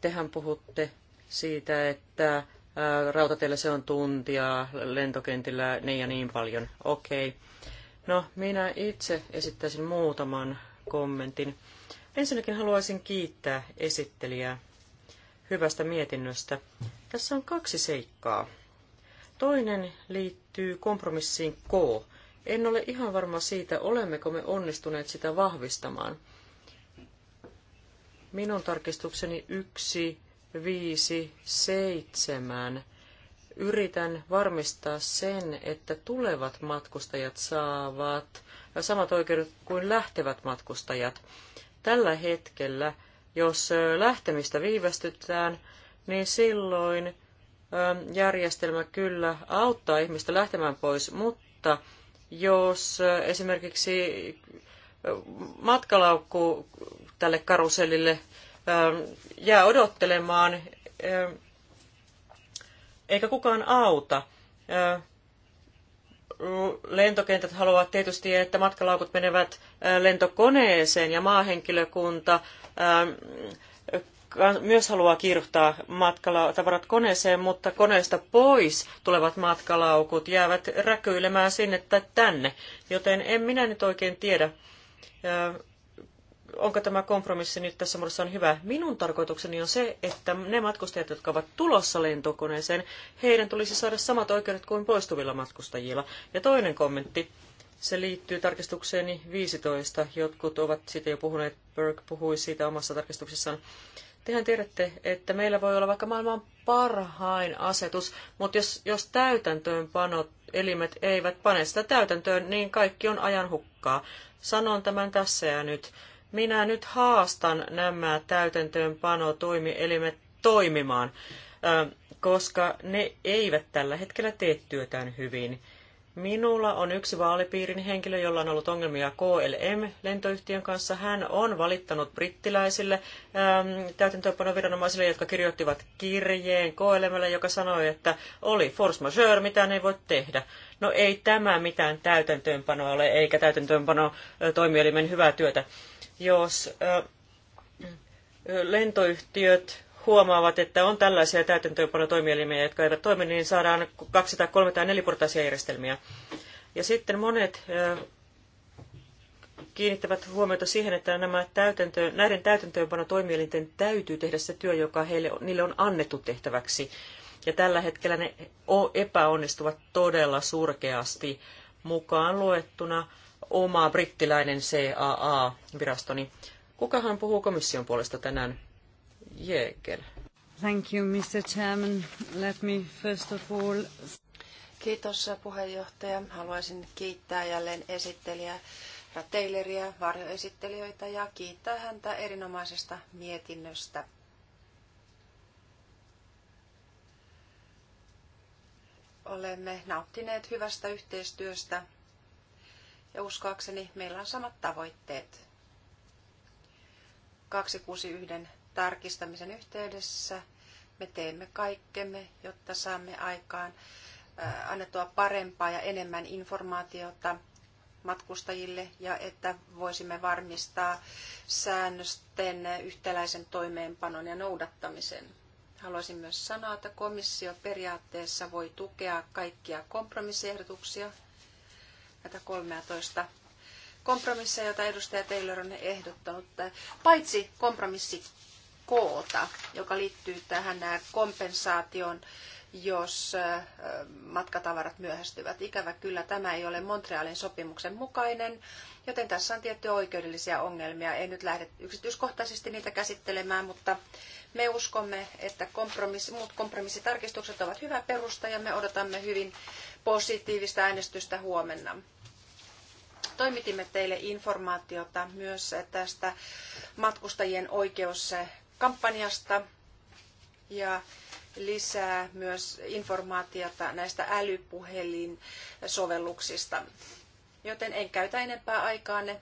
Tehän puhutte siitä, että äh, rautateillä se on tuntia, lentokentillä niin ja niin paljon. Okei. Okay. No, minä itse esittäisin muutaman kommentin. Ensinnäkin haluaisin kiittää esittelijää hyvästä mietinnöstä. Tässä on kaksi seikkaa. Toinen liittyy kompromissiin K. En ole ihan varma siitä, olemmeko me onnistuneet sitä vahvistamaan. Minun tarkistukseni yksi viisi, seitsemän. Yritän varmistaa sen, että tulevat matkustajat saavat samat oikeudet kuin lähtevät matkustajat. Tällä hetkellä, jos lähtemistä viivästytään, niin silloin järjestelmä kyllä auttaa ihmistä lähtemään pois, mutta jos esimerkiksi matkalaukku tälle karusellille Ähm, jää odottelemaan, ähm, eikä kukaan auta. Äh, lentokentät haluavat tietysti, että matkalaukut menevät äh, lentokoneeseen ja maahenkilökunta ähm, myös haluaa kiiruhtaa matkala- tavarat koneeseen, mutta koneesta pois tulevat matkalaukut jäävät räkyilemään sinne tai tänne, joten en minä nyt oikein tiedä. Äh, onko tämä kompromissi nyt tässä muodossa on hyvä. Minun tarkoitukseni on se, että ne matkustajat, jotka ovat tulossa lentokoneeseen, heidän tulisi saada samat oikeudet kuin poistuvilla matkustajilla. Ja toinen kommentti, se liittyy tarkistukseeni 15. Jotkut ovat siitä jo puhuneet, Burke puhui siitä omassa tarkistuksessaan. Tehän tiedätte, että meillä voi olla vaikka maailman parhain asetus, mutta jos, jos täytäntöönpanot elimet eivät pane sitä täytäntöön, niin kaikki on ajan hukkaa. Sanon tämän tässä ja nyt. Minä nyt haastan nämä täytäntöönpano-toimielimet toimimaan, koska ne eivät tällä hetkellä tee työtään hyvin. Minulla on yksi vaalipiirin henkilö, jolla on ollut ongelmia KLM-lentoyhtiön kanssa. Hän on valittanut brittiläisille ähm, täytäntöönpanoviranomaisille, jotka kirjoittivat kirjeen KLMlle, joka sanoi, että oli force majeure, mitään ei voi tehdä. No ei tämä mitään täytäntöönpanoa ole, eikä täytäntöönpano toimielimen hyvää työtä. Jos äh, lentoyhtiöt huomaavat, että on tällaisia täytäntöönpanotoimielimiä, jotka eivät toimi, niin saadaan kaksi tai kolme tai neliportaisia järjestelmiä. Ja sitten monet kiinnittävät huomiota siihen, että nämä täytäntö, näiden täytäntöönpanotoimielinten täytyy tehdä se työ, joka heille, niille on annettu tehtäväksi. Ja tällä hetkellä ne epäonnistuvat todella surkeasti mukaan luettuna oma brittiläinen CAA-virastoni. Kukahan puhuu komission puolesta tänään? Jekel. Thank you, Mr. Chairman. Let me first of all... Kiitos puheenjohtaja. Haluaisin kiittää jälleen esittelijä Tayloriä, varjoesittelijöitä ja kiittää häntä erinomaisesta mietinnöstä. Olemme nauttineet hyvästä yhteistyöstä ja uskoakseni meillä on samat tavoitteet. 261 tarkistamisen yhteydessä me teemme kaikkemme, jotta saamme aikaan äh, annettua parempaa ja enemmän informaatiota matkustajille ja että voisimme varmistaa säännösten yhtäläisen toimeenpanon ja noudattamisen. Haluaisin myös sanoa, että komissio periaatteessa voi tukea kaikkia kompromissiehdotuksia, näitä 13 kompromisseja, joita edustaja Taylor on ehdottanut, paitsi kompromissi koota, joka liittyy tähän kompensaatioon, jos matkatavarat myöhästyvät. Ikävä kyllä tämä ei ole Montrealin sopimuksen mukainen, joten tässä on tiettyjä oikeudellisia ongelmia. En nyt lähde yksityiskohtaisesti niitä käsittelemään, mutta me uskomme, että kompromissi, muut kompromissitarkistukset ovat hyvä perusta ja me odotamme hyvin positiivista äänestystä huomenna toimitimme teille informaatiota myös eh, tästä matkustajien oikeus eh, kampanjasta ja lisää myös informaatiota näistä älypuhelin sovelluksista. Joten en käytä enempää aikaanne.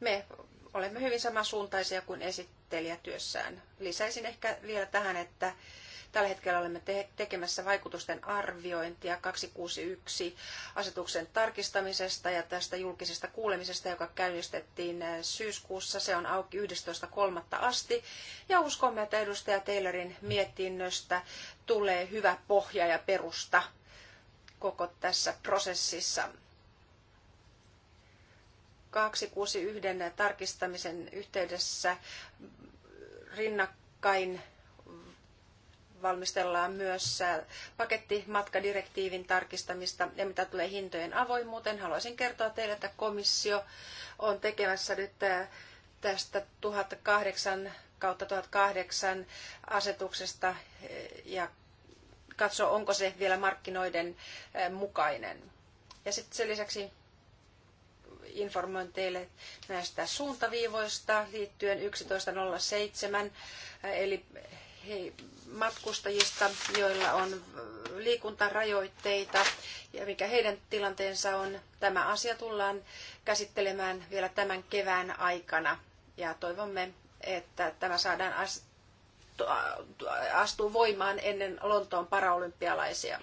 Me olemme hyvin samansuuntaisia kuin esittelijä työssään. Lisäisin ehkä vielä tähän, että Tällä hetkellä olemme te- tekemässä vaikutusten arviointia 261 asetuksen tarkistamisesta ja tästä julkisesta kuulemisesta, joka käynnistettiin äh, syyskuussa. Se on auki 11.3. asti ja uskomme, että edustaja Taylorin mietinnöstä tulee hyvä pohja ja perusta koko tässä prosessissa. 261 tarkistamisen yhteydessä rinnakkain valmistellaan myös äh, pakettimatkadirektiivin tarkistamista. Ja mitä tulee hintojen avoimuuteen, haluaisin kertoa teille, että komissio on tekemässä nyt äh, tästä 1008 kautta 1008 asetuksesta äh, ja katso onko se vielä markkinoiden mukainen. Ja sitten sen lisäksi informoin teille näistä suuntaviivoista liittyen 11.07, eli matkustajista, joilla on liikuntarajoitteita ja mikä heidän tilanteensa on. Tämä asia tullaan käsittelemään vielä tämän kevään aikana ja toivomme, että tämä saadaan astuu voimaan ennen Lontoon paraolympialaisia.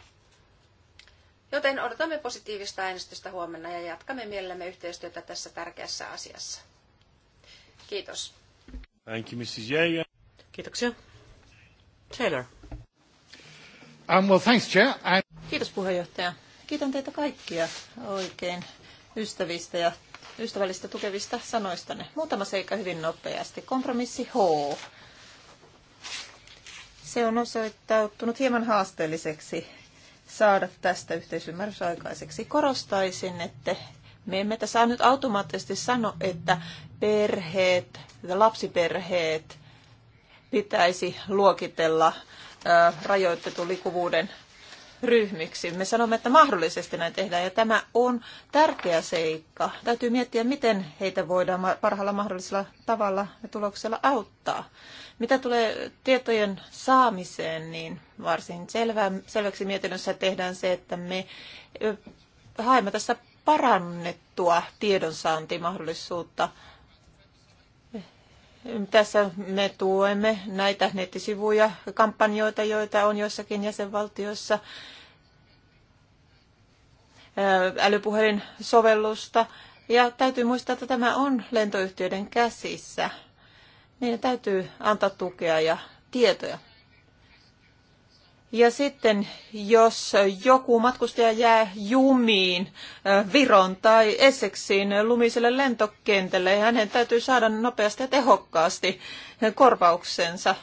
Joten odotamme positiivista äänestystä huomenna ja jatkamme mielellämme yhteistyötä tässä tärkeässä asiassa. Kiitos. Thank you, Mrs. Jäger. Kiitoksia. Taylor. Um, well, thanks, Chair. Kiitos puheenjohtaja. Kiitän teitä kaikkia oikein ystävistä ja ystävällistä tukevista sanoistanne. Muutama seikka hyvin nopeasti. Kompromissi H. Se on osoittautunut hieman haasteelliseksi saada tästä yhteisymmärrys aikaiseksi. Korostaisin, että me emme tässä nyt automaattisesti sano, että perheet, lapsiperheet pitäisi luokitella rajoitetun liikkuvuuden ryhmiksi. Me sanomme, että mahdollisesti näin tehdään ja tämä on tärkeä seikka. Täytyy miettiä, miten heitä voidaan parhaalla mahdollisella tavalla ja tuloksella auttaa. Mitä tulee tietojen saamiseen, niin varsin selvä, selväksi mietinnössä tehdään se, että me haemme tässä parannettua tiedonsaantimahdollisuutta tässä me tuemme näitä nettisivuja, kampanjoita, joita on joissakin jäsenvaltioissa, älypuhelin sovellusta. Ja täytyy muistaa, että tämä on lentoyhtiöiden käsissä. Niin täytyy antaa tukea ja tietoja ja sitten jos joku matkustaja jää jumiin Viron tai Essexiin lumiselle lentokentälle, hänen täytyy saada nopeasti ja tehokkaasti korvauksensa.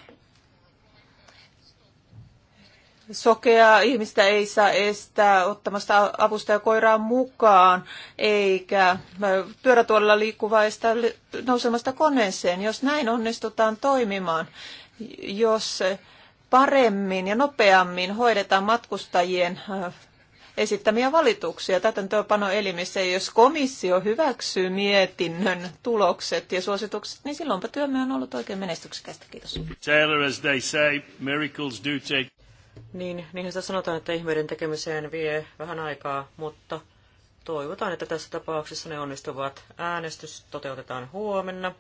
Sokea ihmistä ei saa estää ottamasta avustajakoiraa mukaan, eikä pyörätuolilla liikkuvaista nousemasta koneeseen, jos näin onnistutaan toimimaan. Jos paremmin ja nopeammin hoidetaan matkustajien äh, esittämiä valituksia täytäntöönpanoelimissä. Jos komissio hyväksyy mietinnön tulokset ja suositukset, niin silloinpa työmme on ollut oikein menestyksekästä. Kiitos. Taylor, as they say, miracles do take... Niin, niinhän sitä sanotaan, että ihmeiden tekemiseen vie vähän aikaa, mutta toivotaan, että tässä tapauksessa ne onnistuvat. Äänestys toteutetaan huomenna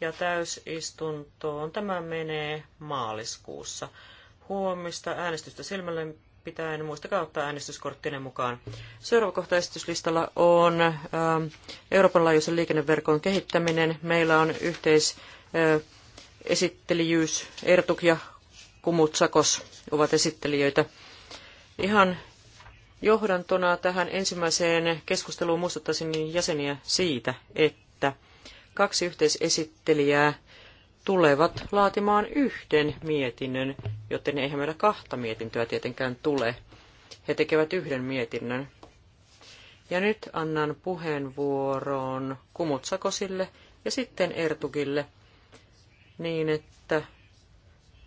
ja täysistuntoon tämä menee maaliskuussa. Huomista äänestystä silmälle pitäen muistakaa ottaa äänestyskorttinen mukaan. Seuraava kohta esityslistalla on ä, ähm, Euroopan laajuisen liikenneverkon kehittäminen. Meillä on yhteis äh, esittelijyys, Ertuk ja Kumut Sakos ovat esittelijöitä. Ihan johdantona tähän ensimmäiseen keskusteluun muistuttaisin jäseniä siitä, että kaksi yhteisesittelijää tulevat laatimaan yhden mietinnön, joten eihän meillä kahta mietintöä tietenkään tule. He tekevät yhden mietinnön. Ja nyt annan puheenvuoron Kumutsakosille ja sitten Ertugille, niin että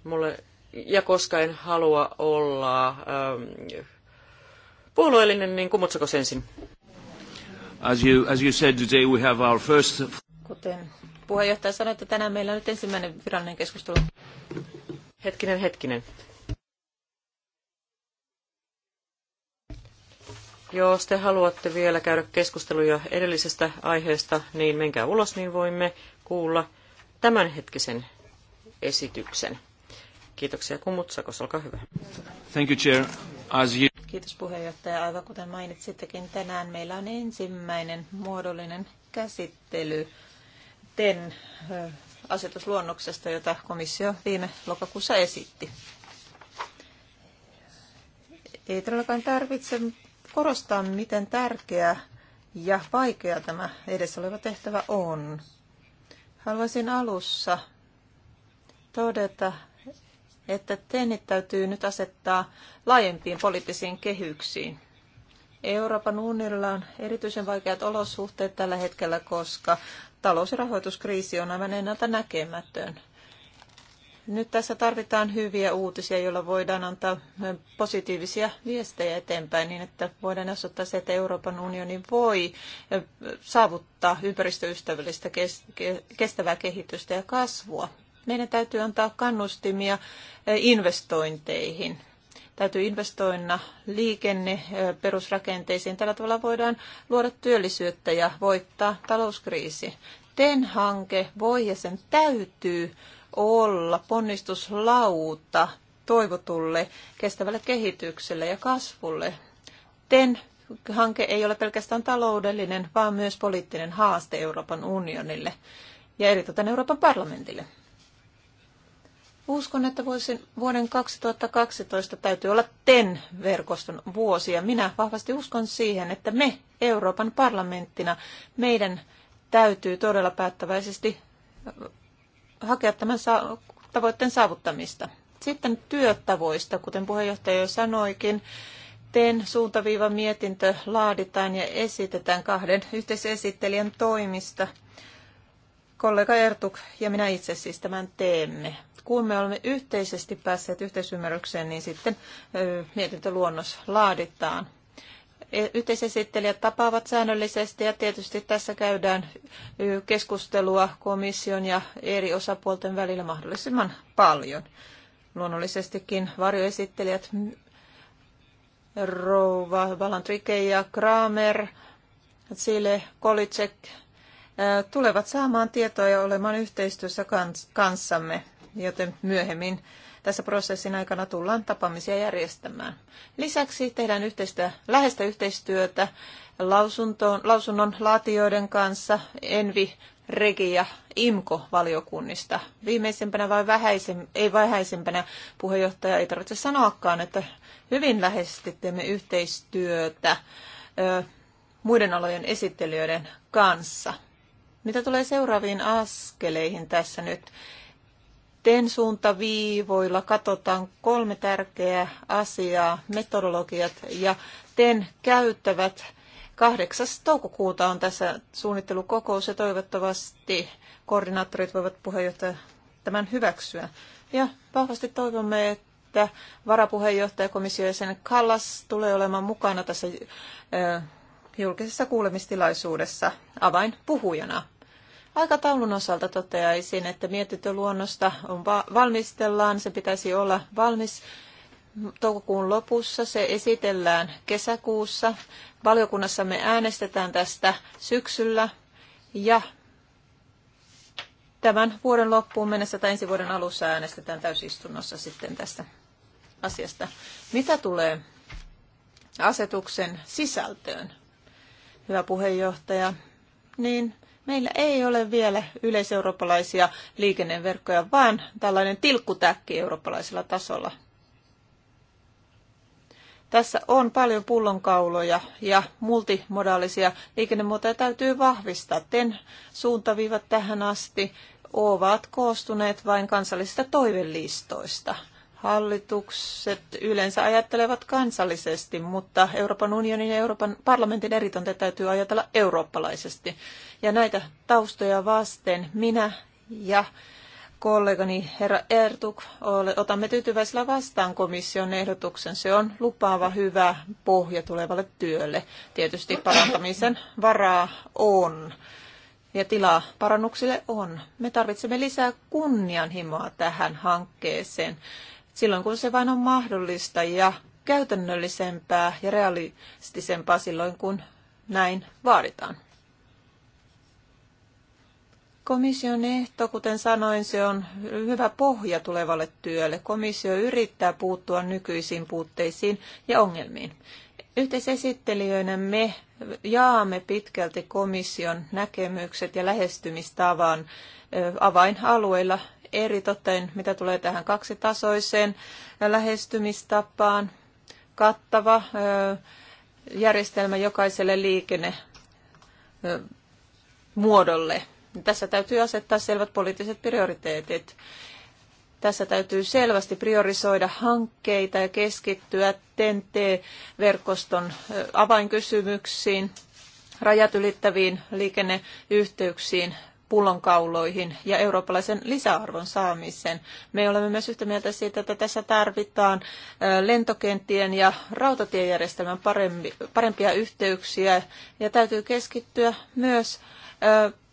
mulle, ja koska en halua olla ähm, puolueellinen, niin Kumutsakos ensin. As you, as you said today, we have our first... Kuten puheenjohtaja sanoi, että tänään meillä on nyt ensimmäinen virallinen keskustelu. Hetkinen, hetkinen. Jos te haluatte vielä käydä keskusteluja edellisestä aiheesta, niin menkää ulos, niin voimme kuulla tämänhetkisen esityksen. Kiitoksia Kumutsakos, olkaa hyvä. Thank you, Chair. As you... Kiitos puheenjohtaja. Aivan kuten mainitsittekin, tänään meillä on ensimmäinen muodollinen käsittely TEN asetusluonnoksesta, jota komissio viime lokakuussa esitti. Ei todellakaan tarvitse korostaa, miten tärkeä ja vaikea tämä edessä oleva tehtävä on. Haluaisin alussa todeta, että tennit täytyy nyt asettaa laajempiin poliittisiin kehyksiin. Euroopan unionilla on erityisen vaikeat olosuhteet tällä hetkellä, koska talous- ja rahoituskriisi on aivan ennalta näkemätön. Nyt tässä tarvitaan hyviä uutisia, joilla voidaan antaa positiivisia viestejä eteenpäin niin, että voidaan osoittaa se, että Euroopan unioni voi saavuttaa ympäristöystävällistä kestävää kehitystä ja kasvua. Meidän täytyy antaa kannustimia investointeihin täytyy investoinna liikenne perusrakenteisiin. Tällä tavalla voidaan luoda työllisyyttä ja voittaa talouskriisi. TEN-hanke voi ja sen täytyy olla ponnistuslauta toivotulle kestävälle kehitykselle ja kasvulle. TEN hanke ei ole pelkästään taloudellinen, vaan myös poliittinen haaste Euroopan unionille ja erityisesti Euroopan parlamentille. Uskon, että voisin, vuoden 2012 täytyy olla TEN-verkoston vuosi ja minä vahvasti uskon siihen, että me Euroopan parlamenttina, meidän täytyy todella päättäväisesti hakea tämän tavoitteen saavuttamista. Sitten työtavoista, kuten puheenjohtaja jo sanoikin, TEN suuntaviiva mietintö laaditaan ja esitetään kahden yhteisesittelijän toimista. Kollega Ertuk ja minä itse siis tämän teemme kun me olemme yhteisesti päässeet yhteisymmärrykseen, niin sitten mietintöluonnos laaditaan. E, yhteisesittelijät tapaavat säännöllisesti ja tietysti tässä käydään keskustelua komission ja eri osapuolten välillä mahdollisimman paljon. Luonnollisestikin varjoesittelijät Rouva Valantrike ja Kramer, Sile, Kolicek tulevat saamaan tietoa ja olemaan yhteistyössä kanssamme joten myöhemmin tässä prosessin aikana tullaan tapaamisia järjestämään. Lisäksi tehdään yhteistä, läheistä yhteistyötä lausuntoon, lausunnon laatijoiden kanssa Envi, Regi ja IMKO-valiokunnista. Viimeisimpänä vai vähäisem, ei vähäisempänä puheenjohtaja ei tarvitse sanoakaan, että hyvin läheisesti teemme yhteistyötä ö, muiden alojen esittelijöiden kanssa. Mitä tulee seuraaviin askeleihin tässä nyt? TEN suuntaviivoilla katsotaan kolme tärkeää asiaa, metodologiat ja TEN käyttävät 8. toukokuuta on tässä suunnittelukokous ja toivottavasti koordinaattorit voivat puheenjohtaja tämän hyväksyä. Ja vahvasti toivomme, että varapuheenjohtaja komission jäsen Kallas tulee olemaan mukana tässä julkisessa kuulemistilaisuudessa avainpuhujana. Aikataulun osalta toteaisin, että mietintöluonnosta on va- valmistellaan. Se pitäisi olla valmis toukokuun lopussa. Se esitellään kesäkuussa. Valiokunnassa me äänestetään tästä syksyllä ja tämän vuoden loppuun mennessä tai ensi vuoden alussa äänestetään täysistunnossa sitten tästä asiasta. Mitä tulee asetuksen sisältöön, hyvä puheenjohtaja, niin Meillä ei ole vielä yleiseurooppalaisia liikenneverkkoja, vaan tällainen tilkkutäkki eurooppalaisella tasolla. Tässä on paljon pullonkauloja ja multimodaalisia liikennemuotoja täytyy vahvistaa. TEN suuntaviivat tähän asti ovat koostuneet vain kansallisista toivelistoista. Hallitukset yleensä ajattelevat kansallisesti, mutta Euroopan unionin ja Euroopan parlamentin eritonte täytyy ajatella eurooppalaisesti. Ja näitä taustoja vasten minä ja kollegani herra Ertuk, otamme tyytyväisellä vastaan komission ehdotuksen. Se on lupaava hyvä pohja tulevalle työlle. Tietysti parantamisen varaa on ja tilaa parannuksille on. Me tarvitsemme lisää kunnianhimoa tähän hankkeeseen silloin, kun se vain on mahdollista ja käytännöllisempää ja realistisempaa silloin, kun näin vaaditaan. Komission ehto, kuten sanoin, se on hyvä pohja tulevalle työlle. Komissio yrittää puuttua nykyisiin puutteisiin ja ongelmiin. Yhteisesittelijöinä me jaamme pitkälti komission näkemykset ja lähestymistavan avainalueilla eri toteen, mitä tulee tähän kaksitasoiseen lähestymistapaan, kattava järjestelmä jokaiselle liikenne muodolle. Tässä täytyy asettaa selvät poliittiset prioriteetit. Tässä täytyy selvästi priorisoida hankkeita ja keskittyä tnt verkoston avainkysymyksiin, rajat ylittäviin liikenneyhteyksiin, pullonkauloihin ja eurooppalaisen lisäarvon saamiseen. Me olemme myös yhtä mieltä siitä, että tässä tarvitaan lentokenttien ja rautatiejärjestelmän parempia yhteyksiä ja täytyy keskittyä myös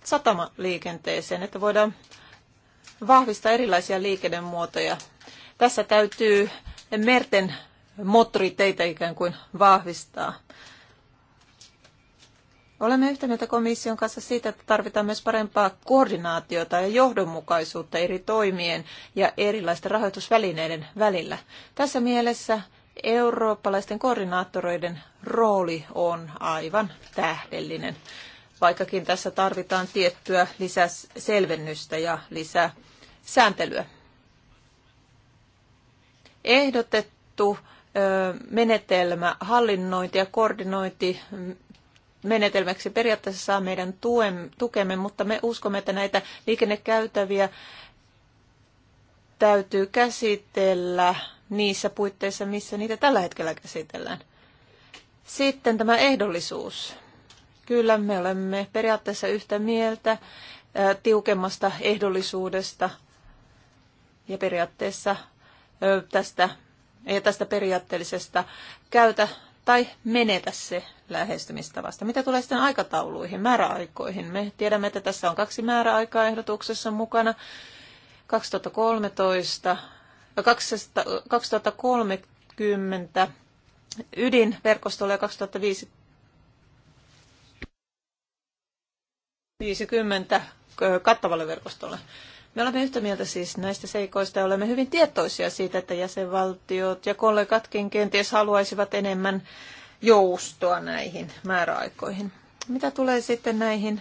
satamaliikenteeseen, että voidaan vahvistaa erilaisia liikennemuotoja. Tässä täytyy merten moottoriteitä ikään kuin vahvistaa. Olemme yhtä mieltä komission kanssa siitä, että tarvitaan myös parempaa koordinaatiota ja johdonmukaisuutta eri toimien ja erilaisten rahoitusvälineiden välillä. Tässä mielessä eurooppalaisten koordinaattoreiden rooli on aivan tähdellinen vaikkakin tässä tarvitaan tiettyä lisäselvennystä ja lisää sääntelyä. Ehdotettu menetelmä hallinnointi ja koordinointi menetelmäksi periaatteessa saa meidän tuen, tukemme, mutta me uskomme, että näitä liikennekäytäviä täytyy käsitellä niissä puitteissa, missä niitä tällä hetkellä käsitellään. Sitten tämä ehdollisuus. Kyllä, me olemme periaatteessa yhtä mieltä tiukemmasta ehdollisuudesta ja periaatteessa tästä, ja tästä periaatteellisesta käytä tai menetä se lähestymistavasta. Mitä tulee sitten aikatauluihin, määräaikoihin? Me tiedämme, että tässä on kaksi määräaikaa ehdotuksessa mukana. 2013, 2030 ydinverkostolle ja 2005 50 kattavalle verkostolle. Me olemme yhtä mieltä siis näistä seikoista ja olemme hyvin tietoisia siitä, että jäsenvaltiot ja kollegatkin kenties haluaisivat enemmän joustoa näihin määräaikoihin. Mitä tulee sitten näihin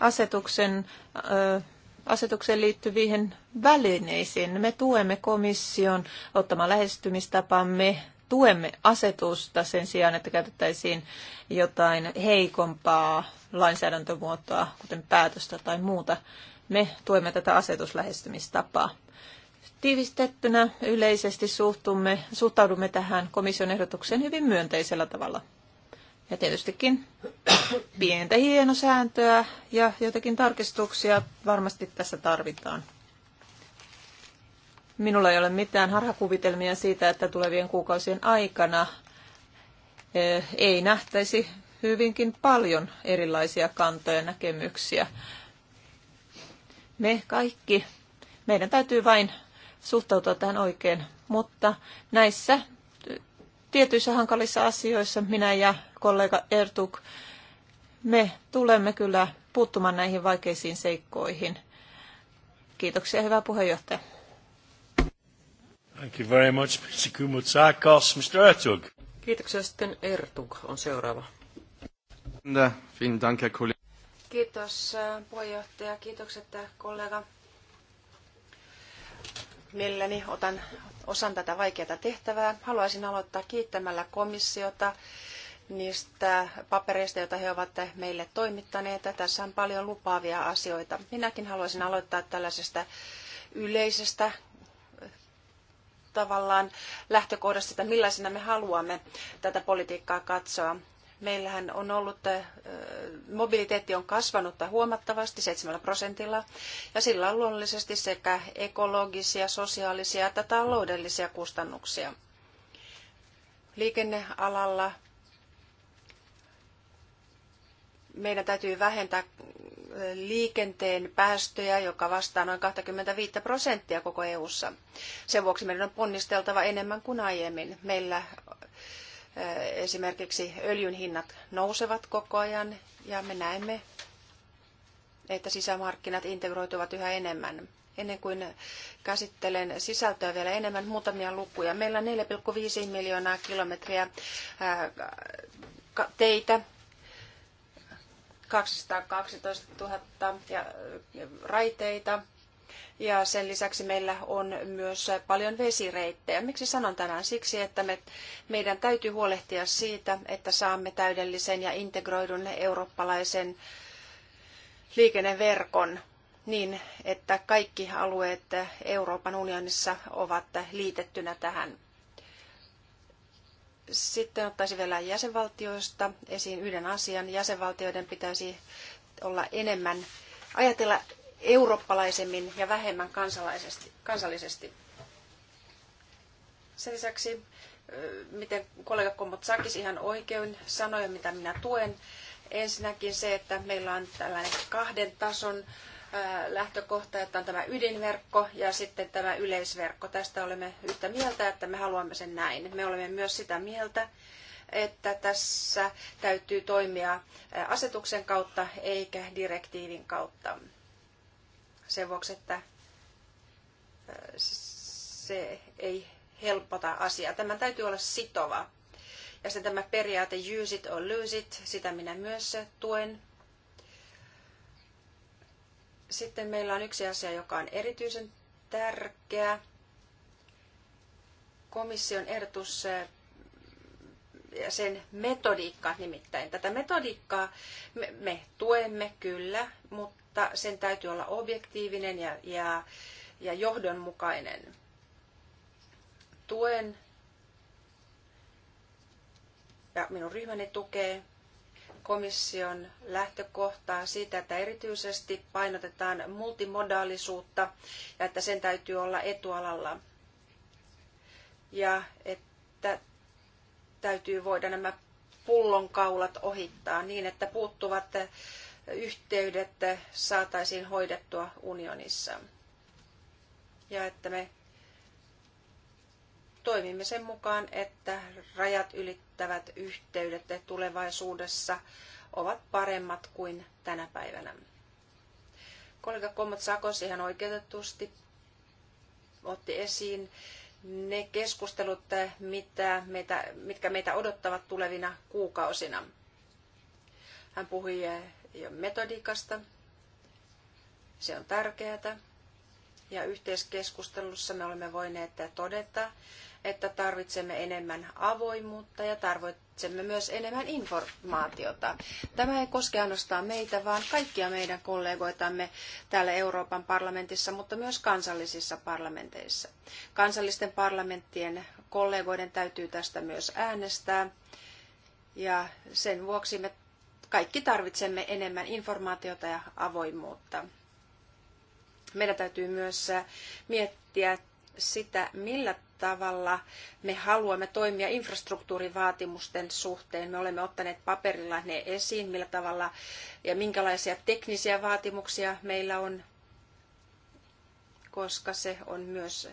asetuksen, ö, asetukseen liittyviin välineisiin? Me tuemme komission ottamaan lähestymistapamme tuemme asetusta sen sijaan, että käytettäisiin jotain heikompaa lainsäädäntömuotoa, kuten päätöstä tai muuta. Me tuemme tätä asetuslähestymistapaa. Tiivistettynä yleisesti suhtumme, suhtaudumme tähän komission ehdotukseen hyvin myönteisellä tavalla. Ja tietystikin pientä hienosääntöä ja jotakin tarkistuksia varmasti tässä tarvitaan. Minulla ei ole mitään harhakuvitelmia siitä, että tulevien kuukausien aikana eh, ei nähtäisi hyvinkin paljon erilaisia kantoja ja näkemyksiä. Me kaikki, meidän täytyy vain suhtautua tähän oikein, mutta näissä eh, tietyissä hankalissa asioissa minä ja kollega Ertuk, me tulemme kyllä puuttumaan näihin vaikeisiin seikkoihin. Kiitoksia, hyvä puheenjohtaja. Thank you very much, Mr. Kumutsakos. Mr. Ertug. Kiitoksia sitten Ertug on seuraava. Kiitos äh, puheenjohtaja, kiitokset äh, kollega. Mielelläni otan osan tätä vaikeaa tehtävää. Haluaisin aloittaa kiittämällä komissiota niistä papereista, joita he ovat meille toimittaneet. Tässä on paljon lupaavia asioita. Minäkin haluaisin aloittaa tällaisesta yleisestä tavallaan lähtökohdassa sitä, millaisena me haluamme tätä politiikkaa katsoa. Meillähän on ollut, mobiliteetti on kasvanut huomattavasti 7 prosentilla ja sillä on luonnollisesti sekä ekologisia, sosiaalisia että taloudellisia kustannuksia. Liikennealalla meidän täytyy vähentää liikenteen päästöjä, joka vastaa noin 25 prosenttia koko EU:ssa. Sen vuoksi meidän on ponnisteltava enemmän kuin aiemmin. Meillä eh, esimerkiksi öljyn hinnat nousevat koko ajan ja me näemme, että sisämarkkinat integroituvat yhä enemmän. Ennen kuin käsittelen sisältöä vielä enemmän, muutamia lukuja. Meillä on 4,5 miljoonaa kilometriä eh, teitä 212 000 ja raiteita. Ja sen lisäksi meillä on myös paljon vesireittejä. Miksi sanon tänään? Siksi, että me, meidän täytyy huolehtia siitä, että saamme täydellisen ja integroidun eurooppalaisen liikenneverkon niin, että kaikki alueet Euroopan unionissa ovat liitettynä tähän. Sitten ottaisin vielä jäsenvaltioista esiin yhden asian. Jäsenvaltioiden pitäisi olla enemmän, ajatella eurooppalaisemmin ja vähemmän kansalaisesti, kansallisesti. Sen lisäksi, miten kollega Komotsakis ihan oikein sanoi, mitä minä tuen, ensinnäkin se, että meillä on tällainen kahden tason lähtökohta, että on tämä ydinverkko ja sitten tämä yleisverkko. Tästä olemme yhtä mieltä, että me haluamme sen näin. Me olemme myös sitä mieltä, että tässä täytyy toimia asetuksen kautta eikä direktiivin kautta. Sen vuoksi, että se ei helpota asiaa. Tämä täytyy olla sitova. Ja sitten tämä periaate use it or lose it, sitä minä myös tuen. Sitten meillä on yksi asia, joka on erityisen tärkeä. Komission ehdotus ja sen metodiikka nimittäin. Tätä metodiikkaa me, me tuemme kyllä, mutta sen täytyy olla objektiivinen ja, ja, ja johdonmukainen. Tuen ja minun ryhmäni tukee komission lähtökohtaa siitä, että erityisesti painotetaan multimodaalisuutta ja että sen täytyy olla etualalla. Ja että täytyy voida nämä pullonkaulat ohittaa niin, että puuttuvat yhteydet saataisiin hoidettua unionissa. Ja että me toimimme sen mukaan, että rajat ylittävät yhteydet tulevaisuudessa ovat paremmat kuin tänä päivänä. Kollega Kommot Sakos ihan oikeutetusti otti esiin ne keskustelut, mitä meitä, mitkä meitä odottavat tulevina kuukausina. Hän puhui jo metodiikasta. Se on tärkeää. Ja yhteiskeskustelussa me olemme voineet todeta, että tarvitsemme enemmän avoimuutta ja tarvitsemme myös enemmän informaatiota. Tämä ei koske ainoastaan meitä, vaan kaikkia meidän kollegoitamme täällä Euroopan parlamentissa, mutta myös kansallisissa parlamenteissa. Kansallisten parlamenttien kollegoiden täytyy tästä myös äänestää. Ja sen vuoksi me kaikki tarvitsemme enemmän informaatiota ja avoimuutta. Meidän täytyy myös miettiä sitä, millä tavalla me haluamme toimia infrastruktuurivaatimusten suhteen. Me olemme ottaneet paperilla ne esiin, millä tavalla ja minkälaisia teknisiä vaatimuksia meillä on, koska se on myös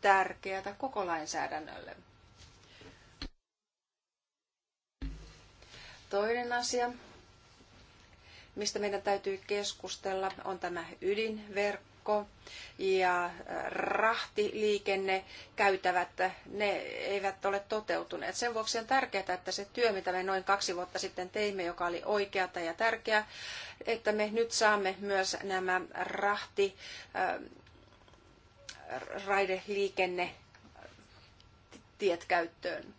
tärkeää koko lainsäädännölle. Toinen asia, mistä meidän täytyy keskustella, on tämä ydinverkko lentolennäkko ja rahtiliikenne käytävät, ne eivät ole toteutuneet. Sen vuoksi on tärkeää, että se työ, mitä me noin kaksi vuotta sitten teimme, joka oli oikeata ja tärkeää, että me nyt saamme myös nämä rahti raideliikenne tiet käyttöön.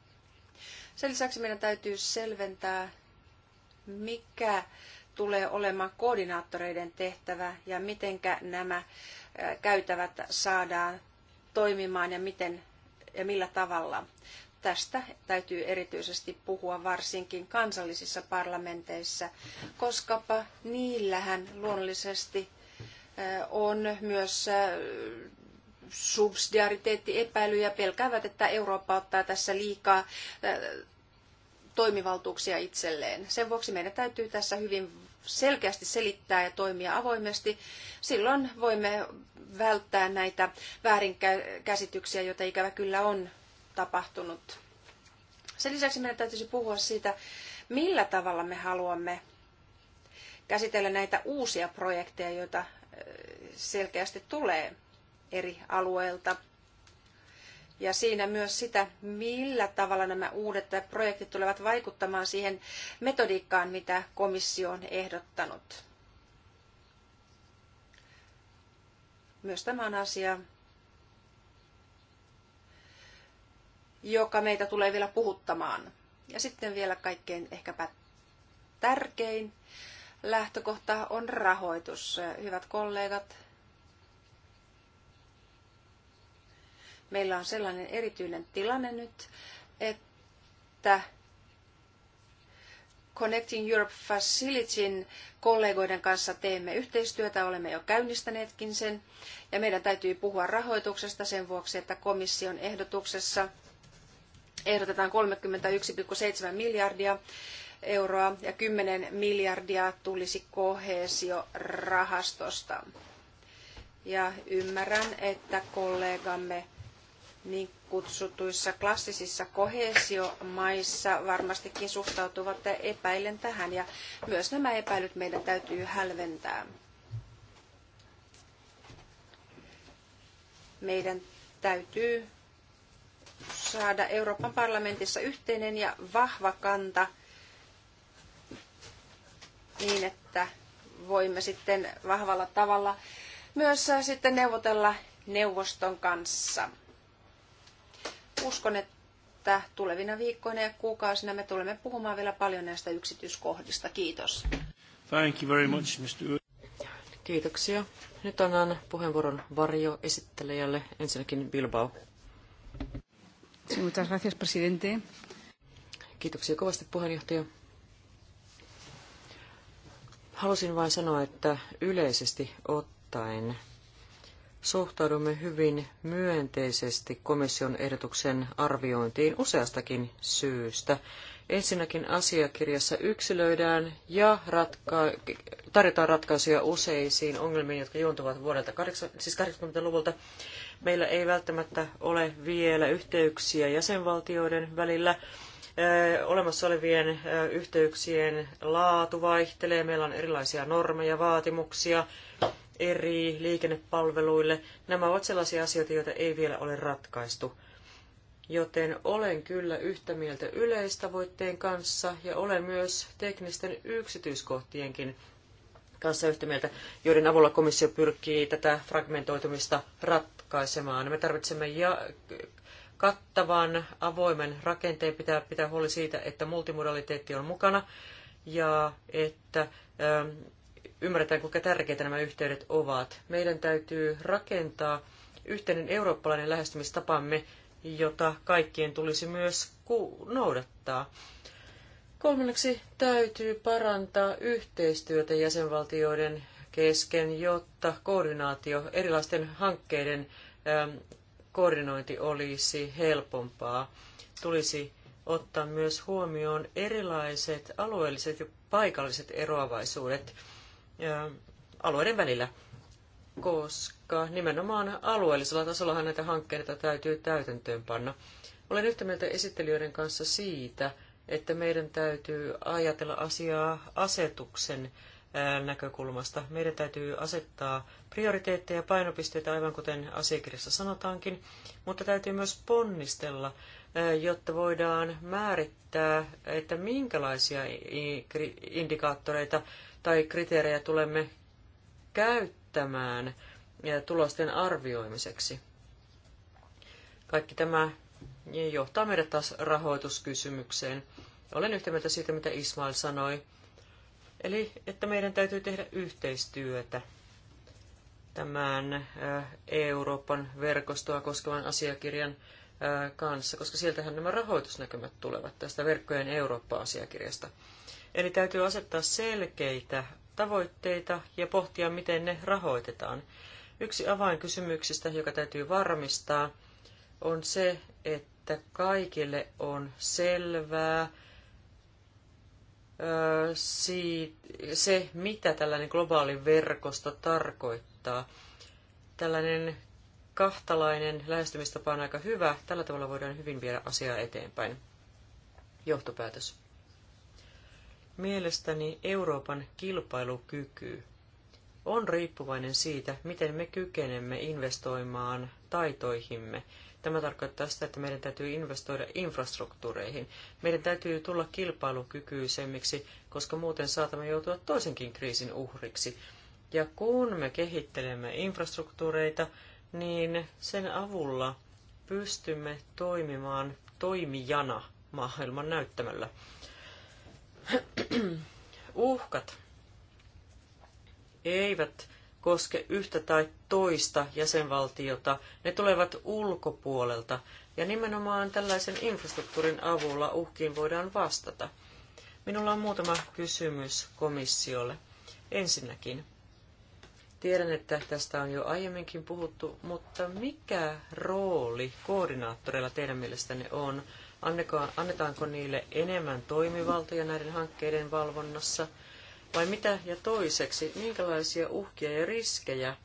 Sen lisäksi meidän täytyy selventää, mikä tulee olemaan koordinaattoreiden tehtävä ja miten nämä käytävät saadaan toimimaan ja, miten, ja millä tavalla. Tästä täytyy erityisesti puhua varsinkin kansallisissa parlamenteissa, koskapa niillähän luonnollisesti on myös subsidiariteettiepäilyjä, pelkäävät, että Eurooppa ottaa tässä liikaa toimivaltuuksia itselleen. Sen vuoksi meidän täytyy tässä hyvin selkeästi selittää ja toimia avoimesti. Silloin voimme välttää näitä väärinkäsityksiä, joita ikävä kyllä on tapahtunut. Sen lisäksi meidän täytyisi puhua siitä, millä tavalla me haluamme käsitellä näitä uusia projekteja, joita selkeästi tulee eri alueilta – ja siinä myös sitä, millä tavalla nämä uudet projektit tulevat vaikuttamaan siihen metodiikkaan, mitä komissio on ehdottanut. Myös tämä on asia, joka meitä tulee vielä puhuttamaan. Ja sitten vielä kaikkein ehkäpä tärkein lähtökohta on rahoitus. Hyvät kollegat, meillä on sellainen erityinen tilanne nyt, että Connecting Europe Facilityn kollegoiden kanssa teemme yhteistyötä, olemme jo käynnistäneetkin sen, ja meidän täytyy puhua rahoituksesta sen vuoksi, että komission ehdotuksessa ehdotetaan 31,7 miljardia euroa ja 10 miljardia tulisi kohesiorahastosta. Ja ymmärrän, että kollegamme niin kutsutuissa klassisissa kohesiomaissa varmastikin suhtautuvat epäilen tähän ja myös nämä epäilyt meidän täytyy hälventää. Meidän täytyy saada Euroopan parlamentissa yhteinen ja vahva kanta niin, että voimme sitten vahvalla tavalla myös sitten neuvotella neuvoston kanssa uskon, että tulevina viikkoina ja kuukausina me tulemme puhumaan vielä paljon näistä yksityiskohdista. Kiitos. Thank you very much, Mr. Kiitoksia. Nyt annan puheenvuoron varjoesittelijälle, ensinnäkin Bilbao. Muchas gracias, presidente. Kiitoksia kovasti puheenjohtaja. Halusin vain sanoa, että yleisesti ottaen suhtaudumme hyvin myönteisesti komission ehdotuksen arviointiin useastakin syystä. Ensinnäkin asiakirjassa yksilöidään ja ratka- tarjotaan ratkaisuja useisiin ongelmiin, jotka juontuvat vuodelta 80, siis luvulta Meillä ei välttämättä ole vielä yhteyksiä jäsenvaltioiden välillä. Olemassa olevien yhteyksien laatu vaihtelee, meillä on erilaisia normeja, vaatimuksia, eri liikennepalveluille. Nämä ovat sellaisia asioita, joita ei vielä ole ratkaistu. Joten olen kyllä yhtä mieltä yleistavoitteen kanssa ja olen myös teknisten yksityiskohtienkin kanssa yhtä mieltä, joiden avulla komissio pyrkii tätä fragmentoitumista ratkaisemaan. Me tarvitsemme ja kattavan, avoimen rakenteen pitää pitää huoli siitä, että multimodaliteetti on mukana ja että ähm, ymmärretään, kuinka tärkeitä nämä yhteydet ovat. Meidän täytyy rakentaa yhteinen eurooppalainen lähestymistapamme, jota kaikkien tulisi myös noudattaa. Kolmanneksi täytyy parantaa yhteistyötä jäsenvaltioiden kesken, jotta koordinaatio erilaisten hankkeiden ähm, koordinointi olisi helpompaa. Tulisi ottaa myös huomioon erilaiset alueelliset ja paikalliset eroavaisuudet alueiden välillä, koska nimenomaan alueellisella tasolla näitä hankkeita täytyy täytäntöön panna. Olen yhtä mieltä esittelijöiden kanssa siitä, että meidän täytyy ajatella asiaa asetuksen näkökulmasta. Meidän täytyy asettaa prioriteetteja ja painopisteitä, aivan kuten asiakirjassa sanotaankin, mutta täytyy myös ponnistella, jotta voidaan määrittää, että minkälaisia indikaattoreita tai kriteerejä tulemme käyttämään tulosten arvioimiseksi. Kaikki tämä johtaa meidät taas rahoituskysymykseen. Olen yhtä mieltä siitä, mitä Ismail sanoi. Eli että meidän täytyy tehdä yhteistyötä tämän äh, Euroopan verkostoa koskevan asiakirjan äh, kanssa, koska sieltähän nämä rahoitusnäkymät tulevat tästä verkkojen Eurooppa-asiakirjasta. Eli täytyy asettaa selkeitä tavoitteita ja pohtia, miten ne rahoitetaan. Yksi avainkysymyksistä, joka täytyy varmistaa, on se, että kaikille on selvää se, mitä tällainen globaali verkosto tarkoittaa. Tällainen kahtalainen lähestymistapa on aika hyvä. Tällä tavalla voidaan hyvin viedä asiaa eteenpäin. Johtopäätös. Mielestäni Euroopan kilpailukyky on riippuvainen siitä, miten me kykenemme investoimaan taitoihimme. Tämä tarkoittaa sitä, että meidän täytyy investoida infrastruktuureihin. Meidän täytyy tulla kilpailukykyisemmiksi, koska muuten saatamme joutua toisenkin kriisin uhriksi. Ja kun me kehittelemme infrastruktuureita, niin sen avulla pystymme toimimaan toimijana maailman näyttämällä. Uhkat eivät koske yhtä tai toista jäsenvaltiota. Ne tulevat ulkopuolelta ja nimenomaan tällaisen infrastruktuurin avulla uhkiin voidaan vastata. Minulla on muutama kysymys komissiolle. Ensinnäkin, tiedän, että tästä on jo aiemminkin puhuttu, mutta mikä rooli koordinaattoreilla teidän mielestänne on annetaanko niille enemmän toimivaltoja näiden hankkeiden valvonnassa, vai mitä? Ja toiseksi, minkälaisia uhkia ja riskejä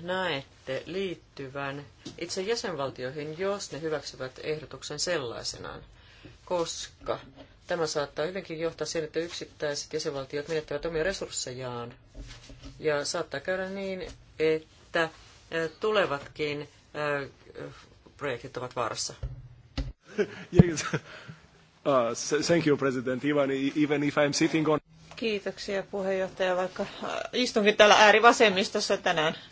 näette liittyvän itse jäsenvaltioihin, jos ne hyväksyvät ehdotuksen sellaisenaan? Koska tämä saattaa hyvinkin johtaa siihen, että yksittäiset jäsenvaltiot menettävät omia resurssejaan. Ja saattaa käydä niin, että tulevatkin projektit ovat vaarassa. yes. uh, thank you, President, e-, even if I'm sitting on... Kiitoksia puheenjohtaja, vaikka uh, istunkin täällä äärivasemmistossa tänään.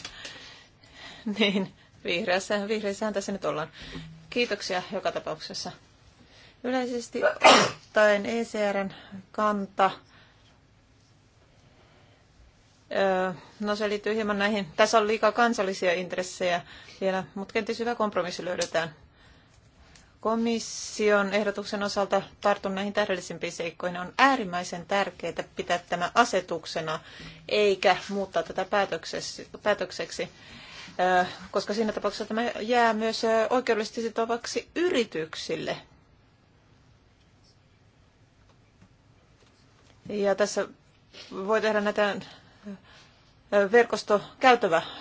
Niin, vihreässä, vihreässähän tässä nyt ollaan. Kiitoksia joka tapauksessa. Yleisesti ottaen ECRn kanta uh, No se liittyy hieman näihin. Tässä on liikaa kansallisia intressejä vielä, mutta kenties hyvä kompromissi löydetään komission ehdotuksen osalta tartun näihin tähdellisimpiin seikkoihin. On äärimmäisen tärkeää pitää tämä asetuksena eikä muuttaa tätä päätökseksi, koska siinä tapauksessa tämä jää myös oikeudellisesti sitovaksi yrityksille. Ja tässä voi tehdä näitä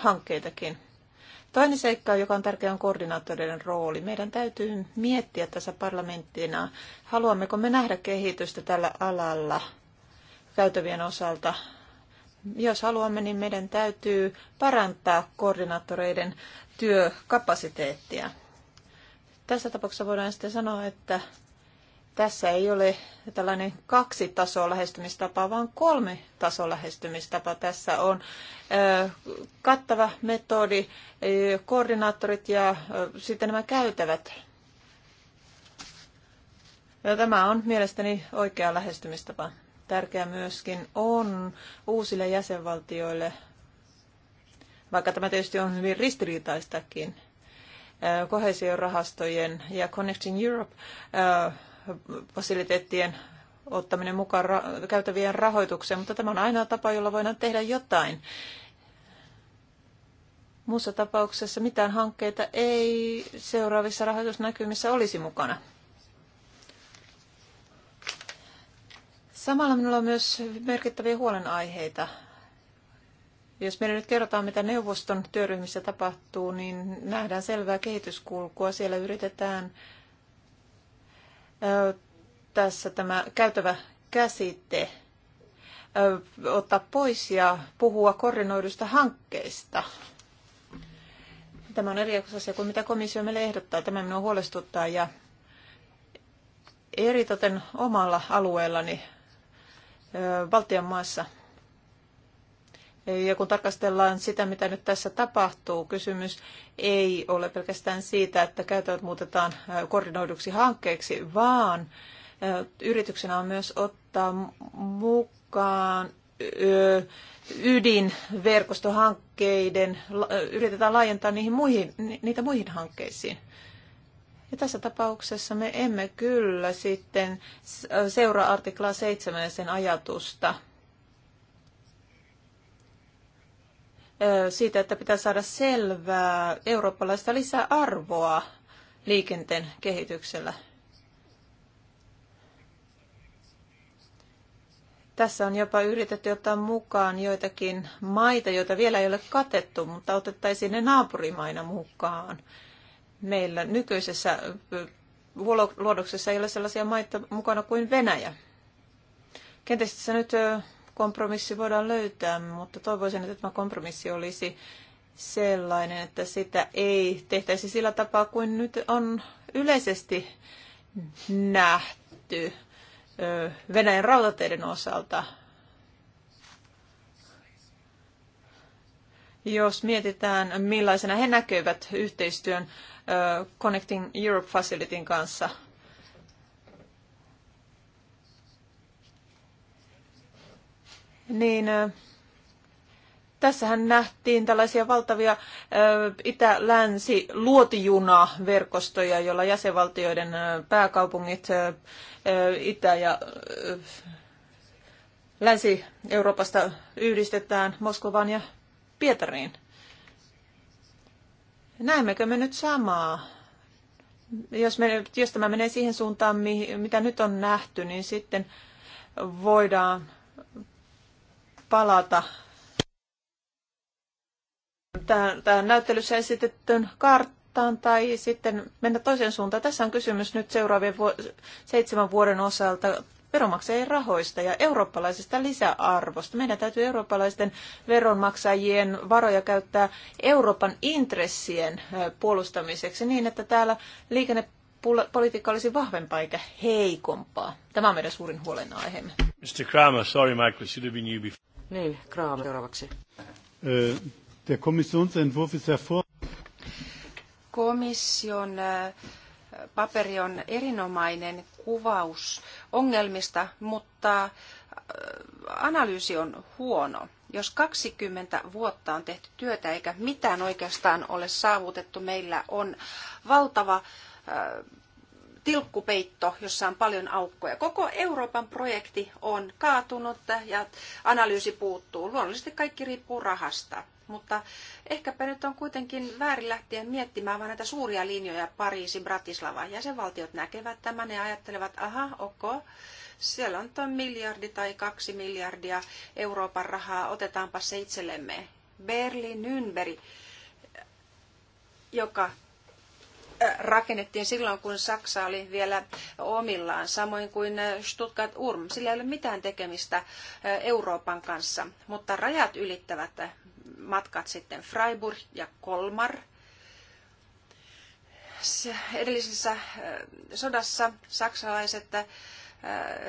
hankkeitakin. Toinen seikka, joka on tärkeä, on koordinaattoreiden rooli. Meidän täytyy miettiä tässä parlamenttina, haluammeko me nähdä kehitystä tällä alalla käytävien osalta. Jos haluamme, niin meidän täytyy parantaa koordinaattoreiden työkapasiteettia. Tässä tapauksessa voidaan sitten sanoa, että tässä ei ole tällainen kaksi tasoa lähestymistapa, vaan kolme tasoa lähestymistapa. Tässä on kattava metodi, koordinaattorit ja sitten nämä käytävät. Ja tämä on mielestäni oikea lähestymistapa. Tärkeää myöskin on uusille jäsenvaltioille, vaikka tämä tietysti on hyvin ristiriitaistakin, kohesiorahastojen ja Connecting Europe fasiliteettien ottaminen mukaan ra- käytävien rahoitukseen, mutta tämä on ainoa tapa, jolla voidaan tehdä jotain. Muussa tapauksessa mitään hankkeita ei seuraavissa rahoitusnäkymissä olisi mukana. Samalla minulla on myös merkittäviä huolenaiheita. Jos meille nyt kerrotaan, mitä neuvoston työryhmissä tapahtuu, niin nähdään selvää kehityskulkua. Siellä yritetään tässä tämä käytävä käsite ottaa pois ja puhua koordinoidusta hankkeista. Tämä on eri asia kuin mitä komissio meille ehdottaa. Tämä minua huolestuttaa ja eritoten omalla alueellani Baltian maassa ja kun tarkastellaan sitä, mitä nyt tässä tapahtuu, kysymys ei ole pelkästään siitä, että käytävät muutetaan koordinoiduksi hankkeeksi, vaan yrityksenä on myös ottaa mukaan ydinverkostohankkeiden, yritetään laajentaa niihin muihin, niitä muihin hankkeisiin. Ja tässä tapauksessa me emme kyllä sitten seuraa artiklaa 7 ja sen ajatusta – siitä, että pitää saada selvää eurooppalaista lisäarvoa liikenteen kehityksellä. Tässä on jopa yritetty ottaa mukaan joitakin maita, joita vielä ei ole katettu, mutta otettaisiin ne naapurimaina mukaan. Meillä nykyisessä luodoksessa ei ole sellaisia maita mukana kuin Venäjä. Kenties tässä nyt kompromissi voidaan löytää, mutta toivoisin, että tämä kompromissi olisi sellainen, että sitä ei tehtäisi sillä tapaa kuin nyt on yleisesti nähty Venäjän rautateiden osalta. Jos mietitään, millaisena he näkevät yhteistyön Connecting Europe Facilityn kanssa – niin tässähän nähtiin tällaisia valtavia itä-länsi luotijuna verkostoja joilla jäsenvaltioiden pääkaupungit itä- ja Länsi-Euroopasta yhdistetään Moskovaan ja Pietariin. Näemmekö me nyt samaa? Jos, me, jos tämä menee siihen suuntaan, mitä nyt on nähty, niin sitten voidaan palata tähän näyttelyssä esitettyyn karttaan tai sitten mennä toiseen suuntaan. Tässä on kysymys nyt seuraavien vu- seitsemän vuoden osalta veronmaksajien rahoista ja eurooppalaisesta lisäarvosta. Meidän täytyy eurooppalaisten veronmaksajien varoja käyttää Euroopan intressien puolustamiseksi niin, että täällä liikenne politiikka olisi vahvempaa eikä heikompaa. Tämä on meidän suurin huolenaiheemme. Mr. Kramer, sorry Michael, should have been you before. Niin, Kraam seuraavaksi. Äh, der Kommissionsentwurf ist hervor... Komission äh, paperi on erinomainen kuvaus ongelmista, mutta äh, analyysi on huono. Jos 20 vuotta on tehty työtä eikä mitään oikeastaan ole saavutettu, meillä on valtava tilkkupeitto, jossa on paljon aukkoja. Koko Euroopan projekti on kaatunut ja analyysi puuttuu. Luonnollisesti kaikki riippuu rahasta. Mutta ehkäpä nyt on kuitenkin väärin lähteä miettimään vain näitä suuria linjoja Pariisi, Bratislava. Jäsenvaltiot näkevät tämän ja ajattelevat, aha, ok, siellä on tuo miljardi tai kaksi miljardia Euroopan rahaa, otetaanpa se itsellemme. Berliin Nürnberg, joka rakennettiin silloin, kun Saksa oli vielä omillaan, samoin kuin Stuttgart-Urm. Sillä ei ole mitään tekemistä eh, Euroopan kanssa, mutta rajat ylittävät eh, matkat sitten Freiburg ja Kolmar. Edellisessä eh, sodassa saksalaiset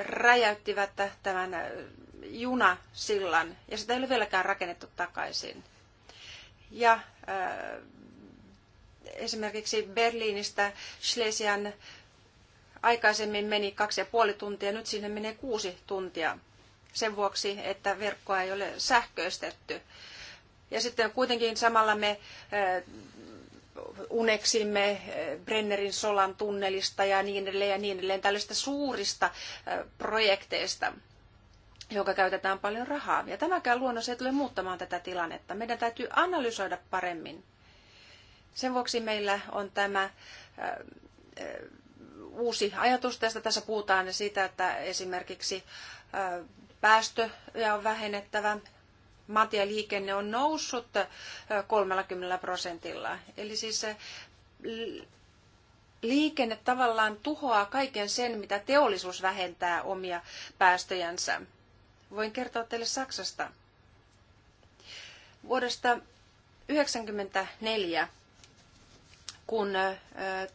räjäyttivät tämän junasillan ja sitä ei ole vieläkään rakennettu takaisin. Ja esimerkiksi Berliinistä Schlesian aikaisemmin meni kaksi ja puoli tuntia, nyt sinne menee kuusi tuntia sen vuoksi, että verkkoa ei ole sähköistetty. Ja sitten kuitenkin samalla me uneksimme Brennerin solan tunnelista ja niin edelleen ja niin edelleen tällaista suurista projekteista, joka käytetään paljon rahaa. Ja tämäkään luonnos ei tule muuttamaan tätä tilannetta. Meidän täytyy analysoida paremmin sen vuoksi meillä on tämä äh, äh, uusi ajatus tästä. Tässä puhutaan siitä, että esimerkiksi äh, päästöjä on vähennettävä, liikenne on noussut 30 prosentilla. Eli siis se liikenne tavallaan tuhoaa kaiken sen, mitä teollisuus vähentää omia päästöjänsä. Voin kertoa teille Saksasta. Vuodesta 1994 kun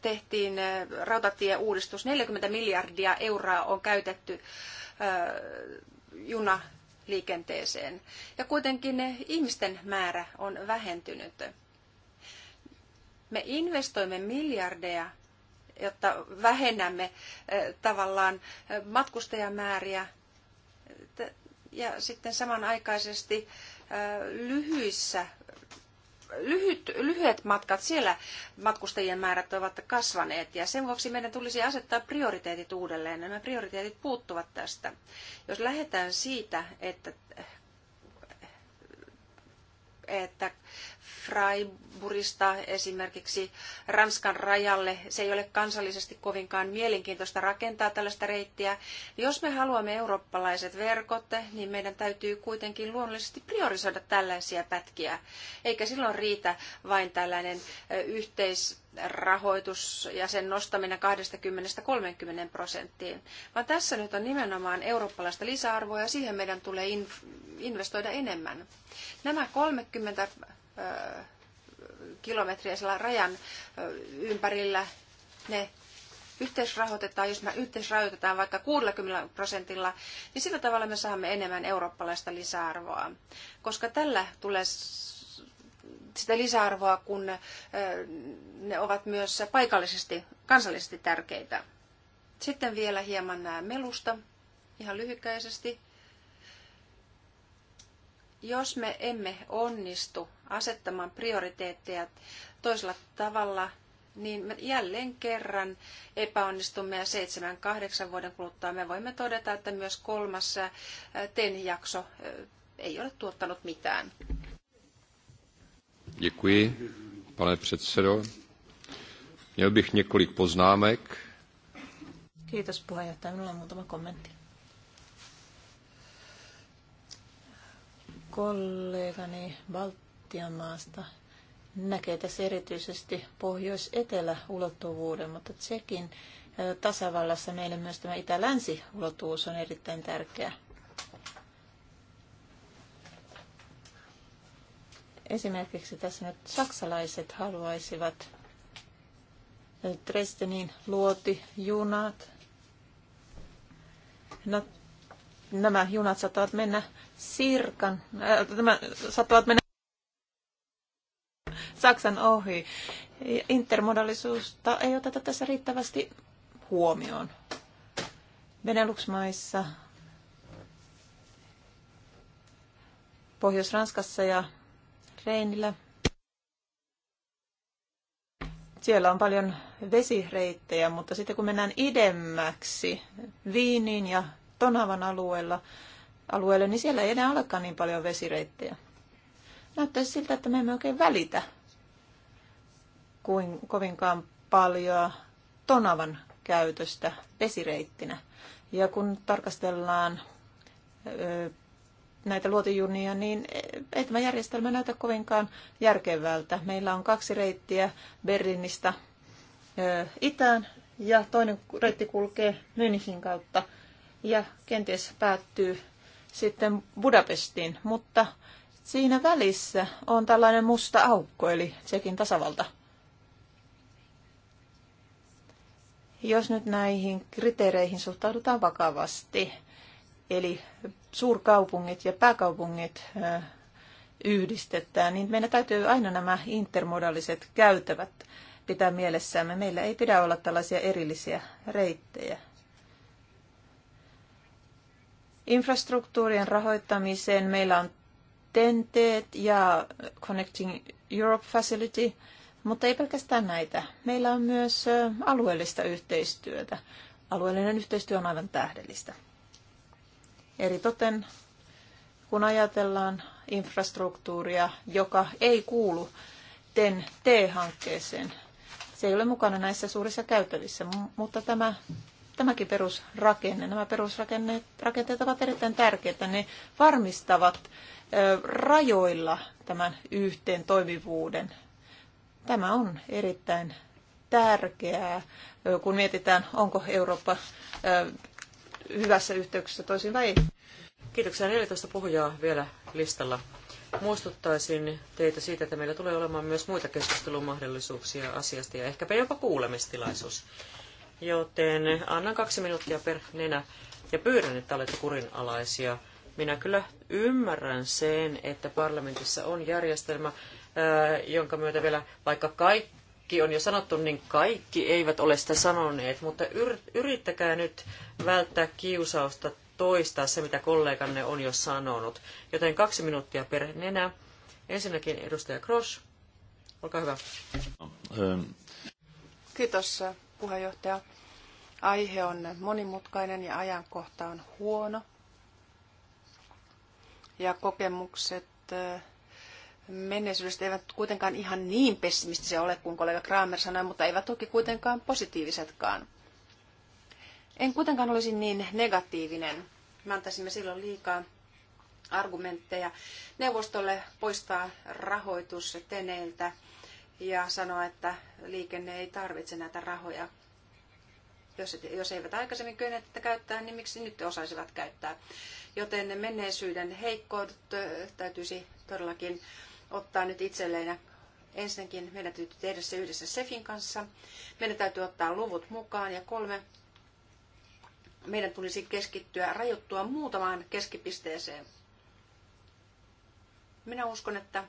tehtiin rautatieuudistus. 40 miljardia euroa on käytetty junaliikenteeseen. Ja kuitenkin ihmisten määrä on vähentynyt. Me investoimme miljardeja, jotta vähennämme tavallaan matkustajamääriä ja sitten samanaikaisesti lyhyissä lyhyt, lyhyet matkat, siellä matkustajien määrät ovat kasvaneet ja sen vuoksi meidän tulisi asettaa prioriteetit uudelleen. Nämä prioriteetit puuttuvat tästä. Jos lähdetään siitä, että että Freiburgista esimerkiksi Ranskan rajalle. Se ei ole kansallisesti kovinkaan mielenkiintoista rakentaa tällaista reittiä. Jos me haluamme eurooppalaiset verkot, niin meidän täytyy kuitenkin luonnollisesti priorisoida tällaisia pätkiä. Eikä silloin riitä vain tällainen yhteisrahoitus ja sen nostaminen 20-30 prosenttiin, vaan tässä nyt on nimenomaan eurooppalaista lisäarvoa ja siihen meidän tulee investoida enemmän. Nämä 30 kilometriä siellä rajan ympärillä, ne yhteisrahoitetaan, jos me yhteisrahoitetaan vaikka 60 prosentilla, niin sillä tavalla me saamme enemmän eurooppalaista lisäarvoa. Koska tällä tulee sitä lisäarvoa, kun ne ovat myös paikallisesti, kansallisesti tärkeitä. Sitten vielä hieman melusta, ihan lyhykäisesti. Jos me emme onnistu asettamaan prioriteetteja toisella tavalla, niin me jälleen kerran epäonnistumme ja seitsemän, kahdeksan vuoden kuluttua me voimme todeta, että myös kolmas TEN-jakso ei ole tuottanut mitään. Děkuji, pane předsedo. Měl bych několik poznámek. Kiitos puheenjohtaja. Minulla on muutama kommentti. kollegani Baltian maasta näkee tässä erityisesti pohjois-etelä-ulottuvuuden, mutta Tsekin tasavallassa meille myös tämä itä-länsi-ulottuvuus on erittäin tärkeä. Esimerkiksi tässä nyt saksalaiset haluaisivat Dresdenin luoti junat. No, nämä junat saattavat mennä Sirkan, äh, tämä saattavat mennä Saksan ohi. Intermodallisuutta ei oteta tässä riittävästi huomioon. Benelux-maissa, Pohjois-Ranskassa ja Reinillä. Siellä on paljon vesireittejä, mutta sitten kun mennään idemmäksi Viiniin ja Tonavan alueella, alueelle, niin siellä ei enää olekaan niin paljon vesireittejä. Näyttäisi siltä, että me emme oikein välitä kuin kovinkaan paljon Tonavan käytöstä vesireittinä. Ja kun tarkastellaan näitä luotijunia, niin e, ei tämä järjestelmä näytä kovinkaan järkevältä. Meillä on kaksi reittiä Berliinistä itään ja toinen reitti kulkee Münchenin kautta ja kenties päättyy sitten Budapestiin, mutta siinä välissä on tällainen musta aukko, eli Tsekin tasavalta. Jos nyt näihin kriteereihin suhtaudutaan vakavasti, eli suurkaupungit ja pääkaupungit yhdistetään, niin meidän täytyy aina nämä intermodaaliset käytävät pitää mielessämme. Meillä ei pidä olla tällaisia erillisiä reittejä infrastruktuurien rahoittamiseen. Meillä on TENTEet ja Connecting Europe Facility, mutta ei pelkästään näitä. Meillä on myös alueellista yhteistyötä. Alueellinen yhteistyö on aivan tähdellistä. Eri toten, kun ajatellaan infrastruktuuria, joka ei kuulu TEN-T-hankkeeseen, se ei ole mukana näissä suurissa käytävissä, mutta tämä tämäkin perusrakenne. Nämä perusrakenteet ovat erittäin tärkeitä. Ne varmistavat rajoilla tämän yhteen toimivuuden. Tämä on erittäin tärkeää, kun mietitään, onko Eurooppa hyvässä yhteyksessä toisin vai ei. Kiitoksia. 14 puhujaa vielä listalla. Muistuttaisin teitä siitä, että meillä tulee olemaan myös muita keskustelumahdollisuuksia asiasta ja ehkäpä jopa kuulemistilaisuus joten annan kaksi minuuttia per nenä ja pyydän, että olette kurinalaisia. Minä kyllä ymmärrän sen, että parlamentissa on järjestelmä, äh, jonka myötä vielä vaikka kaikki on jo sanottu, niin kaikki eivät ole sitä sanoneet, mutta yrittäkää nyt välttää kiusausta toistaa se, mitä kolleganne on jo sanonut. Joten kaksi minuuttia per nenä. Ensinnäkin edustaja Gross, olkaa hyvä. Ähm. Kiitos puheenjohtaja. Aihe on monimutkainen ja ajankohta on huono. Ja kokemukset eh, menneisyydestä eivät kuitenkaan ihan niin pessimistisiä ole kuin kollega Kramer sanoi, mutta eivät toki kuitenkaan positiivisetkaan. En kuitenkaan olisi niin negatiivinen. Me antaisimme silloin liikaa argumentteja neuvostolle poistaa rahoitus teneiltä ja sanoa, että liikenne ei tarvitse näitä rahoja. Jos, jos eivät aikaisemmin kyenneet tätä käyttää, niin miksi nyt osaisivat käyttää? Joten menneisyyden heikkoudet täytyisi todellakin ottaa nyt itselleen ja ensinnäkin meidän täytyy tehdä se yhdessä SEFin kanssa. Meidän täytyy ottaa luvut mukaan ja kolme, meidän tulisi keskittyä, rajoittua muutamaan keskipisteeseen. Minä uskon, että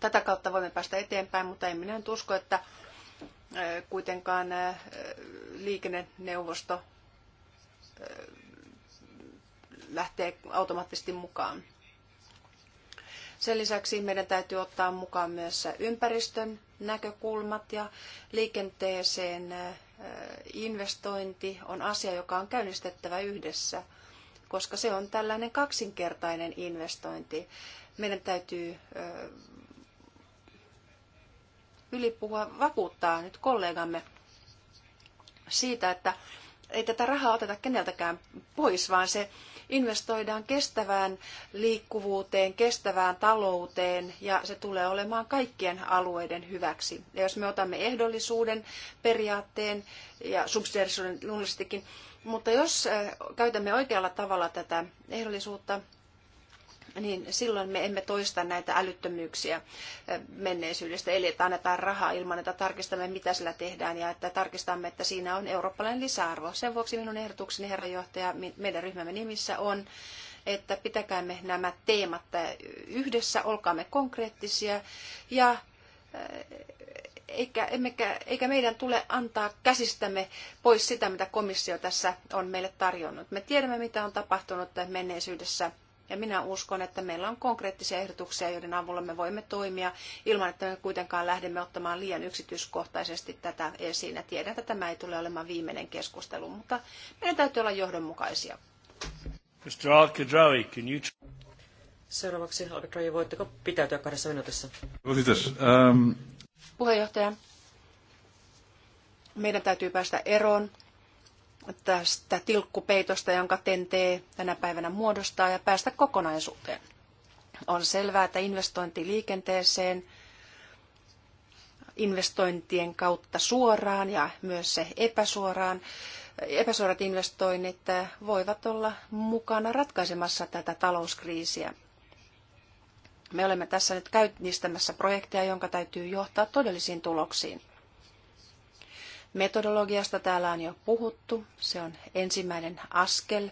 Tätä kautta voimme päästä eteenpäin, mutta en minä usko, että kuitenkaan liikenneneuvosto lähtee automaattisesti mukaan. Sen lisäksi meidän täytyy ottaa mukaan myös ympäristön näkökulmat ja liikenteeseen investointi on asia, joka on käynnistettävä yhdessä, koska se on tällainen kaksinkertainen investointi. Meidän täytyy ylipuhua vakuuttaa nyt kollegamme siitä, että ei tätä rahaa oteta keneltäkään pois, vaan se investoidaan kestävään liikkuvuuteen, kestävään talouteen ja se tulee olemaan kaikkien alueiden hyväksi. Ja jos me otamme ehdollisuuden periaatteen ja subsidiarisuuden luonnollisestikin, mutta jos äh, käytämme oikealla tavalla tätä ehdollisuutta, niin silloin me emme toista näitä älyttömyyksiä menneisyydestä, eli että annetaan rahaa ilman, että tarkistamme, mitä sillä tehdään, ja että tarkistamme, että siinä on eurooppalainen lisäarvo. Sen vuoksi minun ehdotukseni, herra johtaja, meidän ryhmämme nimissä on, että pitäkäämme nämä teemat yhdessä, olkaamme konkreettisia, ja eikä, emmekä, eikä meidän tule antaa käsistämme pois sitä, mitä komissio tässä on meille tarjonnut. Me tiedämme, mitä on tapahtunut menneisyydessä ja minä uskon, että meillä on konkreettisia ehdotuksia, joiden avulla me voimme toimia ilman, että me kuitenkaan lähdemme ottamaan liian yksityiskohtaisesti tätä esiin. Ja tiedän, että tämä ei tule olemaan viimeinen keskustelu, mutta meidän täytyy olla johdonmukaisia. Mr. Al-Kadrawi, can you... Seuraavaksi Alcatraja, voitteko pitäytyä kahdessa minuutissa? Kiitos. Um... Puheenjohtaja, meidän täytyy päästä eroon tästä tilkkupeitosta, jonka TENTE tänä päivänä muodostaa ja päästä kokonaisuuteen. On selvää, että investointi liikenteeseen investointien kautta suoraan ja myös se epäsuoraan epäsuorat investoinnit voivat olla mukana ratkaisemassa tätä talouskriisiä. Me olemme tässä nyt käynnistämässä projekteja, jonka täytyy johtaa todellisiin tuloksiin. Metodologiasta täällä on jo puhuttu. Se on ensimmäinen askel,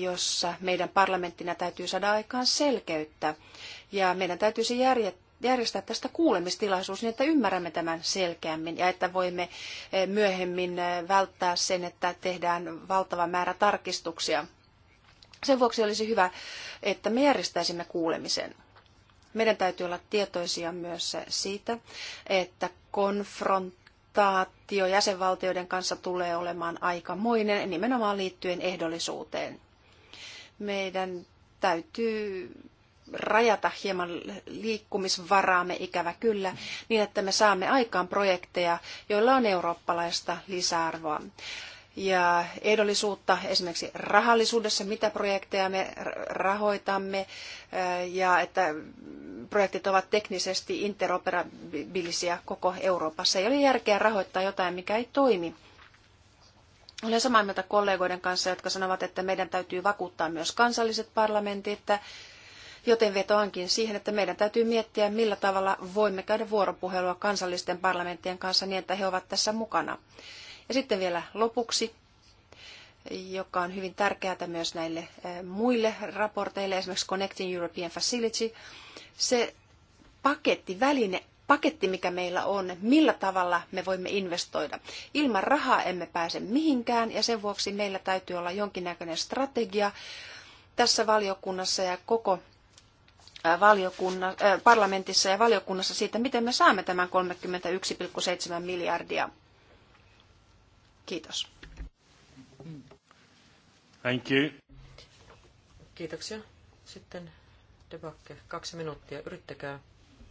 jossa meidän parlamenttina täytyy saada aikaan selkeyttä. Ja meidän täytyisi järjestää tästä kuulemistilaisuus niin, että ymmärrämme tämän selkeämmin ja että voimme eh, myöhemmin eh, välttää sen, että tehdään valtava määrä tarkistuksia. Sen vuoksi olisi hyvä, että me järjestäisimme kuulemisen. Meidän täytyy olla tietoisia myös siitä, että konfrontti konfrontaatio jäsenvaltioiden kanssa tulee olemaan aikamoinen, nimenomaan liittyen ehdollisuuteen. Meidän täytyy rajata hieman liikkumisvaraamme ikävä kyllä, niin että me saamme aikaan projekteja, joilla on eurooppalaista lisäarvoa ja ehdollisuutta esimerkiksi rahallisuudessa, mitä projekteja me rahoitamme ja että projektit ovat teknisesti interoperabilisia koko Euroopassa. Ei ole järkeä rahoittaa jotain, mikä ei toimi. Olen samaa mieltä kollegoiden kanssa, jotka sanovat, että meidän täytyy vakuuttaa myös kansalliset parlamentit, joten vetoankin siihen, että meidän täytyy miettiä, millä tavalla voimme käydä vuoropuhelua kansallisten parlamenttien kanssa niin, että he ovat tässä mukana. Ja sitten vielä lopuksi, joka on hyvin tärkeää myös näille eh, muille raporteille, esimerkiksi Connecting European Facility, se paketti, väline, paketti, mikä meillä on, millä tavalla me voimme investoida. Ilman rahaa emme pääse mihinkään ja sen vuoksi meillä täytyy olla jonkinnäköinen strategia tässä valiokunnassa ja koko eh, valiokunna, äh, parlamentissa ja valiokunnassa siitä, miten me saamme tämän 31,7 miljardia Kiitos. Thank you. Kiitoksia. Sitten debakke. Kaksi minuuttia. Yrittäkää.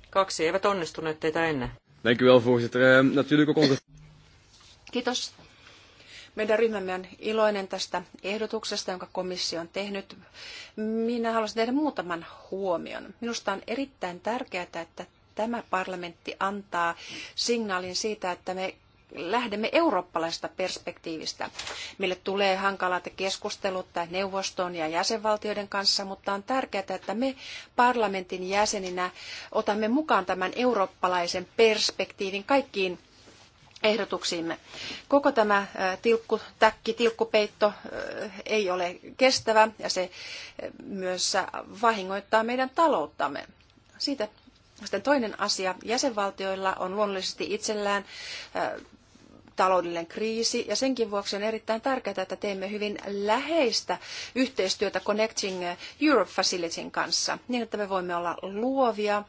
Kaksi. Eivät onnistuneet teitä ennen. Thank you well, voorzitter. Eh, natuurlijk ook onze... Kiitos. Meidän ryhmämme on iloinen tästä ehdotuksesta, jonka komissio on tehnyt. Minä haluaisin tehdä muutaman huomion. Minusta on erittäin tärkeää, että tämä parlamentti antaa signaalin siitä, että me lähdemme eurooppalaisesta perspektiivistä. Meille tulee hankalat keskustelut neuvoston ja jäsenvaltioiden kanssa, mutta on tärkeää, että me parlamentin jäseninä otamme mukaan tämän eurooppalaisen perspektiivin kaikkiin ehdotuksiimme. Koko tämä tilkku, täkki, tilkkupeitto ei ole kestävä ja se myös vahingoittaa meidän talouttamme. Siitä sitten toinen asia. Jäsenvaltioilla on luonnollisesti itsellään taloudellinen kriisi ja senkin vuoksi on erittäin tärkeää, että teemme hyvin läheistä yhteistyötä Connecting Europe Facilityn kanssa niin, että me voimme olla luovia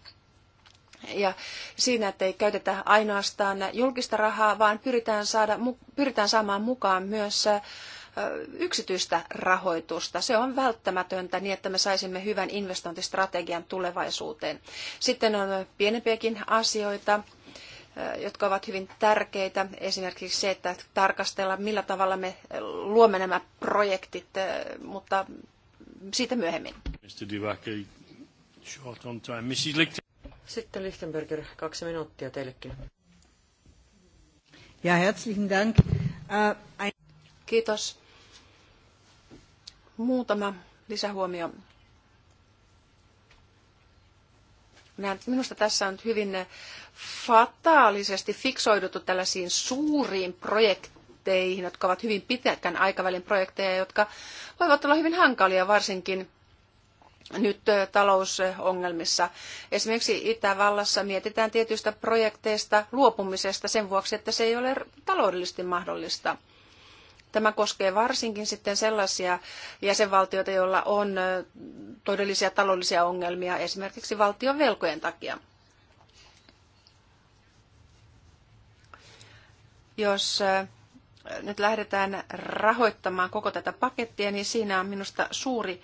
ja siinä, että ei käytetä ainoastaan julkista rahaa, vaan pyritään, saada, pyritään saamaan mukaan myös yksityistä rahoitusta. Se on välttämätöntä niin, että me saisimme hyvän investointistrategian tulevaisuuteen. Sitten on pienempiäkin asioita jotka ovat hyvin tärkeitä. Esimerkiksi se, että tarkastellaan, millä tavalla me luomme nämä projektit, mutta siitä myöhemmin. Mr. short on time. Mrs. Sitten Lichtenberger, kaksi minuuttia teillekin. Ja herzlichen Dank. Äh, Kiitos. Muutama lisähuomio Minusta tässä on hyvin fataalisesti fiksoiduttu tällaisiin suuriin projekteihin, jotka ovat hyvin pitkän aikavälin projekteja, jotka voivat olla hyvin hankalia varsinkin nyt talousongelmissa. Esimerkiksi Itävallassa mietitään tietyistä projekteista luopumisesta sen vuoksi, että se ei ole taloudellisesti mahdollista. Tämä koskee varsinkin sitten sellaisia jäsenvaltioita, joilla on todellisia taloudellisia ongelmia esimerkiksi valtion velkojen takia. Jos nyt lähdetään rahoittamaan koko tätä pakettia, niin siinä on minusta suuri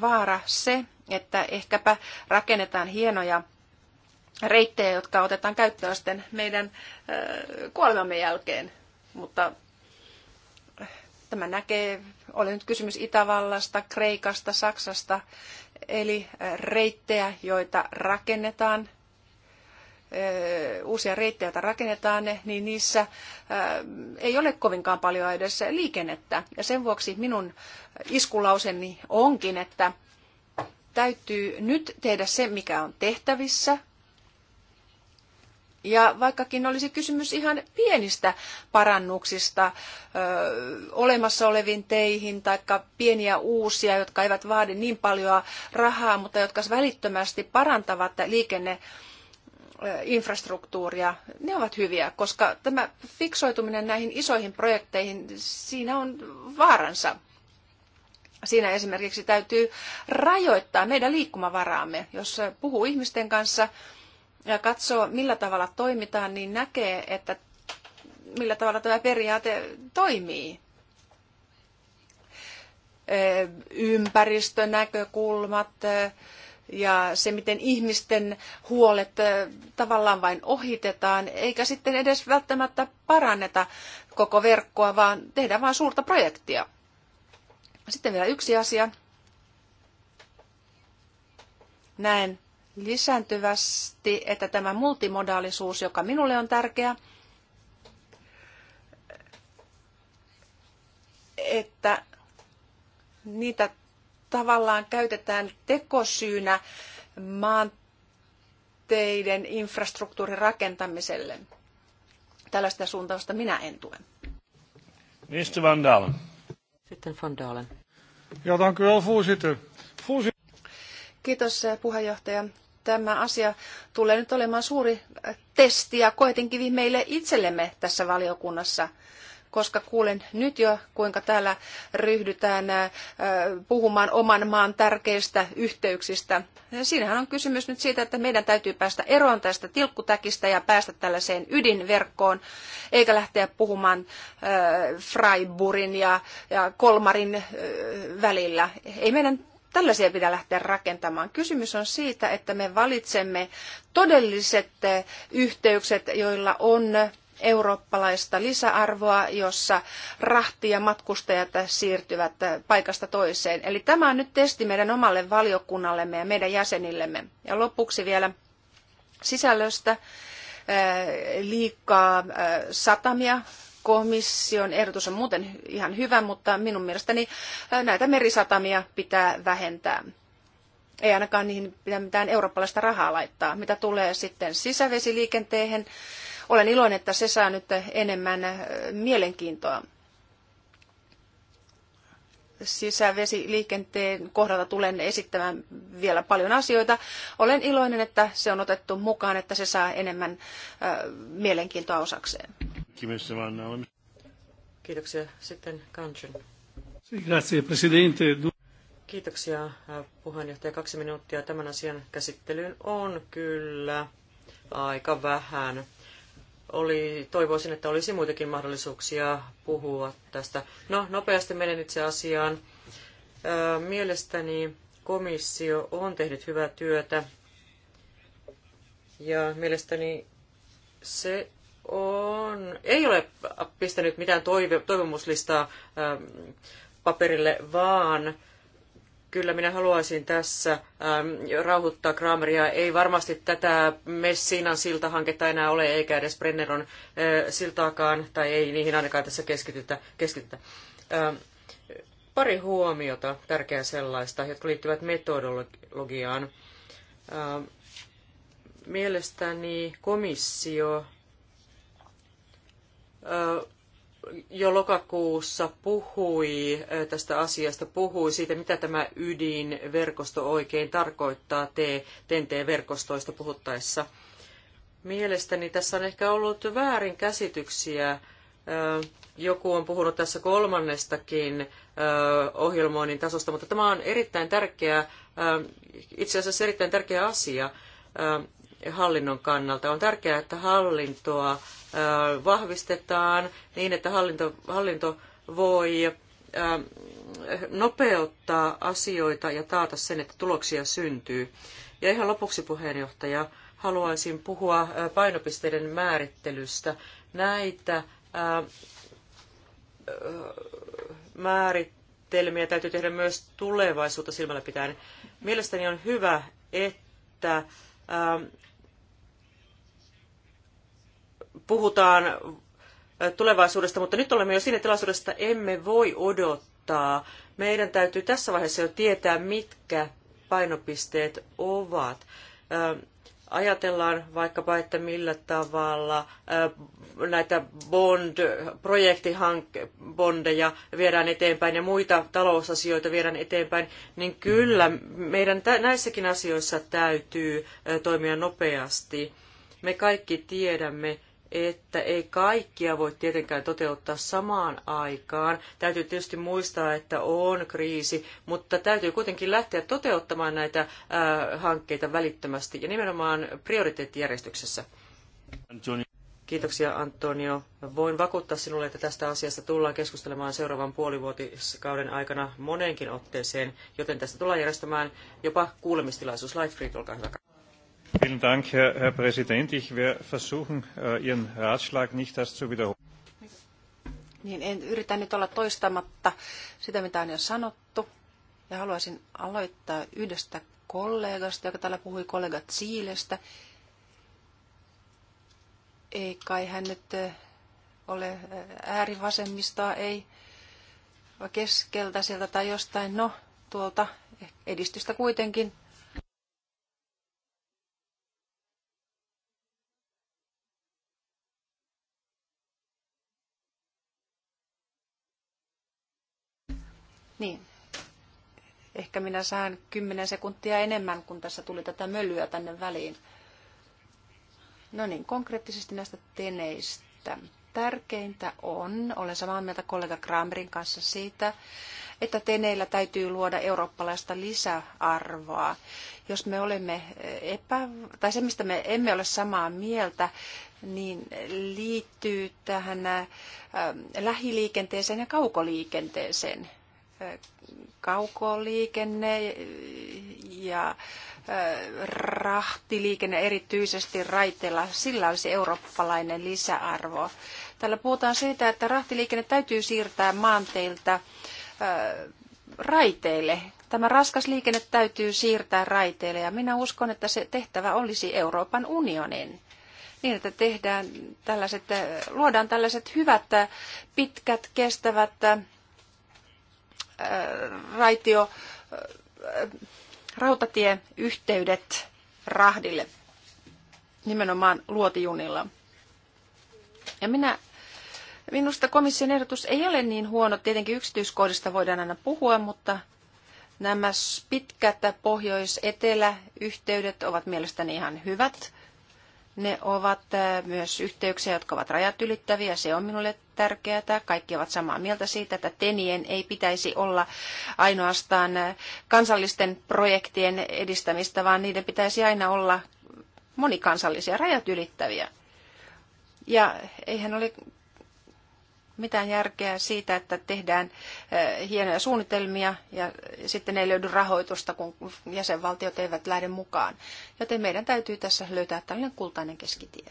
vaara se, että ehkäpä rakennetaan hienoja reittejä, jotka otetaan käyttöön sitten meidän kuolemamme jälkeen. Mutta Tämä näkee, oli nyt kysymys Itävallasta, Kreikasta, Saksasta, eli äh, reittejä, joita rakennetaan, äh, uusia reittejä, joita rakennetaan, niin niissä äh, ei ole kovinkaan paljon edes liikennettä. Ja sen vuoksi minun iskulauseni onkin, että täytyy nyt tehdä se, mikä on tehtävissä – ja vaikkakin olisi kysymys ihan pienistä parannuksista ö, olemassa oleviin teihin tai pieniä uusia, jotka eivät vaadi niin paljon rahaa, mutta jotka välittömästi parantavat liikenneinfrastruktuuria, ne ovat hyviä, koska tämä fiksoituminen näihin isoihin projekteihin, siinä on vaaransa. Siinä esimerkiksi täytyy rajoittaa meidän liikkumavaraamme. Jos puhuu ihmisten kanssa, ja katsoo, millä tavalla toimitaan, niin näkee, että millä tavalla tämä periaate toimii. Ympäristönäkökulmat ja se, miten ihmisten huolet tavallaan vain ohitetaan, eikä sitten edes välttämättä paranneta koko verkkoa, vaan tehdään vain suurta projektia. Sitten vielä yksi asia. Näen lisääntyvästi, että tämä multimodaalisuus, joka minulle on tärkeä, että niitä tavallaan käytetään tekosyynä maanteiden infrastruktuurin rakentamiselle. Tällaista suuntausta minä en tue. Mr. Van Dalen. Sitten Van Dalen. Ja, dank u wel, voorzitter. Kiitos eh, puheenjohtaja. Tämä asia tulee nyt olemaan suuri eh, testi ja koetinkivi meille itsellemme tässä valiokunnassa koska kuulen nyt jo, kuinka täällä ryhdytään eh, puhumaan oman maan tärkeistä yhteyksistä. Siinähän on kysymys nyt siitä, että meidän täytyy päästä eroon tästä tilkkutäkistä ja päästä tällaiseen ydinverkkoon, eikä lähteä puhumaan Freiburgin ja, Kolmarin välillä. Ei meidän Tällaisia pitää lähteä rakentamaan. Kysymys on siitä, että me valitsemme todelliset eh, yhteykset, joilla on eurooppalaista lisäarvoa, jossa rahti ja matkustajat siirtyvät eh, paikasta toiseen. Eli tämä on nyt testi meidän omalle valiokunnallemme ja meidän jäsenillemme. Ja lopuksi vielä sisällöstä eh, liikaa satamia komission ehdotus on muuten ihan hyvä, mutta minun mielestäni näitä merisatamia pitää vähentää. Ei ainakaan niihin pidä mitään eurooppalaista rahaa laittaa. Mitä tulee sitten sisävesiliikenteeseen, olen iloinen, että se saa nyt enemmän mielenkiintoa. Sisävesiliikenteen kohdalta tulen esittämään vielä paljon asioita. Olen iloinen, että se on otettu mukaan, että se saa enemmän mielenkiintoa osakseen. Kiitoksia. Sitten Kanchan. Kiitoksia äh, puheenjohtaja. Kaksi minuuttia tämän asian käsittelyyn on kyllä aika vähän. Oli, toivoisin, että olisi muitakin mahdollisuuksia puhua tästä. No, nopeasti menen itse asiaan. Äh, mielestäni komissio on tehnyt hyvää työtä ja mielestäni se, on, ei ole pistänyt mitään toive, toivomuslistaa ähm, paperille, vaan kyllä minä haluaisin tässä ähm, rauhoittaa Krameria. Ei varmasti tätä Messinan siltahanketta enää ole, eikä edes Brenneron äh, siltaakaan, tai ei niihin ainakaan tässä keskitytä. keskitytä. Ähm, pari huomiota, tärkeää sellaista, jotka liittyvät metodologiaan. Ähm, mielestäni komissio jo lokakuussa puhui tästä asiasta, puhui siitä, mitä tämä ydinverkosto oikein tarkoittaa TNT-verkostoista puhuttaessa. Mielestäni tässä on ehkä ollut väärinkäsityksiä. Joku on puhunut tässä kolmannestakin ohjelmoinnin tasosta, mutta tämä on erittäin tärkeä, itse asiassa erittäin tärkeä asia hallinnon kannalta. On tärkeää, että hallintoa vahvistetaan niin, että hallinto, hallinto voi nopeuttaa asioita ja taata sen, että tuloksia syntyy. Ja ihan lopuksi puheenjohtaja, haluaisin puhua painopisteiden määrittelystä. Näitä määrittelmiä täytyy tehdä myös tulevaisuutta silmällä pitäen. Mielestäni on hyvä, että puhutaan tulevaisuudesta, mutta nyt olemme jo siinä tilaisuudessa, että emme voi odottaa. Meidän täytyy tässä vaiheessa jo tietää, mitkä painopisteet ovat. Ajatellaan vaikkapa, että millä tavalla näitä bond, projektibondeja viedään eteenpäin ja muita talousasioita viedään eteenpäin, niin kyllä meidän näissäkin asioissa täytyy toimia nopeasti. Me kaikki tiedämme, että ei kaikkia voi tietenkään toteuttaa samaan aikaan. Täytyy tietysti muistaa, että on kriisi, mutta täytyy kuitenkin lähteä toteuttamaan näitä äh, hankkeita välittömästi ja nimenomaan prioriteettijärjestyksessä. Kiitoksia Antonio. Voin vakuuttaa sinulle, että tästä asiasta tullaan keskustelemaan seuraavan puolivuotiskauden aikana moneenkin otteeseen, joten tästä tullaan järjestämään jopa kuulemistilaisuus. Lightfreed, olkaa hyvä. Herr, Präsident. Ich werde versuchen, äh, Ihren Ratschlag nicht erst zu wiederholen. Niin, nyt olla toistamatta sitä, mitä on jo sanottu. Ja haluaisin aloittaa yhdestä kollegasta, joka täällä puhui kollega zielestä. Ei kai hän nyt äh, ole äh, äärivasemmistoa, ei keskeltä sieltä tai jostain, no tuolta eh, edistystä kuitenkin Niin. Ehkä minä saan kymmenen sekuntia enemmän, kun tässä tuli tätä mölyä tänne väliin. No niin, konkreettisesti näistä teneistä. Tärkeintä on, olen samaa mieltä kollega Kramerin kanssa siitä, että teneillä täytyy luoda eurooppalaista lisäarvoa. Jos me olemme eh, epä, tai se mistä me emme ole samaa mieltä, niin liittyy tähän eh, lähiliikenteeseen ja kaukoliikenteeseen kaukoliikenne ja rahtiliikenne erityisesti raiteilla, sillä olisi eurooppalainen lisäarvo. Täällä puhutaan siitä, että rahtiliikenne täytyy siirtää maanteilta raiteille. Tämä raskas liikenne täytyy siirtää raiteille ja minä uskon, että se tehtävä olisi Euroopan unionin niin, että tehdään tällaiset, luodaan tällaiset hyvät, pitkät, kestävät Äh, raitio, äh, rautatieyhteydet rahdille, nimenomaan luotijunilla. Ja minä, minusta komission ehdotus ei ole niin huono. Tietenkin yksityiskohdista voidaan aina puhua, mutta nämä pitkät pohjois-etelä-yhteydet ovat mielestäni ihan hyvät. Ne ovat äh, myös yhteyksiä, jotka ovat rajat ylittäviä. Se on minulle tärkeää. Kaikki ovat samaa mieltä siitä, että TENien ei pitäisi olla ainoastaan kansallisten projektien edistämistä, vaan niiden pitäisi aina olla monikansallisia, rajat ylittäviä. Ja eihän ole mitään järkeä siitä, että tehdään eh, hienoja suunnitelmia ja sitten ei löydy rahoitusta, kun jäsenvaltiot eivät lähde mukaan. Joten meidän täytyy tässä löytää tällainen kultainen keskitie.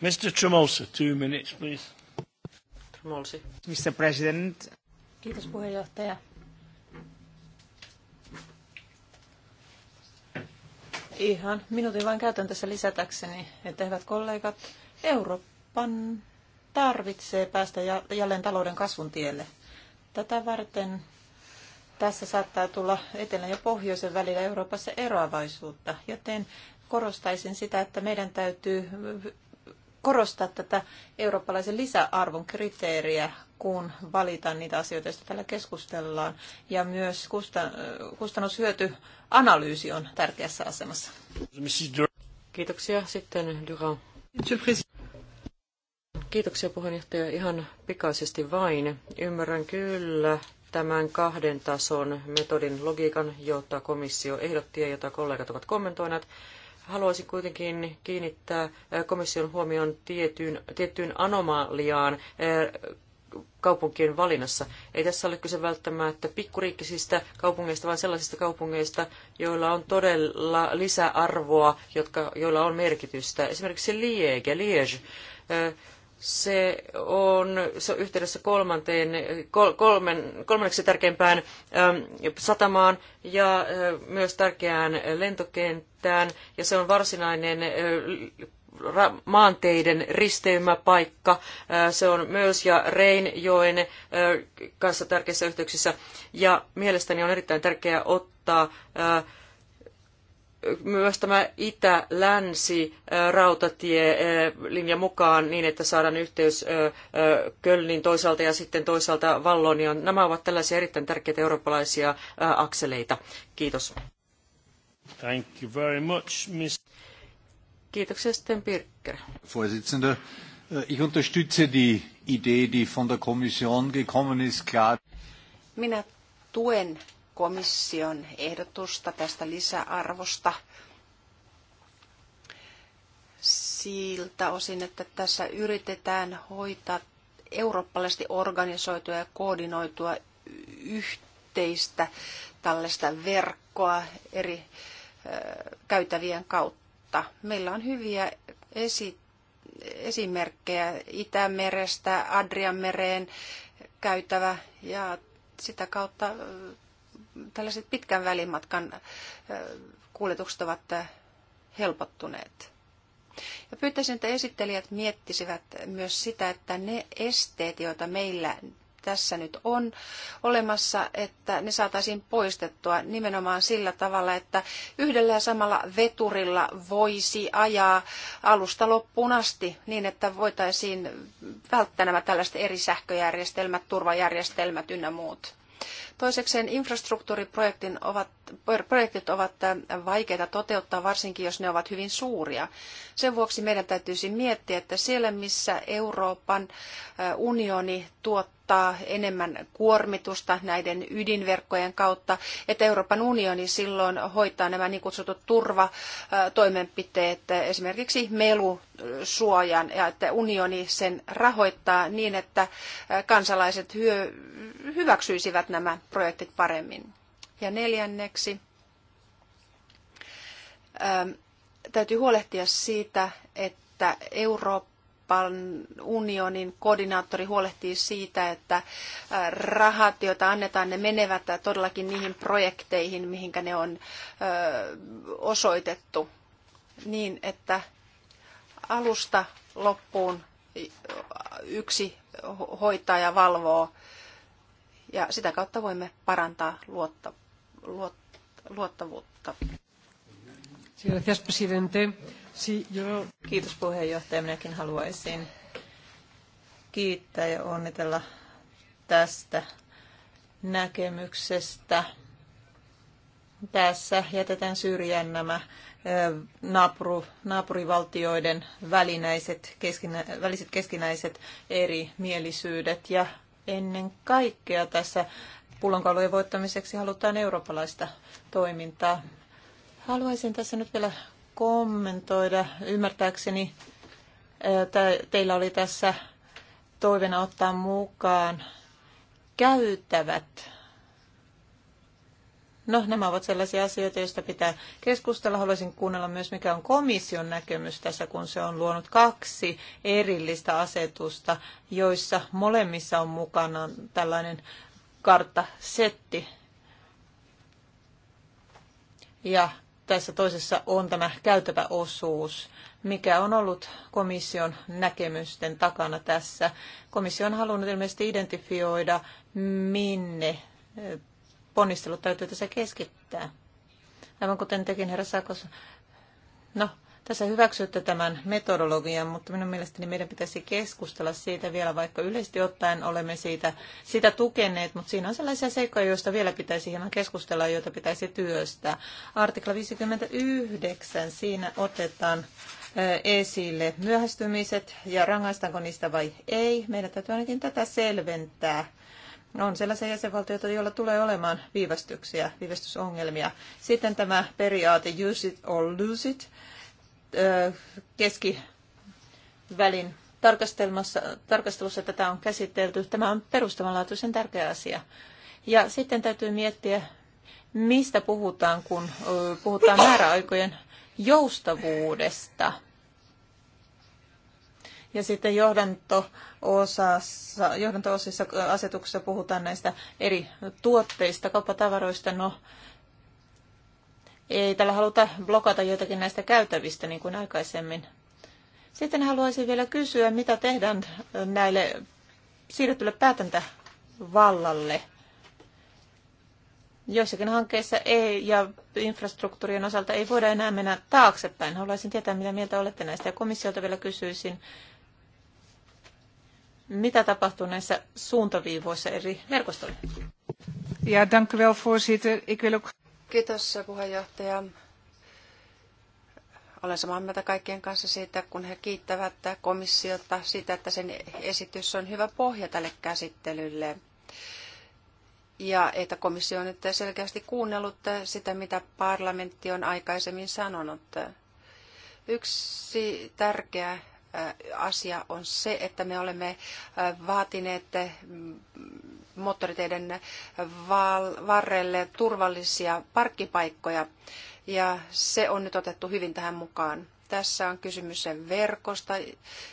Mr. Tremosa, two minutes, please. Mulsi. Mr. President. Kiitos puheenjohtaja. Ihan minuutin vain käytän tässä lisätäkseni, että hyvät kollegat, Euroopan tarvitsee päästä jälleen talouden kasvun tielle. Tätä varten tässä saattaa tulla etelän ja pohjoisen välillä Euroopassa eroavaisuutta, joten korostaisin sitä, että meidän täytyy korostaa tätä eurooppalaisen lisäarvon kriteeriä, kun valitaan niitä asioita, joista täällä keskustellaan. Ja myös kustannushyötyanalyysi on tärkeässä asemassa. Kiitoksia. Sitten Durand. Kiitoksia puheenjohtaja. Ihan pikaisesti vain. Ymmärrän kyllä tämän kahden tason metodin logiikan, jota komissio ehdotti ja jota kollegat ovat kommentoineet haluaisin kuitenkin kiinnittää komission huomion tiettyyn, tiettyyn anomaliaan kaupunkien valinnassa. Ei tässä ole kyse välttämättä pikkuriikkisistä kaupungeista, vaan sellaisista kaupungeista, joilla on todella lisäarvoa, jotka, joilla on merkitystä. Esimerkiksi Liege, Liege se on, se on yhteydessä kolmanteen, kol, kolmen, kolmanneksi tärkeimpään ähm, satamaan ja äh, myös tärkeään lentokenttään. Ja se on varsinainen äh, maanteiden risteymäpaikka. Äh, se on myös ja Reinjoen kanssa tärkeissä yhteyksissä. Ja mielestäni on erittäin tärkeää ottaa myös tämä itä-länsi rautatielinja mukaan niin, että saadaan yhteys Kölnin toisaalta ja sitten toisaalta Vallonion. Nämä ovat tällaisia erittäin tärkeitä eurooppalaisia akseleita. Kiitos. Thank you very much, Miss... Kiitoksia sitten Pirkker. Vorsitzender, eh, ich unterstütze die Idee, die von der Kommission gekommen ist, klar. Minä tuen komission ehdotusta tästä lisäarvosta siltä osin, että tässä yritetään hoitaa eurooppalaisesti organisoitua ja koordinoitua yhteistä tällaista verkkoa eri käytävien kautta. Meillä on hyviä esi- esimerkkejä Itämerestä, Adrianmereen käytävä ja sitä kautta tällaiset pitkän välimatkan kuljetukset ovat helpottuneet. Ja pyytäisin, että esittelijät miettisivät myös sitä, että ne esteet, joita meillä tässä nyt on olemassa, että ne saataisiin poistettua nimenomaan sillä tavalla, että yhdellä ja samalla veturilla voisi ajaa alusta loppuun asti niin, että voitaisiin välttää nämä tällaiset eri sähköjärjestelmät, turvajärjestelmät ynnä muut. Toisekseen infrastruktuuriprojektit ovat, projektit ovat äh, vaikeita toteuttaa, varsinkin jos ne ovat hyvin suuria. Sen vuoksi meidän täytyisi miettiä, että siellä missä Euroopan äh, unioni tuottaa enemmän kuormitusta näiden ydinverkkojen kautta, että Euroopan unioni silloin hoitaa nämä niin kutsutut turvatoimenpiteet, äh, esimerkiksi melusuojan, ja että unioni sen rahoittaa niin, että kansalaiset hyö, hyväksyisivät nämä projektit paremmin. Ja neljänneksi ähm, täytyy huolehtia siitä, että Euroopan unionin koordinaattori huolehtii siitä, että äh, rahat, joita annetaan, ne menevät todellakin niihin projekteihin, mihinkä ne on äh, osoitettu, niin että alusta loppuun äh, yksi hoitaja valvoo ja sitä kautta voimme parantaa luotta, luot, luottavuutta. Gracias, presidente. Si, yo... Kiitos puheenjohtaja. Minäkin haluaisin kiittää ja onnitella tästä näkemyksestä. Tässä jätetään syrjään nämä naapuru, naapurivaltioiden välinäiset, keskinä, väliset keskinäiset eri mielisyydet ja ennen kaikkea tässä pullonkaulujen voittamiseksi halutaan eurooppalaista toimintaa. Haluaisin tässä nyt vielä kommentoida. Ymmärtääkseni teillä oli tässä toivena ottaa mukaan käytävät No, nämä ovat sellaisia asioita, joista pitää keskustella. Haluaisin kuunnella myös, mikä on komission näkemys tässä, kun se on luonut kaksi erillistä asetusta, joissa molemmissa on mukana tällainen karttasetti. Ja tässä toisessa on tämä käytävä osuus. Mikä on ollut komission näkemysten takana tässä? Komissio on halunnut ilmeisesti identifioida, minne ponnistelut täytyy tässä keskittää. Aivan kuten tekin, herra Sakos. No, tässä hyväksytte tämän metodologian, mutta minun mielestäni meidän pitäisi keskustella siitä vielä, vaikka yleisesti ottaen olemme siitä, sitä tukeneet, mutta siinä on sellaisia seikkoja, joista vielä pitäisi hieman keskustella, joita pitäisi työstää. Artikla 59, siinä otetaan esille myöhästymiset ja rangaistaanko niistä vai ei. Meidän täytyy ainakin tätä selventää on sellaisia jäsenvaltioita, joilla tulee olemaan viivästyksiä, viivästysongelmia. Sitten tämä periaate use it or lose it keskivälin tarkastelussa tätä on käsitelty. Tämä on perustavanlaatuisen tärkeä asia. Ja sitten täytyy miettiä, mistä puhutaan, kun puhutaan määräaikojen joustavuudesta – ja sitten johdanto-osassa, johdanto-osissa asetuksessa puhutaan näistä eri tuotteista, kauppatavaroista. No, ei tällä haluta blokata jotakin näistä käytävistä niin kuin aikaisemmin. Sitten haluaisin vielä kysyä, mitä tehdään näille siirrettylle päätäntävallalle. Joissakin hankkeissa ei ja infrastruktuurien osalta ei voida enää mennä taaksepäin. Haluaisin tietää, mitä mieltä olette näistä. Ja komissiolta vielä kysyisin, mitä tapahtuu näissä suuntaviivoissa eri verkostoille? Ja dank u wel, voorzitter. Ik wil ook... Kiitos, puheenjohtaja. Olen samaa mieltä kaikkien kanssa siitä, kun he kiittävät komissiota siitä, että sen esitys on hyvä pohja tälle käsittelylle. Ja että komissio on nyt selkeästi kuunnellut sitä, mitä parlamentti on aikaisemmin sanonut. Yksi tärkeä asia on se, että me olemme vaatineet moottoriteiden varrelle turvallisia parkkipaikkoja ja se on nyt otettu hyvin tähän mukaan. Tässä on kysymys sen verkosta,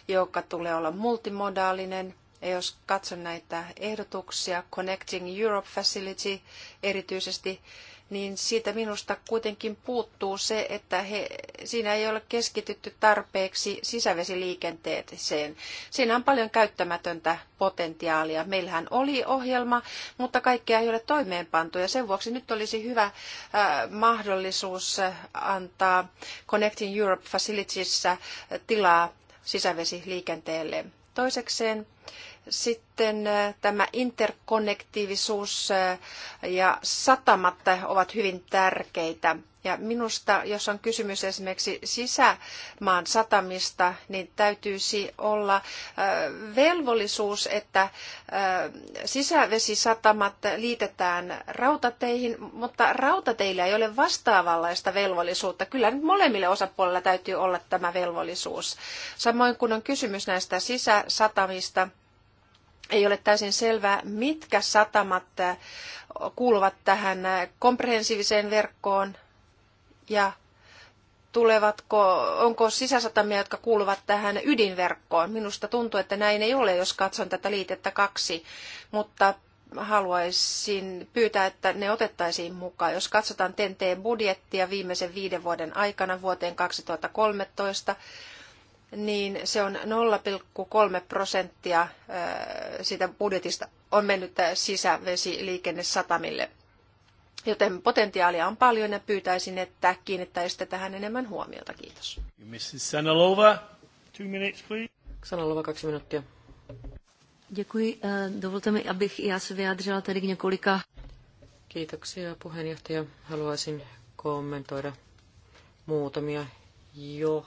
joka tulee olla multimodaalinen. Ja jos katson näitä ehdotuksia, Connecting Europe Facility erityisesti, niin siitä minusta kuitenkin puuttuu se, että he, siinä ei ole keskitytty tarpeeksi sisävesiliikenteeseen. Siinä on paljon käyttämätöntä potentiaalia. Meillähän oli ohjelma, mutta kaikkea ei ole toimeenpantu ja sen vuoksi nyt olisi hyvä mahdollisuus antaa Connecting Europe Facilitiesissä tilaa sisävesiliikenteelle. Toisekseen sitten äh, tämä interkonnektiivisuus äh, ja satamat äh, ovat hyvin tärkeitä. Ja minusta, jos on kysymys esimerkiksi sisämaan satamista, niin täytyisi olla velvollisuus, että sisävesisatamat liitetään rautateihin, mutta rautateillä ei ole vastaavanlaista velvollisuutta. Kyllä nyt molemmille osapuolilla täytyy olla tämä velvollisuus. Samoin kun on kysymys näistä sisäsatamista, ei ole täysin selvää, mitkä satamat kuuluvat tähän komprehensiiviseen verkkoon ja tulevatko, onko sisäsatamia, jotka kuuluvat tähän ydinverkkoon. Minusta tuntuu, että näin ei ole, jos katson tätä liitettä kaksi, mutta haluaisin pyytää, että ne otettaisiin mukaan. Jos katsotaan TNT-budjettia viimeisen viiden vuoden aikana vuoteen 2013, niin se on 0,3 prosenttia siitä budjetista on mennyt sisävesiliikennesatamille. Joten potentiaalia on paljon ja pyytäisin, että kiinnittäisitte tähän enemmän huomiota. Kiitos. Mrs. Sanalova, two minutes, please. Sanalova, kaksi minuuttia. Děkuji. E, dovolte mi, abych i já se vyjádřila tady k několika. Kiitoksia puheenjohtaja. Haluaisin kommentoida muutamia jo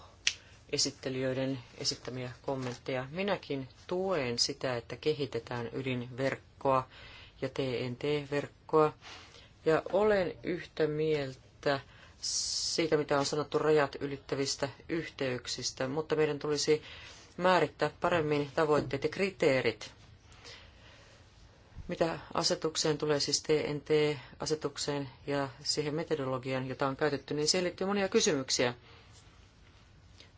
esittelijöiden esittämiä kommentteja. Minäkin tuen sitä, että kehitetään ydinverkkoa ja TNT-verkkoa. Ja olen yhtä mieltä siitä, mitä on sanottu rajat ylittävistä yhteyksistä, mutta meidän tulisi määrittää paremmin tavoitteet ja kriteerit. Mitä asetukseen tulee siis TNT-asetukseen ja siihen metodologian, jota on käytetty, niin siihen liittyy monia kysymyksiä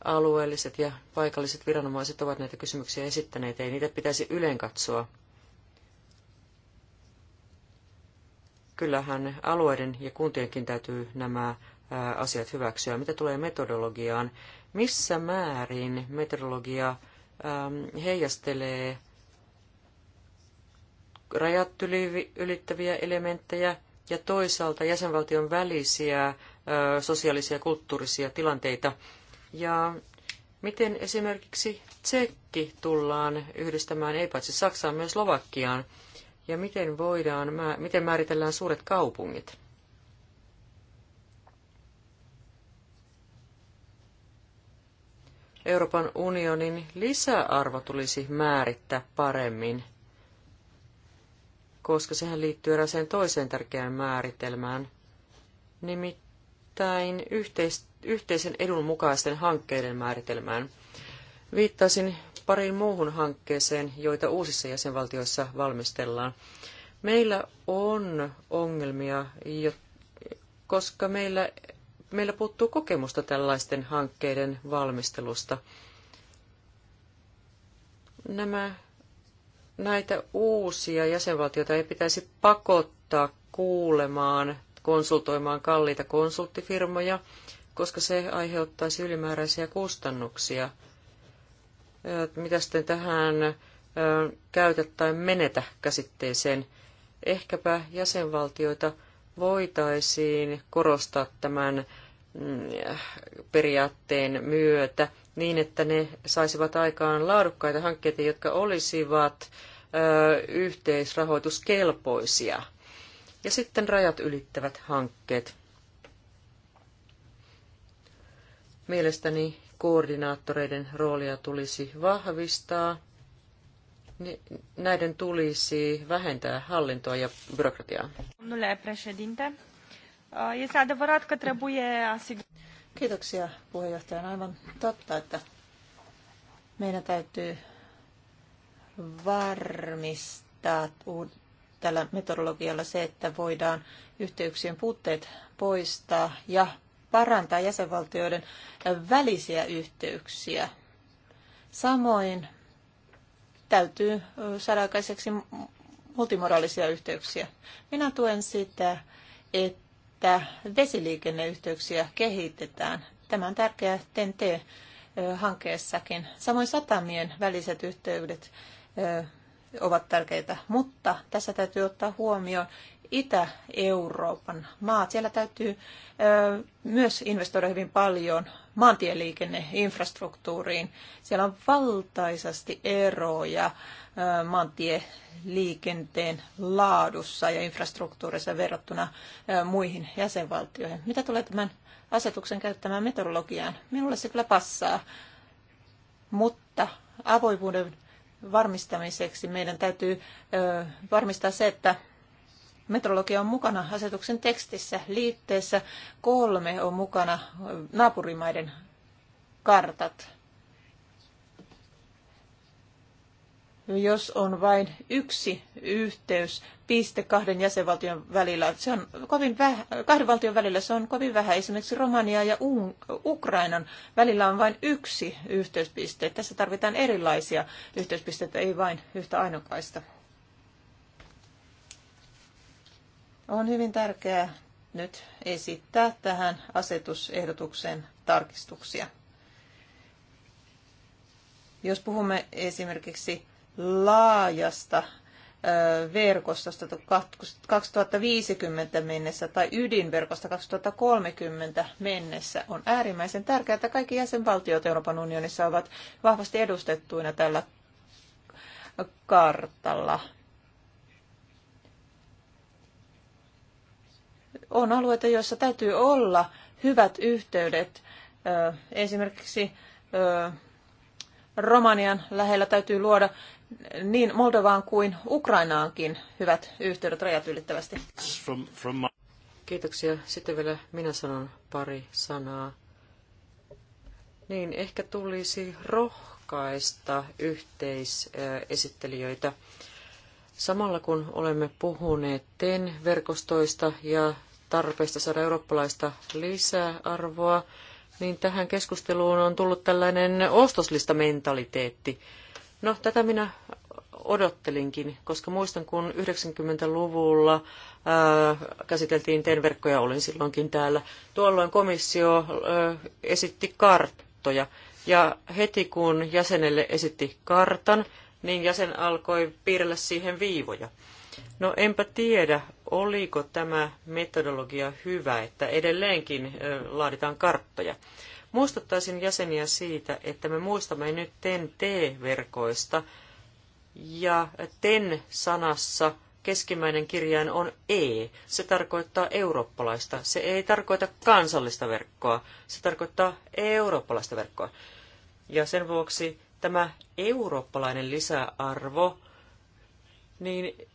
alueelliset ja paikalliset viranomaiset ovat näitä kysymyksiä esittäneet. Ei niitä pitäisi yleen katsoa. Kyllähän alueiden ja kuntienkin täytyy nämä asiat hyväksyä. Mitä tulee metodologiaan, missä määrin metodologia heijastelee rajat ylittäviä elementtejä ja toisaalta jäsenvaltion välisiä sosiaalisia ja kulttuurisia tilanteita – ja miten esimerkiksi tsekki tullaan yhdistämään, ei paitsi Saksaan, myös Slovakiaan? Ja miten, voidaan, miten määritellään suuret kaupungit? Euroopan unionin lisäarvo tulisi määrittää paremmin, koska sehän liittyy eräseen toiseen tärkeään määritelmään, nimittäin yhteistyö yhteisen edun mukaisten hankkeiden määritelmään. Viittaisin pariin muuhun hankkeeseen, joita uusissa jäsenvaltioissa valmistellaan. Meillä on ongelmia, koska meillä, meillä puuttuu kokemusta tällaisten hankkeiden valmistelusta. Nämä, näitä uusia jäsenvaltioita ei pitäisi pakottaa kuulemaan, konsultoimaan kalliita konsulttifirmoja – koska se aiheuttaisi ylimääräisiä kustannuksia. Mitä sitten tähän käytä tai menetä käsitteeseen? Ehkäpä jäsenvaltioita voitaisiin korostaa tämän mm, periaatteen myötä niin, että ne saisivat aikaan laadukkaita hankkeita, jotka olisivat yhteisrahoituskelpoisia. Ja sitten rajat ylittävät hankkeet. Mielestäni koordinaattoreiden roolia tulisi vahvistaa. Näiden tulisi vähentää hallintoa ja byrokratiaa. Kiitoksia puheenjohtaja. On aivan totta, että meidän täytyy varmistaa tällä metodologialla se, että voidaan yhteyksien puutteet poistaa ja parantaa jäsenvaltioiden välisiä yhteyksiä. Samoin täytyy saada aikaiseksi multimoraalisia yhteyksiä. Minä tuen sitä, että vesiliikenneyhteyksiä kehitetään. Tämä on tärkeää TNT-hankkeessakin. Samoin satamien väliset yhteydet ovat tärkeitä, mutta tässä täytyy ottaa huomioon Itä-Euroopan maat. Siellä täytyy myös investoida hyvin paljon maantieliikenneinfrastruktuuriin. Siellä on valtaisasti eroja maantieliikenteen laadussa ja infrastruktuurissa verrattuna muihin jäsenvaltioihin. Mitä tulee tämän asetuksen käyttämään metodologiaan? Minulle se kyllä passaa, mutta avoimuuden varmistamiseksi meidän täytyy varmistaa se, että metrologia on mukana asetuksen tekstissä. Liitteessä kolme on mukana naapurimaiden kartat. Jos on vain yksi yhteys piste kahden jäsenvaltion välillä, se on kovin väh- kahden valtion välillä se on kovin vähän. Esimerkiksi Romania ja Ukrainan välillä on vain yksi yhteyspiste. Tässä tarvitaan erilaisia yhteyspisteitä, ei vain yhtä ainokaista. on hyvin tärkeää nyt esittää tähän asetusehdotukseen tarkistuksia. Jos puhumme esimerkiksi laajasta verkostosta 2050 mennessä tai ydinverkosta 2030 mennessä on äärimmäisen tärkeää, että kaikki jäsenvaltiot Euroopan unionissa ovat vahvasti edustettuina tällä kartalla. on alueita, joissa täytyy olla hyvät yhteydet. Esimerkiksi Romanian lähellä täytyy luoda niin Moldovaan kuin Ukrainaankin hyvät yhteydet rajat ylittävästi. Kiitoksia. Sitten vielä minä sanon pari sanaa. Niin, ehkä tulisi rohkaista yhteisesittelijöitä. Samalla kun olemme puhuneet TEN-verkostoista ja tarpeesta saada eurooppalaista lisäarvoa, niin tähän keskusteluun on tullut tällainen ostoslistamentaliteetti. No, tätä minä odottelinkin, koska muistan, kun 90-luvulla ää, käsiteltiin TEN-verkkoja, olin silloinkin täällä. Tuolloin komissio ää, esitti karttoja, ja heti kun jäsenelle esitti kartan, niin jäsen alkoi piirrellä siihen viivoja. No enpä tiedä, oliko tämä metodologia hyvä, että edelleenkin laaditaan karttoja. Muistuttaisin jäseniä siitä, että me muistamme nyt TEN-T-verkoista, ja TEN-sanassa keskimmäinen kirjain on E. Se tarkoittaa eurooppalaista. Se ei tarkoita kansallista verkkoa. Se tarkoittaa eurooppalaista verkkoa. Ja sen vuoksi tämä eurooppalainen lisäarvo, niin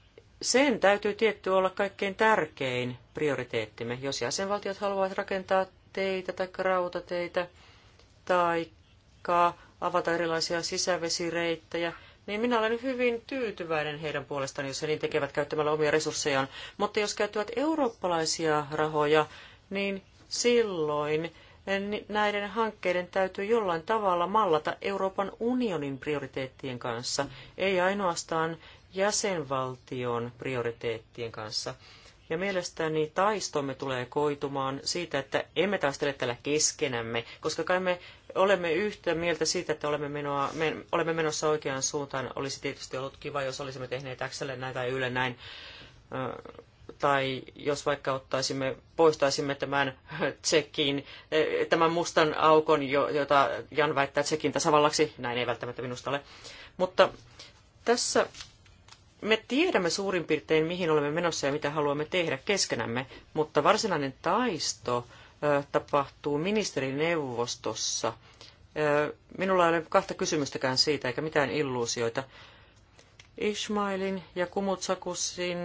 sen täytyy tietty olla kaikkein tärkein prioriteettimme. Jos jäsenvaltiot haluavat rakentaa teitä tai rautateitä tai avata erilaisia sisävesireittejä, niin minä olen hyvin tyytyväinen heidän puolestaan, jos he niin tekevät käyttämällä omia resurssejaan. Mutta jos käyttävät eurooppalaisia rahoja, niin silloin näiden hankkeiden täytyy jollain tavalla mallata Euroopan unionin prioriteettien kanssa, ei ainoastaan jäsenvaltion prioriteettien kanssa. Ja mielestäni taistomme tulee koitumaan siitä, että emme taistele tällä keskenämme, koska kai me olemme yhtä mieltä siitä, että olemme, menoa, me, olemme menossa oikeaan suuntaan. Olisi tietysti ollut kiva, jos olisimme tehneet Xlle näin tai Yle näin, tai jos vaikka ottaisimme, poistaisimme tämän tsekin, tämän mustan aukon, jota Jan väittää tsekin tasavallaksi, näin ei välttämättä minusta ole. Mutta tässä me tiedämme suurin piirtein, mihin olemme menossa ja mitä haluamme tehdä keskenämme, mutta varsinainen taisto tapahtuu ministerineuvostossa. Minulla ei ole kahta kysymystäkään siitä, eikä mitään illuusioita. Ismailin ja Kumutsakussin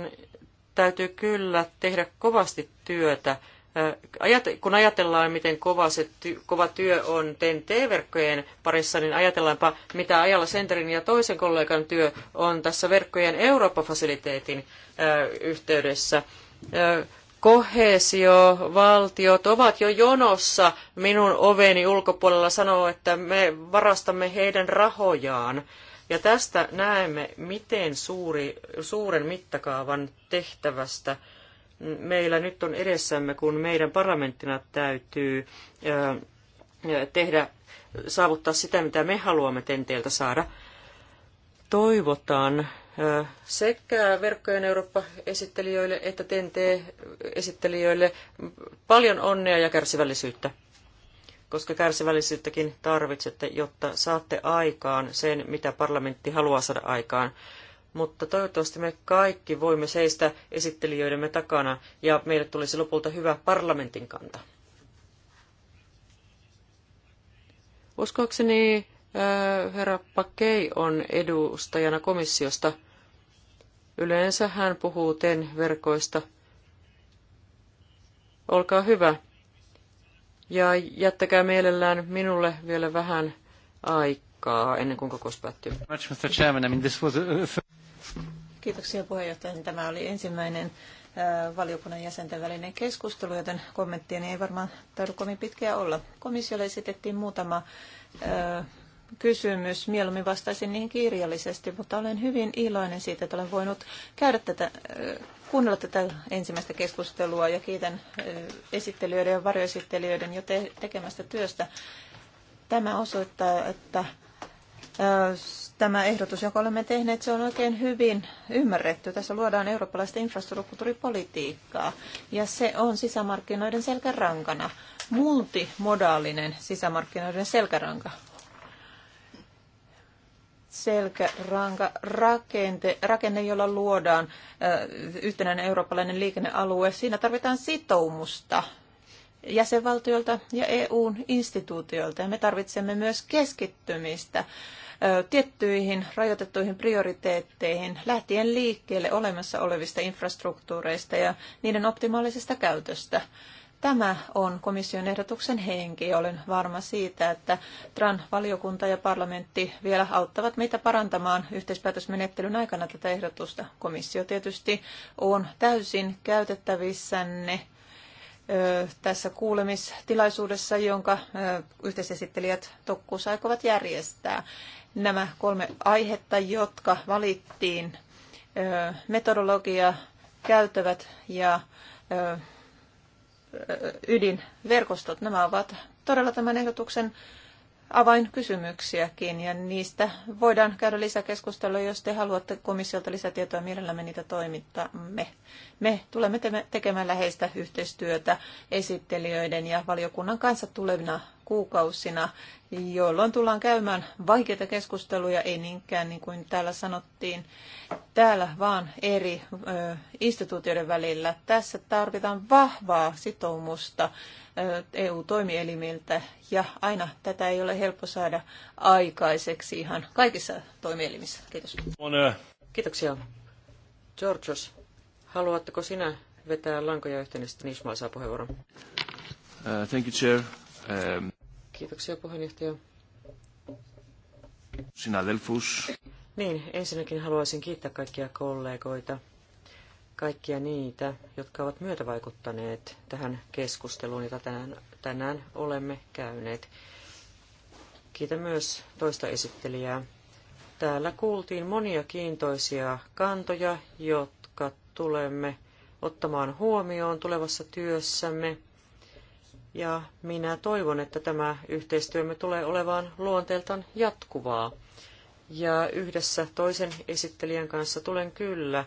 täytyy kyllä tehdä kovasti työtä kun ajatellaan, miten kova, se ty, kova työ on TEN-T-verkkojen parissa, niin ajatellaanpa, mitä ajalla Centerin ja toisen kollegan työ on tässä verkkojen Eurooppa-fasiliteetin yhteydessä. Koheesiovaltiot ovat jo jonossa minun oveni ulkopuolella sanoo, että me varastamme heidän rahojaan. Ja tästä näemme, miten suuri, suuren mittakaavan tehtävästä meillä nyt on edessämme, kun meidän parlamenttina täytyy tehdä, saavuttaa sitä, mitä me haluamme tenteeltä saada. Toivotaan sekä verkkojen Eurooppa-esittelijöille että TNT-esittelijöille paljon onnea ja kärsivällisyyttä, koska kärsivällisyyttäkin tarvitsette, jotta saatte aikaan sen, mitä parlamentti haluaa saada aikaan mutta toivottavasti me kaikki voimme seistä esittelijöidemme takana ja meille tulisi lopulta hyvä parlamentin kanta. Uskoakseni herra Pakei on edustajana komissiosta. Yleensä hän puhuu TEN-verkoista. Olkaa hyvä. Ja jättäkää mielellään minulle vielä vähän aikaa ennen kuin kokous päättyy. Kiitoksia puheenjohtaja. Tämä oli ensimmäinen valiokunnan jäsenten välinen keskustelu, joten kommenttini ei varmaan taidu kovin pitkiä olla. Komissiolle esitettiin muutama kysymys. Mieluummin vastaisin niihin kirjallisesti, mutta olen hyvin iloinen siitä, että olen voinut käydä tätä, kuunnella tätä ensimmäistä keskustelua ja kiitän esittelijöiden ja varjoesittelijöiden jo tekemästä työstä. Tämä osoittaa, että tämä ehdotus, jonka olemme tehneet, se on oikein hyvin ymmärretty. Tässä luodaan eurooppalaista infrastruktuuripolitiikkaa ja se on sisämarkkinoiden selkärankana, multimodaalinen sisämarkkinoiden selkäranka. Selkäranka rakente, rakenne, jolla luodaan yhtenäinen eurooppalainen liikennealue. Siinä tarvitaan sitoumusta jäsenvaltioilta ja EUn instituutioilta ja me tarvitsemme myös keskittymistä tiettyihin rajoitettuihin prioriteetteihin lähtien liikkeelle olemassa olevista infrastruktuureista ja niiden optimaalisesta käytöstä. Tämä on komission ehdotuksen henki. Olen varma siitä, että TRAN-valiokunta ja parlamentti vielä auttavat meitä parantamaan yhteispäätösmenettelyn aikana tätä ehdotusta. Komissio tietysti on täysin käytettävissänne tässä kuulemistilaisuudessa, jonka yhteisesittelijät Tokkuus aikovat järjestää. Nämä kolme aihetta, jotka valittiin, metodologia, käytävät ja ydinverkostot, nämä ovat todella tämän ehdotuksen avainkysymyksiäkin ja niistä voidaan käydä lisäkeskustelua, jos te haluatte komissiolta lisätietoa, mielellämme niitä toimittamme. Me tulemme tekemään läheistä yhteistyötä esittelijöiden ja valiokunnan kanssa tulevina kuukausina, jolloin tullaan käymään vaikeita keskusteluja, ei niinkään niin kuin täällä sanottiin, täällä vaan eri ö, instituutioiden välillä. Tässä tarvitaan vahvaa sitoumusta EU-toimielimiltä ja aina tätä ei ole helppo saada aikaiseksi ihan kaikissa toimielimissä. Kiitos. Kiitoksia. Georgios, haluatteko sinä vetää lankoja yhteen, sitten saa puheenvuoron. Uh, thank you, Chair. Um... Kiitoksia puheenjohtaja. Niin, ensinnäkin haluaisin kiittää kaikkia kollegoita, kaikkia niitä, jotka ovat myötävaikuttaneet tähän keskusteluun, jota tänään, tänään olemme käyneet. Kiitän myös toista esittelijää. Täällä kuultiin monia kiintoisia kantoja, jotka tulemme ottamaan huomioon tulevassa työssämme ja minä toivon, että tämä yhteistyömme tulee olevaan luonteeltaan jatkuvaa. Ja yhdessä toisen esittelijän kanssa tulen kyllä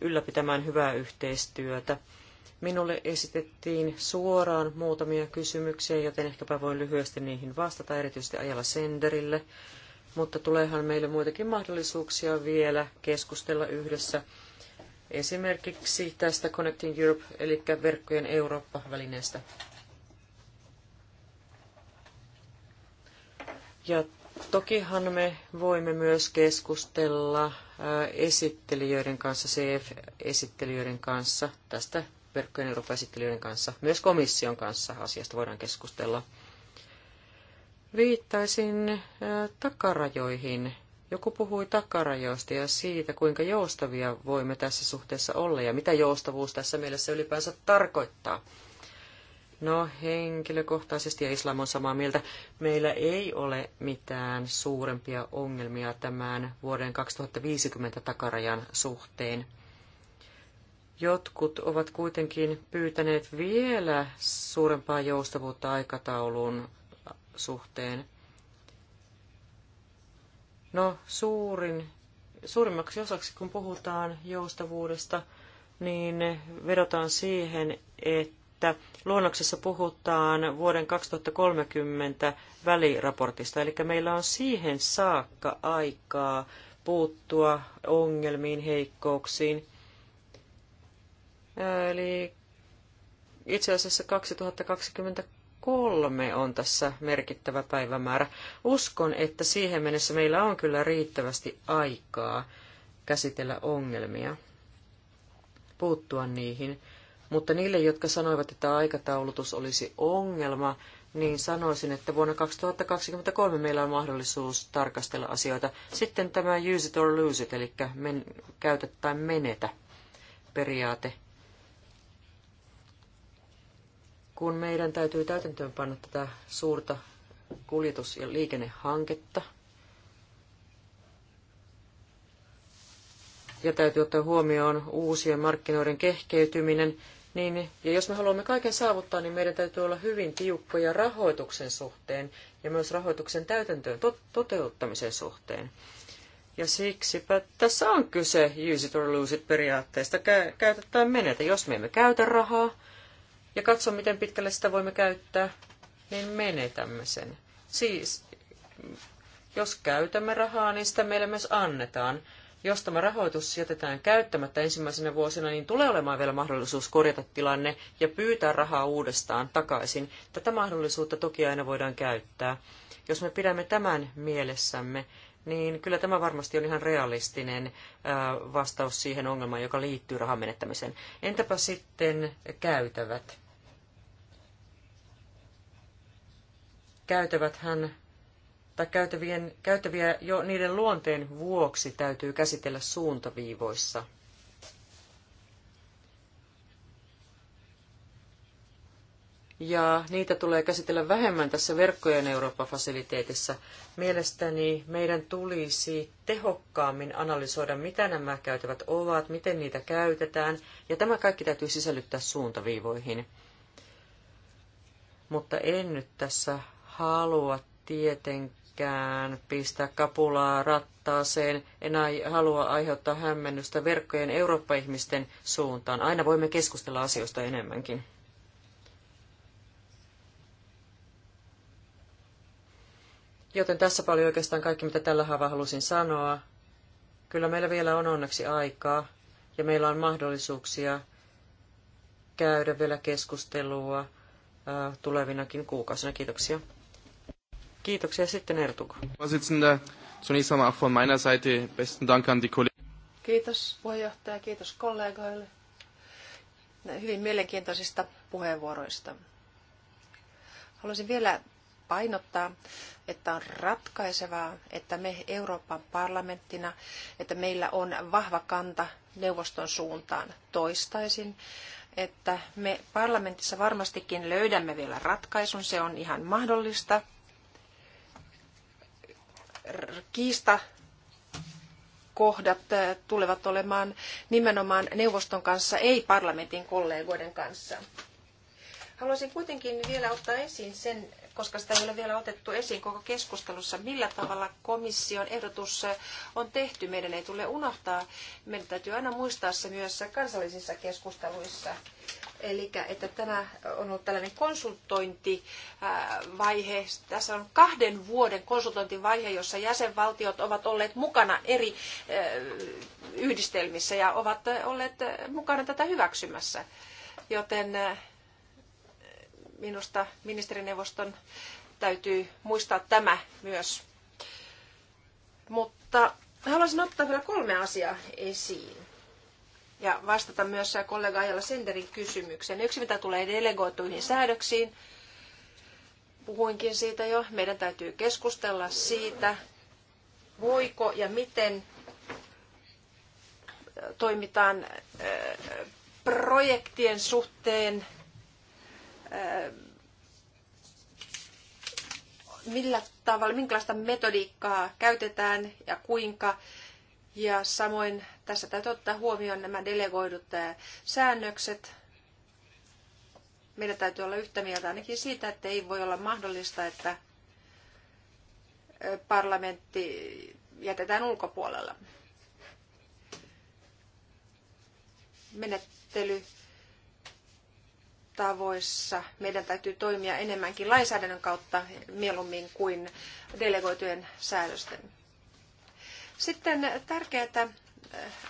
ylläpitämään hyvää yhteistyötä. Minulle esitettiin suoraan muutamia kysymyksiä, joten ehkäpä voin lyhyesti niihin vastata, erityisesti ajalla senderille. Mutta tuleehan meille muitakin mahdollisuuksia vielä keskustella yhdessä esimerkiksi tästä Connecting Europe, eli verkkojen Eurooppa-välineestä. Ja tokihan me voimme myös keskustella äh, esittelijöiden kanssa, CF-esittelijöiden kanssa, tästä verkkojen Eurooppa-esittelijöiden kanssa, myös komission kanssa asiasta voidaan keskustella. Viittaisin äh, takarajoihin joku puhui takarajoista ja siitä, kuinka joustavia voimme tässä suhteessa olla ja mitä joustavuus tässä mielessä ylipäänsä tarkoittaa. No henkilökohtaisesti ja islam on samaa mieltä. Meillä ei ole mitään suurempia ongelmia tämän vuoden 2050 takarajan suhteen. Jotkut ovat kuitenkin pyytäneet vielä suurempaa joustavuutta aikataulun suhteen. No suurin, suurimmaksi osaksi, kun puhutaan joustavuudesta, niin vedotaan siihen, että luonnoksessa puhutaan vuoden 2030 väliraportista, eli meillä on siihen saakka aikaa puuttua ongelmiin, heikkouksiin. Eli itse asiassa 2023 kolme on tässä merkittävä päivämäärä. Uskon, että siihen mennessä meillä on kyllä riittävästi aikaa käsitellä ongelmia, puuttua niihin. Mutta niille, jotka sanoivat, että aikataulutus olisi ongelma, niin sanoisin, että vuonna 2023 meillä on mahdollisuus tarkastella asioita. Sitten tämä use it or lose it, eli men, käytä tai menetä periaate. kun meidän täytyy täytäntöönpanna tätä suurta kuljetus- ja liikennehanketta, ja täytyy ottaa huomioon uusien markkinoiden kehkeytyminen, niin, ja jos me haluamme kaiken saavuttaa, niin meidän täytyy olla hyvin tiukkoja rahoituksen suhteen ja myös rahoituksen täytäntöön tot- toteuttamisen suhteen. Ja siksipä tässä on kyse use it or lose it periaatteesta. Kä- tai menetä. Jos me emme käytä rahaa, ja katso, miten pitkälle sitä voimme käyttää, niin menetämme sen. Siis, jos käytämme rahaa, niin sitä meille myös annetaan. Jos tämä rahoitus jätetään käyttämättä ensimmäisenä vuosina, niin tulee olemaan vielä mahdollisuus korjata tilanne ja pyytää rahaa uudestaan takaisin. Tätä mahdollisuutta toki aina voidaan käyttää. Jos me pidämme tämän mielessämme, niin kyllä tämä varmasti on ihan realistinen vastaus siihen ongelmaan, joka liittyy rahan menettämiseen. Entäpä sitten käytävät? hän tai käytävien, käytäviä jo niiden luonteen vuoksi täytyy käsitellä suuntaviivoissa. ja niitä tulee käsitellä vähemmän tässä verkkojen Eurooppa-fasiliteetissa. Mielestäni meidän tulisi tehokkaammin analysoida, mitä nämä käytävät ovat, miten niitä käytetään, ja tämä kaikki täytyy sisällyttää suuntaviivoihin. Mutta en nyt tässä halua tietenkään pistää kapulaa rattaaseen, en halua aiheuttaa hämmennystä verkkojen Eurooppa-ihmisten suuntaan. Aina voimme keskustella asioista enemmänkin. Joten tässä paljon oikeastaan kaikki, mitä tällä haavaa halusin sanoa. Kyllä meillä vielä on onneksi aikaa ja meillä on mahdollisuuksia käydä vielä keskustelua äh, tulevinakin kuukausina. Kiitoksia. Kiitoksia sitten Ertug. Zunächst von meiner Seite besten Dank an die Kollegen. Kiitos puheenjohtaja, kiitos kollegoille hyvin mielenkiintoisista puheenvuoroista. Haluaisin vielä painottaa, että on ratkaisevaa, että me Euroopan parlamenttina, että meillä on vahva kanta neuvoston suuntaan toistaisin, että me parlamentissa varmastikin löydämme vielä ratkaisun, se on ihan mahdollista, kiista kohdat eh, tulevat olemaan nimenomaan neuvoston kanssa, ei parlamentin kollegoiden kanssa. Haluaisin kuitenkin vielä ottaa esiin sen, koska sitä ei ole vielä otettu esiin koko keskustelussa, millä tavalla komission ehdotus eh, on tehty. Meidän ei tule unohtaa, meidän täytyy aina muistaa se myös kansallisissa keskusteluissa. Eli että tämä on ollut tällainen konsultointivaihe. Tässä on kahden vuoden konsultointivaihe, jossa jäsenvaltiot ovat olleet mukana eri eh, yhdistelmissä ja ovat eh, olleet eh, mukana tätä hyväksymässä. Joten minusta ministerineuvoston täytyy muistaa tämä myös. Mutta haluaisin ottaa vielä kolme asiaa esiin ja vastata myös kollega Ajala Senderin kysymykseen. Yksi, mitä tulee delegoituihin säädöksiin, puhuinkin siitä jo, meidän täytyy keskustella siitä, voiko ja miten toimitaan projektien suhteen, millä tavalla, minkälaista metodiikkaa käytetään ja kuinka ja samoin tässä täytyy ottaa huomioon nämä delegoidut säännökset. Meidän täytyy olla yhtä mieltä ainakin siitä, että ei voi olla mahdollista, että parlamentti jätetään ulkopuolella. Menettely tavoissa. Meidän täytyy toimia enemmänkin lainsäädännön kautta mieluummin kuin delegoitujen säädösten sitten tärkeää eh,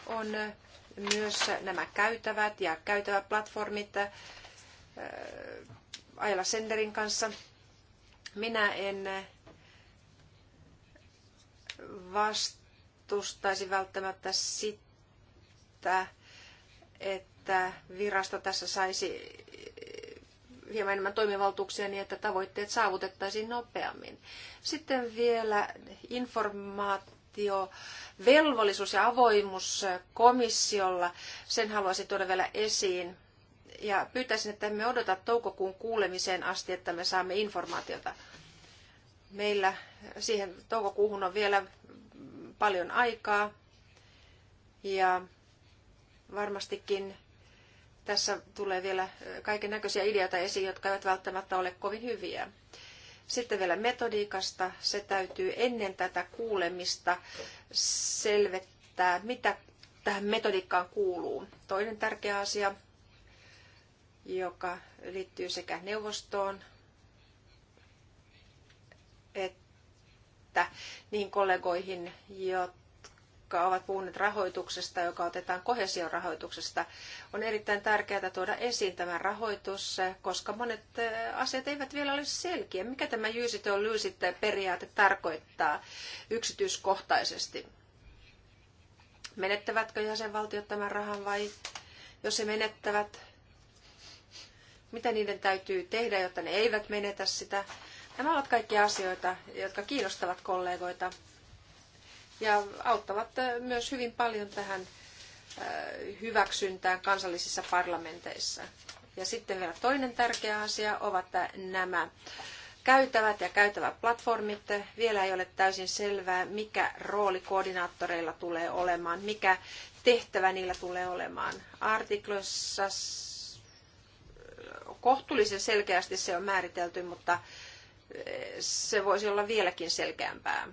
on eh, myös nämä käytävät ja käytäväplatformit eh, Ajala Senderin kanssa. Minä en vastustaisi välttämättä sitä, että virasto tässä saisi hieman enemmän toimivaltuuksia niin, että tavoitteet saavutettaisiin nopeammin. Sitten vielä informaat, informaatio, velvollisuus ja avoimuus komissiolla, sen haluaisin tuoda vielä esiin. Ja pyytäisin, että emme odota toukokuun kuulemiseen asti, että me saamme informaatiota. Meillä siihen toukokuuhun on vielä paljon aikaa. Ja varmastikin tässä tulee vielä kaiken näköisiä ideoita esiin, jotka eivät välttämättä ole kovin hyviä. Sitten vielä metodiikasta. Se täytyy ennen tätä kuulemista selvittää, mitä tähän metodiikkaan kuuluu. Toinen tärkeä asia, joka liittyy sekä neuvostoon että niihin kollegoihin, jotka jotka ovat puhuneet rahoituksesta, joka otetaan kohesion rahoituksesta. On erittäin tärkeää tuoda esiin tämä rahoitus, koska monet eh, asiat eivät vielä ole selkeä, Mikä tämä jyysit on lyysit periaate tarkoittaa yksityiskohtaisesti? Menettävätkö jäsenvaltiot tämän rahan vai jos se menettävät, mitä niiden täytyy tehdä, jotta ne eivät menetä sitä? Nämä ovat kaikki asioita, jotka kiinnostavat kollegoita ja auttavat äh, myös hyvin paljon tähän äh, hyväksyntään kansallisissa parlamenteissa. Ja sitten vielä toinen tärkeä asia ovat äh, nämä käytävät ja käytäväplatformit. Vielä ei ole täysin selvää, mikä rooli koordinaattoreilla tulee olemaan, mikä tehtävä niillä tulee olemaan. Artikloissa kohtuullisen selkeästi se on määritelty, mutta se voisi olla vieläkin selkeämpää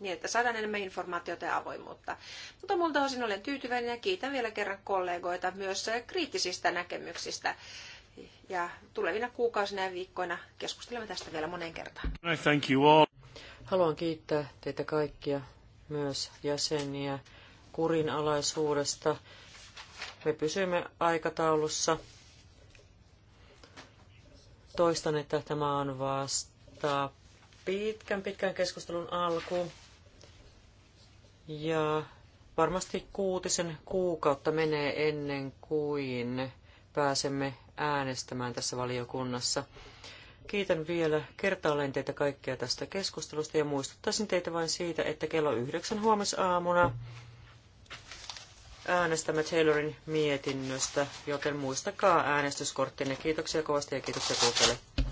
niin että saadaan enemmän informaatiota ja avoimuutta. Mutta multa osin olen tyytyväinen ja kiitän vielä kerran kollegoita myös kriittisistä näkemyksistä. Ja tulevina kuukausina ja viikkoina keskustelemme tästä vielä moneen kertaan. Thank you all. Haluan kiittää teitä kaikkia, myös jäseniä, kurinalaisuudesta. Me pysymme aikataulussa. Toistan, että tämä on vasta pitkän, pitkän keskustelun alku. Ja varmasti kuutisen kuukautta menee ennen kuin pääsemme äänestämään tässä valiokunnassa. Kiitän vielä kertaalleen teitä kaikkia tästä keskustelusta ja muistuttaisin teitä vain siitä, että kello yhdeksän huomisaamuna äänestämme Taylorin mietinnöstä, joten muistakaa äänestyskorttinne. Kiitoksia kovasti ja kiitoksia kuukalle.